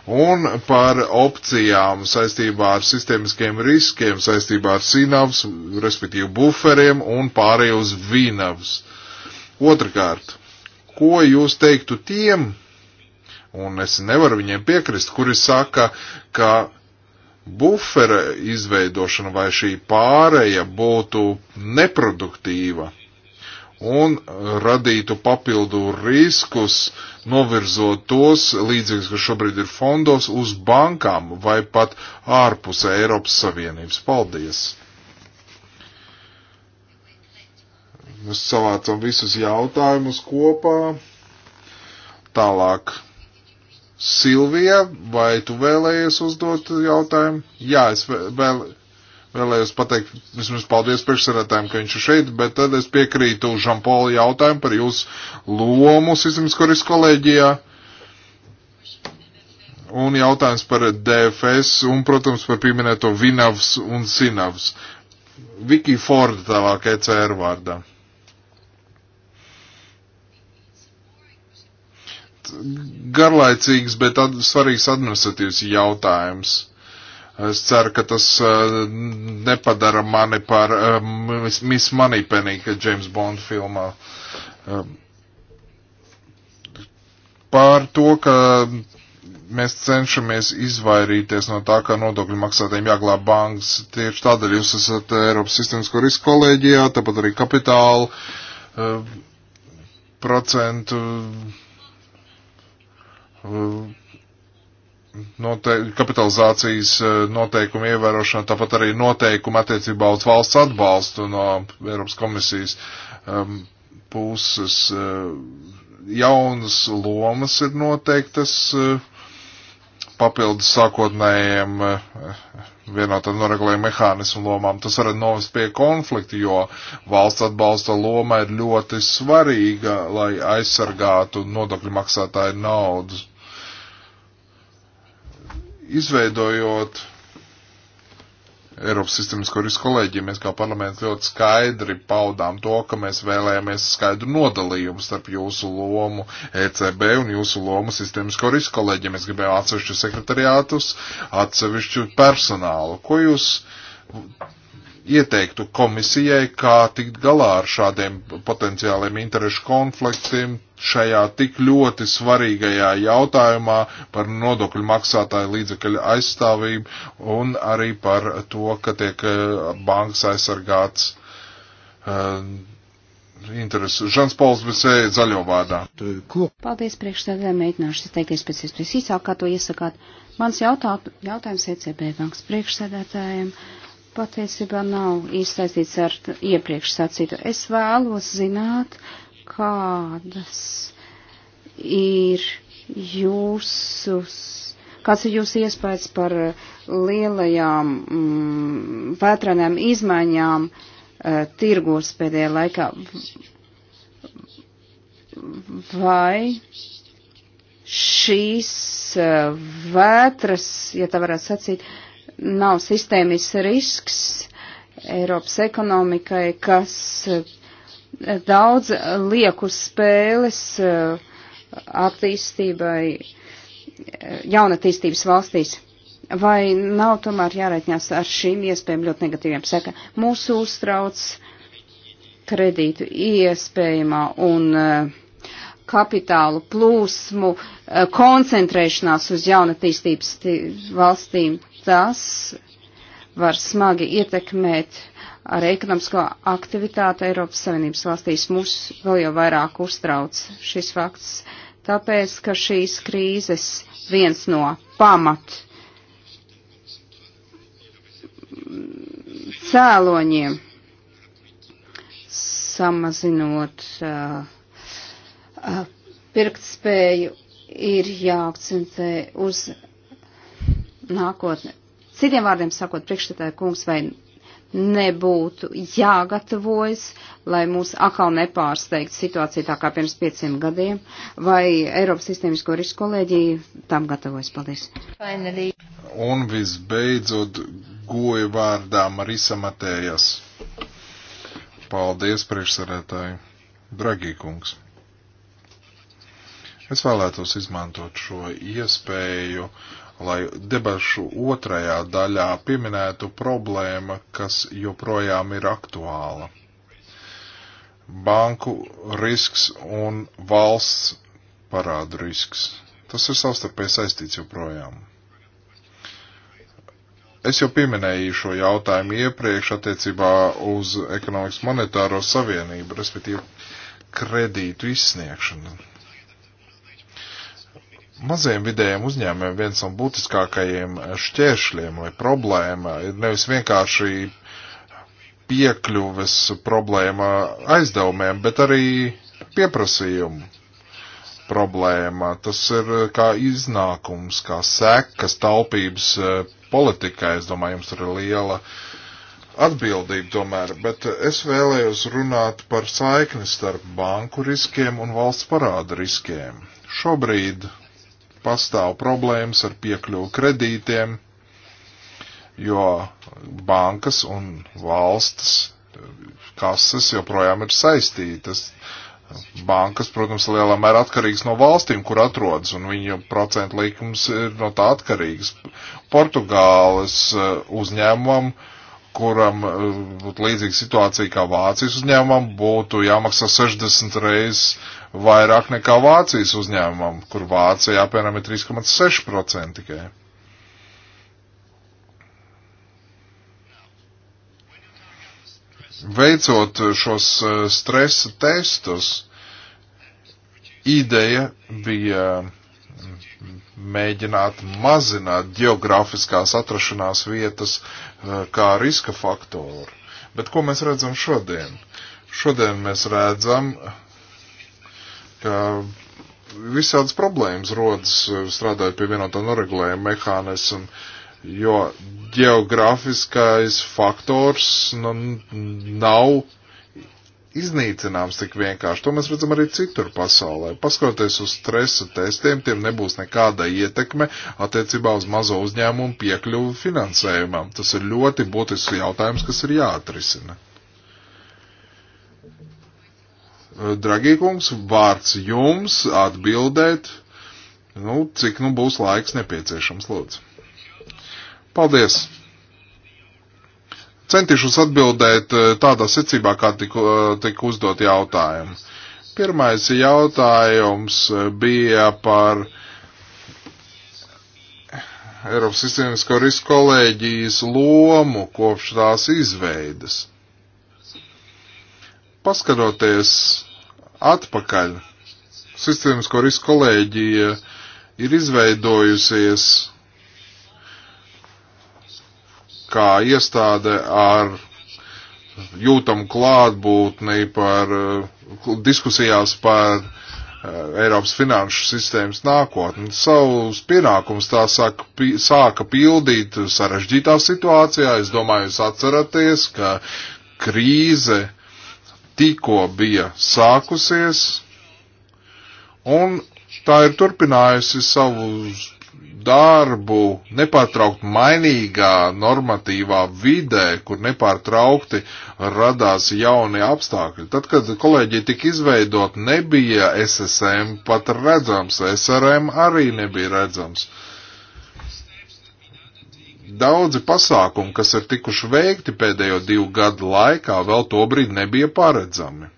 un par opcijām saistībā ar sistemiskiem riskiem, saistībā ar SINAVs, respektīvi buferiem un pārējo uz VINAVs? Otrakārt, ko jūs teiktu tiem, un es nevaru viņiem piekrist, kuri saka, ka bufera izveidošana vai šī pāreja būtu neproduktīva un radītu papildu riskus, novirzot tos līdzekļus, kas šobrīd ir fondos, uz bankām vai pat ārpus Eiropas Savienības. Paldies! Mēs savācam visus jautājumus kopā. Tālāk Silvija, vai tu vēlējies uzdot jautājumu? Jā, es vēl, vēlējos pateikt, vismaz paldies priekšsarētājiem, ka viņš ir šeit, bet tad es piekrītu Žampola jautājumu par jūsu lomu Sismskoris kolēģijā. Un jautājums par DFS un, protams, par pieminēto Vinavs un Sinavs. Viki Forda tālāk ECR vārdā. garlaicīgs, bet ad, svarīgs administratīvs jautājums. Es ceru, ka tas uh, nepadara mani par uh, Miss Moneypenny, ka James Bond filmā. Uh, e, pār to, ka mēs cenšamies izvairīties no tā, ka nodokļu maksātājiem jāglāb bankas. Tieši tādēļ jūs esat Eiropas sistēmisko risku kolēģijā, tāpat arī kapitāla procentu note kapitalizācijas eh, noteikumu ievērošana, tāpat arī noteikumu attiecībā uz valsts atbalstu no Eiropas komisijas um, puses. Uh, jaunas lomas ir noteiktas uh, papildus sākotnējiem uh, vienotam noregulējumu mehānismu lomām. Tas var novest pie konflikta, jo valsts atbalsta loma ir ļoti svarīga, lai aizsargātu nodokļu maksātāju naudu Izveidojot Eiropas sistēmas, kur ir kolēģi, mēs kā parlaments ļoti skaidri paudām to, ka mēs vēlējāmies skaidru nodalījumu starp jūsu lomu ECB un jūsu lomu sistēmas, kur ir kolēģi. Mēs gribējām atsevišķu sekretariātus, atsevišķu personālu. Ko jūs ieteiktu komisijai, kā tikt galā ar šādiem potenciāliem interešu konfliktiem šajā tik ļoti svarīgajā jautājumā par nodokļu maksātāju līdzekļu aizstāvību un arī par to, ka tiek eh, bankas aizsargāts uh, interesu. Žans Pauls Visē zaļo vārdā. Paldies priekšstādē, mēģināšu izteikties pēc iespējas īsāk, kā to iesakāt. Mans jautā, jautājums ECB bankas priekšsēdētājiem. Uh, patiesībā nav izsaistīts ar iepriekš sacītu. Es vēlos zināt, kādas ir jūsu, kāds ir jūsu iespējas par lielajām mm, vētranēm izmaiņām uh, tirgos pēdējā laikā. Vai šīs uh, vētras, ja tā varētu sacīt, uh, nav sistēmis risks Eiropas ekonomikai, kas eh, daudz liek uz spēles eh, attīstībai eh, jaunatīstības valstīs. Vai nav tomēr jārēķinās ar šīm iespējām ļoti negatīviem seka? Mūsu uztrauc kredītu iespējamā un uh, kapitālu plūsmu, koncentrēšanās uz jaunatīstības valstīm tas var smagi ietekmēt ar ekonomisko aktivitāti Eiropas Savienības valstīs. Mūs vēl jau vairāk uztrauc šis fakts, tāpēc, ka šīs krīzes viens no pamat cēloņiem samazinot uh, uh, pirktspēju ir jāakcentē uz nākotne. Citiem vārdiem sakot, priekšstādāja kungs, vai nebūtu jāgatavojas, lai mūs atkal nepārsteigtu situācija tā kā pirms pieciem gadiem, vai Eiropas sistēmisko risku kolēģija tam gatavojas. Paldies. Finally. Un visbeidzot, goja vārdā Marisa Matējas. Paldies, priekšsarētāji. Dragī kungs. Es vēlētos izmantot šo iespēju lai debašu otrajā daļā pieminētu problēma, kas joprojām ir aktuāla. Banku risks un valsts parādu risks. Tas ir savstarpēji saistīts joprojām. Es jau pieminēju šo jautājumu iepriekš attiecībā uz ekonomikas monetāro savienību, respektīvi kredītu izsniegšanu Maziem vidējiem uzņēmumiem viens no būtiskākajiem šķēršļiem vai problēma ir nevis vienkārši piekļuves problēma aizdevumiem, bet arī pieprasījumu problēma. Tas ir kā iznākums, kā sekas taupības e, politikai. Es domāju, jums tur ir liela atbildība tomēr, bet es vēlējos runāt par saikni starp banku riskiem un valsts parāda riskiem. Šobrīd pastāv problēmas ar piekļuvu kredītiem, jo bankas un valsts kases joprojām ir saistītas. Bankas, protams, lielā mērā atkarīgas no valstīm, kur atrodas, un viņu procentu likums ir no tā atkarīgs. Portugāles uh, uzņēmumam uh, kuram eh, būtu līdzīga situācija kā Vācijas uzņēmumam, būtu jāmaksā 60 reizes vairāk nekā Vācijas uzņēmumam, kur Vācija apmēram ir 3,6% tikai. Veicot šos eh, stresa testus, ideja bija mēģināt mazināt geogrāfiskās atrašanās vietas eh, kā riska faktoru. Bet ko mēs redzam šodien? Šodien mēs redzam, ka visādas problēmas rodas strādājot pie vienotā noregulējuma mehānismu, jo geogrāfiskais faktors nu, nav iznīcināms tik vienkārši. To mēs redzam arī citur pasaulē. Paskatoties uz stresa testiem, tiem nebūs nekāda ietekme attiecībā uz mazo uzņēmumu piekļuvu finansējumam. Tas ir ļoti būtisks jautājums, kas ir jāatrisina. Dragīkungs, vārds jums atbildēt, nu, cik nu būs laiks nepieciešams, lūdzu. Paldies! Centīšos atbildēt eh, tādā secībā, kā tika, eh, tika uzdot jautājumu. Pirmais jautājums eh, bija par Eiropas Sistēmisko risku kolēģijas lomu kopš tās izveidas. Paskatoties atpakaļ, Sistēmisko risku kolēģija ir izveidojusies kā iestāde ar jūtamu klātbūtni par eh, diskusijās par eh, Eiropas finanšu sistēmas nākotni. Savus pienākumus tā saka, pi, sāka pildīt sarežģītā situācijā. Es domāju, jūs atceraties, ka krīze tikko bija sākusies, un tā ir turpinājusi savus darbu nepārtraukt mainīgā normatīvā vidē, kur nepārtraukti radās jauni apstākļi. Tad, kad kolēģija tika izveidot, nebija SSM pat redzams, SRM arī nebija redzams. Daudzi pasākumi, kas ir tikuši veikti pēdējo divu gadu laikā, vēl tobrīd nebija paredzami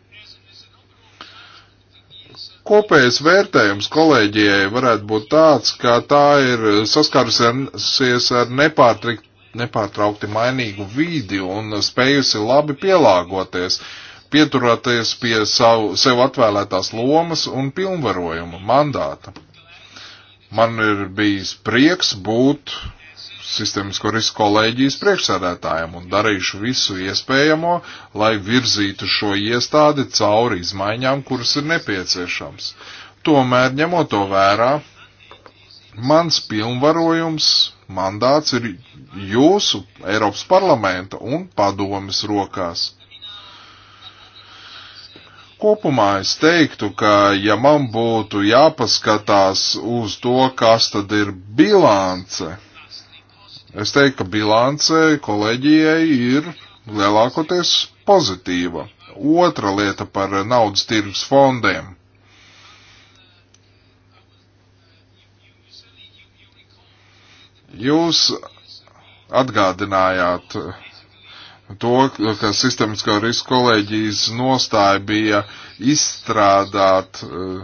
kopējais vērtējums kolēģijai varētu būt tāds, ka tā ir saskārusies ar nepārtraukti mainīgu vīdi un spējusi labi pielāgoties, pieturēties pie savu, sev atvēlētās lomas un pilnvarojuma mandāta. Man ir bijis prieks būt sistēmisko risku kolēģijas priekšsēdētājiem un darīšu visu iespējamo, lai virzītu šo iestādi cauri izmaiņām, kuras ir nepieciešams. Tomēr, ņemot to vērā, mans pilnvarojums, mandāts ir jūsu Eiropas parlamenta un padomes rokās. Kopumā es teiktu, ka ja man būtu jāpaskatās uz to, kas tad ir bilance, Es teiktu, ka bilance kolēģijai ir lielākoties pozitīva. Otra lieta par naudas tirgus fondiem. Jūs atgādinājāt to, ka sistēmiskā riska kolēģijas nostāja bija izstrādāt uh,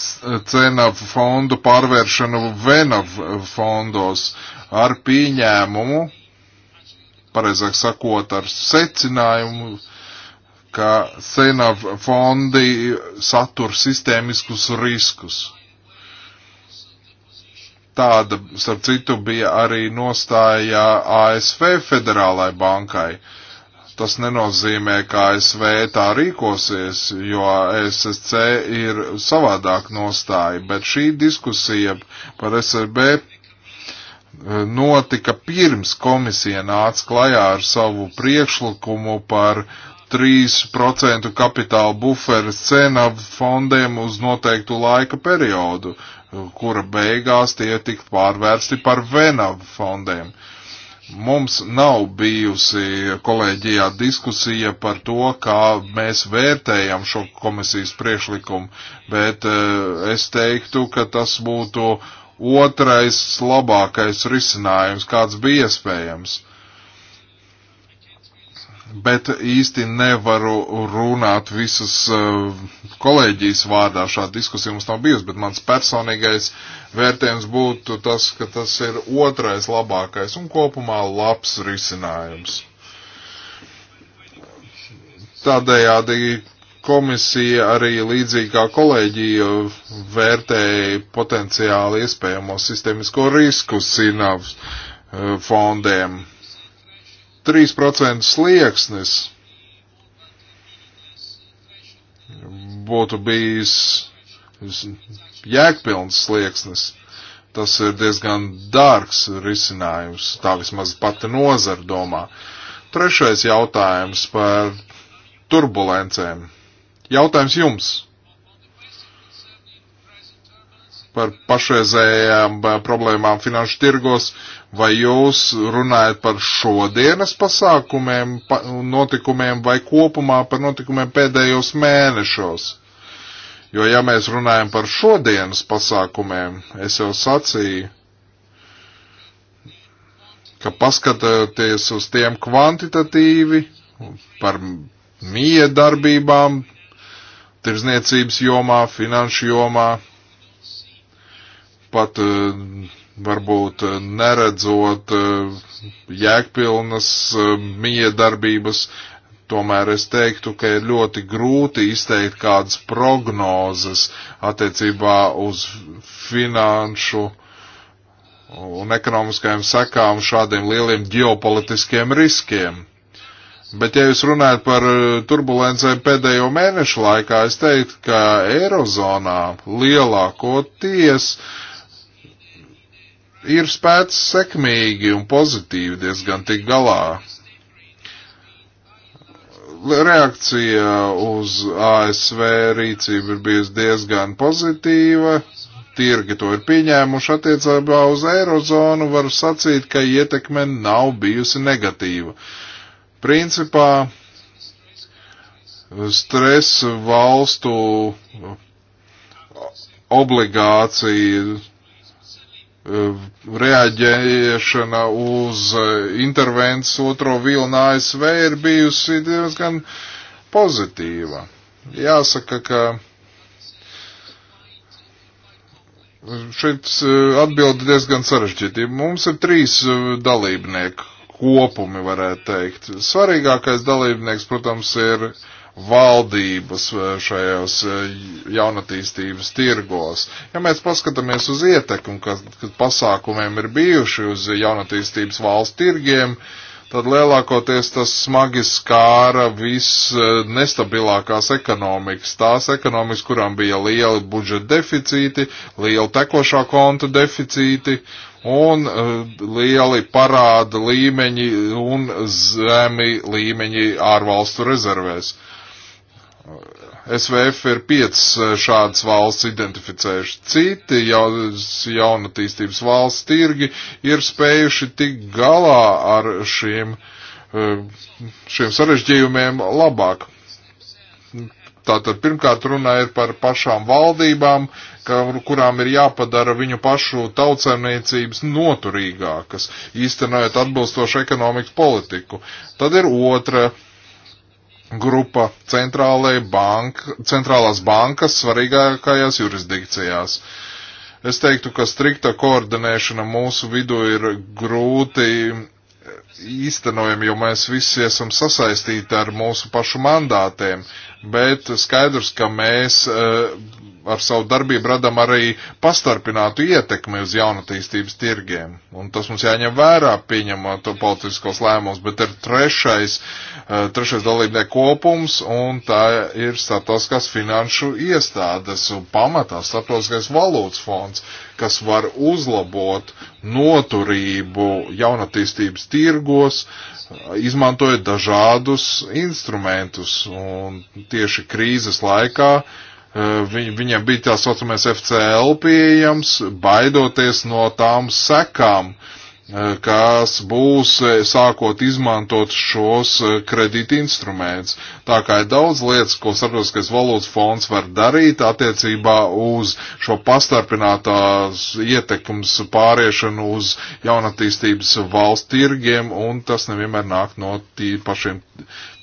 CENAV fondu pārvēršanu VENAV fondos ar pieņēmumu, pareizāk sakot, ar secinājumu, ka CENAV fondi satur sistēmiskus riskus. Tāda, starp citu, bija arī nostājā ASV federālai bankai. Uh, Tas nenozīmē, ka ASV tā rīkosies, jo SSC ir savādāk nostāja, bet šī diskusija par SRB e, notika pirms komisija nāca klajā ar savu priekšlikumu par 3% kapitāla buferu cena fondiem uz noteiktu laika periodu, kura beigās tie tika pārvērsti par venavu fondiem. Uh, Mums nav bijusi kolēģijā diskusija par to, kā mēs vērtējam šo komisijas priekšlikumu, bet eh, es teiktu, ka tas būtu otrais labākais risinājums, kāds bija iespējams bet īsti nevaru runāt visas eh, kolēģijas vārdā. Šāda diskusija mums nav bijusi, bet mans personīgais vērtējums būtu tas, ka tas ir otrais labākais un kopumā labs risinājums. Tādējādi komisija arī līdzīgi kā kolēģija vērtēja potenciāli iespējamo sistēmisko risku sinavs eh, fondiem 3% slieksnis būtu bijis jēgpilns slieksnis. Tas ir diezgan dārgs risinājums, tā vismaz pati nozara domā. Trešais jautājums par turbulencēm. Jautājums jums par pašreizējām eh, problēmām finanšu tirgos Vai jūs runājat par šodienas pasākumiem, pa, notikumiem vai kopumā par notikumiem pēdējos mēnešos? Jo ja mēs runājam par šodienas pasākumiem, es jau sacīju, ka paskatoties uz tiem kvantitatīvi, par mīja darbībām, tirzniecības jomā, finanšu jomā, pat uh, varbūt eh, neredzot eh, jēgpilnas eh, miedarbības, tomēr es teiktu, ka ir ļoti grūti izteikt kādas prognozes attiecībā uz finanšu un ekonomiskajām sekām šādiem lieliem ģeopolitiskiem riskiem. Bet, ja jūs runājat par turbulencēm pēdējo mēnešu laikā, es teiktu, ka Eirozonā lielāko tiesu ir spēts sekmīgi un pozitīvi diezgan tik galā. Reakcija uz ASV rīcību ir bijusi diezgan pozitīva, tirgi to ir pieņēmuši attiecībā uz eirozonu, var sacīt, ka ietekme nav bijusi negatīva. Principā stresa valstu obligāciju Eh, reaģēšana uz eh, intervences otro vilnu ASV ir bijusi diezgan pozitīva. Jāsaka, ka šeit eh, atbildi diezgan sarežģīti. Mums ir trīs dalībnieki kopumi, varētu teikt. Svarīgākais dalībnieks, protams, ir valdības eh, šajos eh, jaunatīstības tirgos. Ja mēs paskatāmies uz ietekmi, kas, kas pasākumiem ir bijuši uz jaunatīstības valsts tirgiem, tad lielākoties tas smagi skāra viss eh, nestabilākās ekonomikas. Tās ekonomikas, kurām bija lieli budžeta deficīti, liela tekošā konta deficīti un lieli parāda līmeņi un zemi līmeņi ārvalstu rezervēs. SVF ir piecas eh, šādas valsts identificējuši. Citi jau, jaunatīstības valsts tirgi ir spējuši tik galā ar šiem, eh, šiem sarežģījumiem labāk. Tātad pirmkārt runa ir par pašām valdībām, kurām ir jāpadara viņu pašu tautsēmniecības noturīgākas, īstenojot atbilstošu ekonomikas politiku. Tad ir otra grupa banka, centrālās bankas svarīgākajās jurisdikcijās. Es teiktu, ka strikta koordinēšana mūsu vidū ir grūti īstenojama, jo mēs visi esam sasaistīti ar mūsu pašu mandātiem, bet skaidrs, ka mēs uh, ar savu darbību radam arī pastarpinātu ietekmi uz jaunatīstības tirgiem. Un tas mums jāņem vērā, pieņemot to politiskos lēmumus, bet ir trešais, eh, trešais dalībnieku kopums, un tā ir starptautiskās finanšu iestādes un pamatā starptautiskais valūtas fonds, kas var uzlabot noturību jaunatīstības tirgos, izmantojot dažādus instrumentus. Un tieši krīzes laikā uh, Eh, viņam bija tā saucamais FCL pieejams, baidoties no tām sekām, eh, kas būs eh, sākot izmantot šos kredīti instrumentus. Tā kā ir daudz lietas, ko starptautiskais valūtas fonds var darīt attiecībā uz šo pastarpinātās ietekums pāriešanu uz jaunatīstības valsts tirgiem, un tas nevienmēr nāk no tī pašiem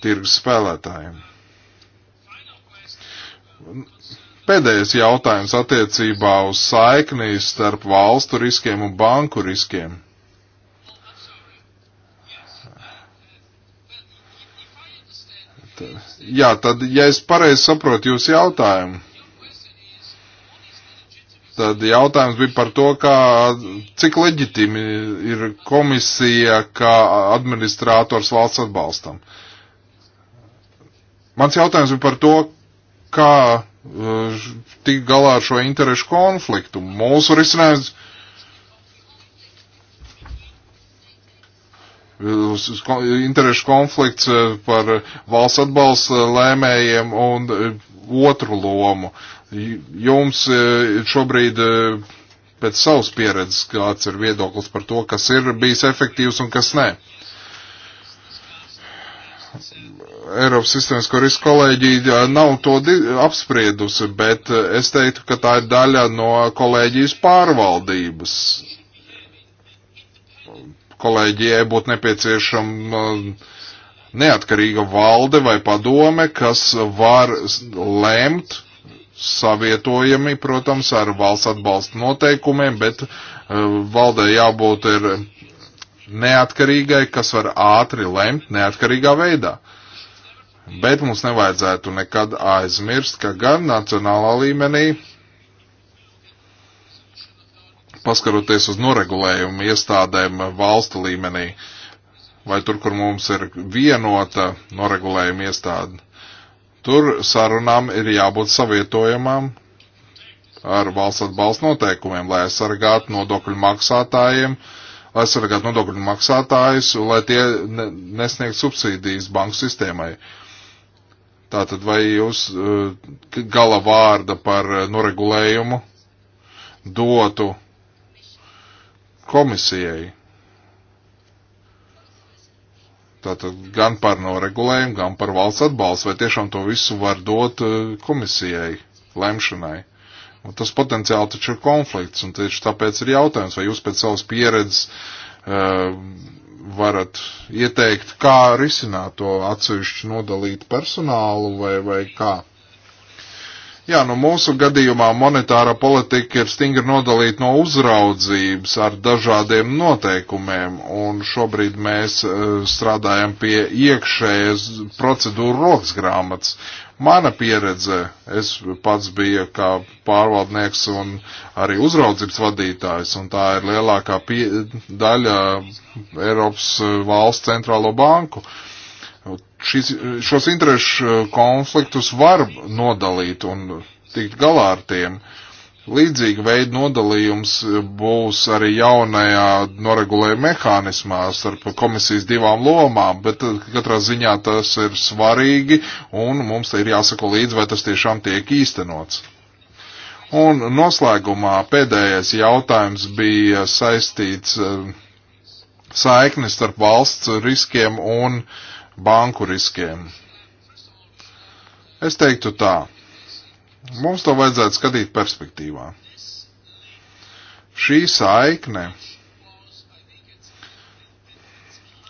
tirgus spēlētājiem. Pēdējais jautājums attiecībā uz saiknī starp valstu riskiem un banku riskiem. Jā, tad, ja es pareizi saprotu jūsu jautājumu, tad jautājums bija par to, kā, cik leģitimi ir komisija kā administrātors valsts atbalstam. Mans jautājums bija par to, kā tikt galā ar šo interešu konfliktu. Mūsu risinājums interešu konflikts e, par valsts atbalsta lēmējiem un e, otru lomu. Jums e, šobrīd pēc savas pieredzes kāds ir viedoklis par to, kas ir bijis efektīvs un kas nē. Eiropas sistēmisko risku kolēģija nav to apspriedusi, bet eh, es teiktu, ka tā ir daļa no kolēģijas pārvaldības. Kolēģijai būtu nepieciešama eh, neatkarīga valde vai padome, kas var lēmt savietojami, protams, ar valsts atbalsta noteikumiem, bet eh, valdē jābūt ir neatkarīgai, kas var ātri lemt neatkarīgā veidā. Uh, Bet mums nevajadzētu nekad aizmirst, ka gan nacionālā līmenī, paskaroties uz noregulējumu iestādēm valsta līmenī, vai tur, kur mums ir vienota noregulējuma iestāde, tur sarunām ir jābūt savietojamām ar valsts atbalsta noteikumiem, lai aizsargātu nodokļu maksātājiem, lai aizsargātu nodokļu maksātājus, lai tie nesniegtu subsīdijas banku sistēmai. Uh, Tātad vai jūs eh, gala vārda par eh, noregulējumu dotu komisijai? Tātad gan par noregulējumu, gan par valsts atbalstu, vai tiešām to visu var dot eh, komisijai lemšanai. Un tas potenciāli taču ir konflikts, un tieši tāpēc ir jautājums, vai jūs pēc savas pieredzes uh, varat ieteikt, kā risināt to atsevišķu nodalīt personālu vai, vai kā? Jā, nu mūsu gadījumā monetārā politika ir stingri nodalīta no uzraudzības ar dažādiem noteikumiem, un šobrīd mēs uh, strādājam pie iekšējas procedūru rokas grāmatas, Mana pieredze, es pats biju kā pārvaldnieks un arī uzraudzības vadītājs, un tā ir lielākā pie, daļa Eiropas eh, valsts centrālo banku. Šis, šos interešu konfliktus var nodalīt un tikt galā ar tiem. Uh, Līdzīga veida nodalījums būs arī jaunajā noregulējuma mehānismā starp komisijas divām lomām, bet uh, katrā ziņā tas ir svarīgi un mums ir jāsako līdzi, vai tas tiešām tiek īstenots. Un noslēgumā pēdējais jautājums bija saistīts uh, saiknis starp valsts riskiem un banku riskiem. Es teiktu tā Mums to vajadzētu skatīt perspektīvā. Šī saikne,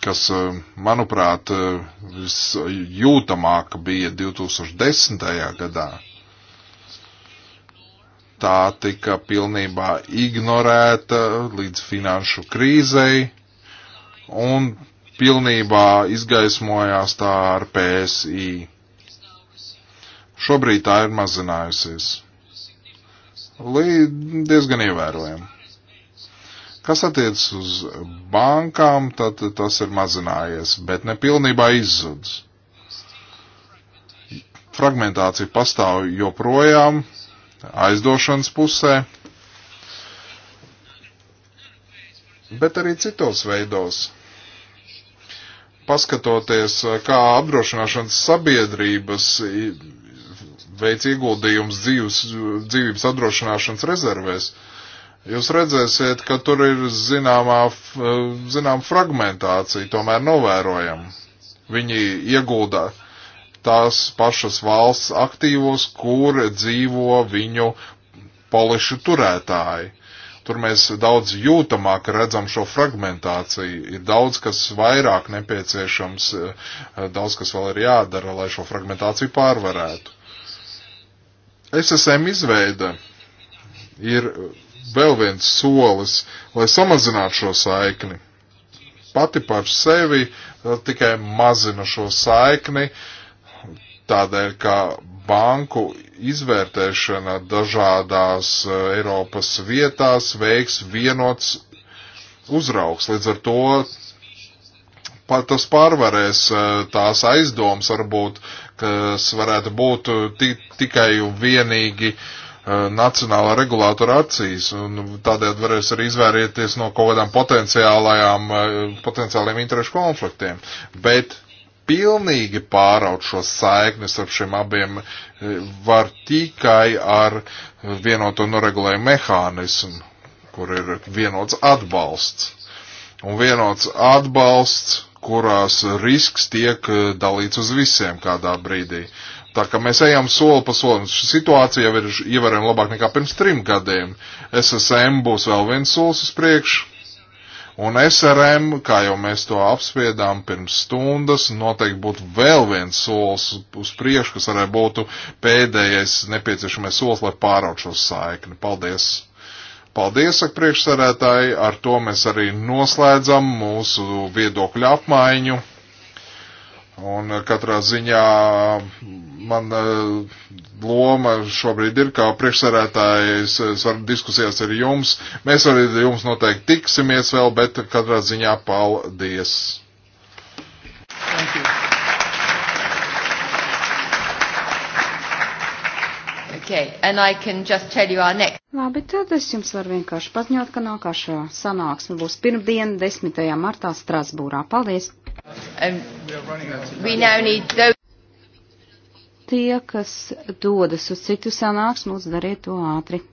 kas, eh, manuprāt, eh, visjūtamāk bija 2010. gadā, tā tika pilnībā ignorēta līdz finanšu krīzei un pilnībā izgaismojās tā ar PSI Šobrīd tā ir mazinājusies. Līdz diezgan ievērojami. Kas attiecas uz bankām, tad tas ir mazinājies, bet ne pilnībā izzudis. Fragmentācija pastāv joprojām aizdošanas pusē, bet arī citos veidos paskatoties, kā apdrošināšanas sabiedrības veic ieguldījums dzīves, dzīvības apdrošināšanas rezervēs, jūs redzēsiet, ka tur ir zināmā, zinām fragmentācija, tomēr novērojam. Viņi iegulda tās pašas valsts aktīvos, kur dzīvo viņu polišu turētāji. Tur mēs daudz jūtamāk redzam šo fragmentāciju. Ir daudz, kas vairāk nepieciešams, eh, daudz, kas vēl ir jādara, lai šo fragmentāciju pārvarētu. SSM izveida ir vēl viens solis, lai samazinātu šo saikni. Pati par sevi eh, tikai mazina šo saikni, tādēļ, ka banku izvērtēšana dažādās eh, Eiropas vietās veiks vienots uzraugs. Līdz ar to tas pārvarēs eh, tās aizdomas, varbūt, kas varētu būt tikai un vienīgi nacionāla regulātora acīs, un tādēļ varēs arī izvērieties no kaut kādām potenciālajām, potenciāliem interešu konfliktiem. Bet pilnīgi pāraut šo saikni starp šiem abiem var tikai ar vienoto noregulēju mehānismu, kur ir vienots atbalsts. Un vienots atbalsts kurās risks tiek eh, dalīts uz visiem kādā brīdī. Tā kā mēs ejam soli pa solim, šī situācija jau ir ievērojami labāk nekā pirms trim gadiem. SSM būs vēl viens solis uz priekšu, un SRM, kā jau mēs to apspriedām pirms stundas, noteikti būtu vēl viens solis uz priekšu, kas arī būtu pēdējais nepieciešamais solis, lai pārauc šo saikni. Paldies! Paldies, saka priekšsarētāji, ar to mēs arī noslēdzam mūsu viedokļu apmaiņu. Un eh, katrā ziņā man eh, loma šobrīd ir, kā priekšsarētājs eh, diskusijās ar jums. Mēs arī jums noteikti tiksimies vēl, bet katrā ziņā paldies. Thank you. Okay, and I can just tell you our next. Labi, tad es jums varu vienkārši paziņot, ka nākošā sanāksme būs pirmdien, 10. martā Strasbūrā. Paldies! Um, those... Tie, kas dodas uz citu sanāksmu, lūdzu dariet to ātri.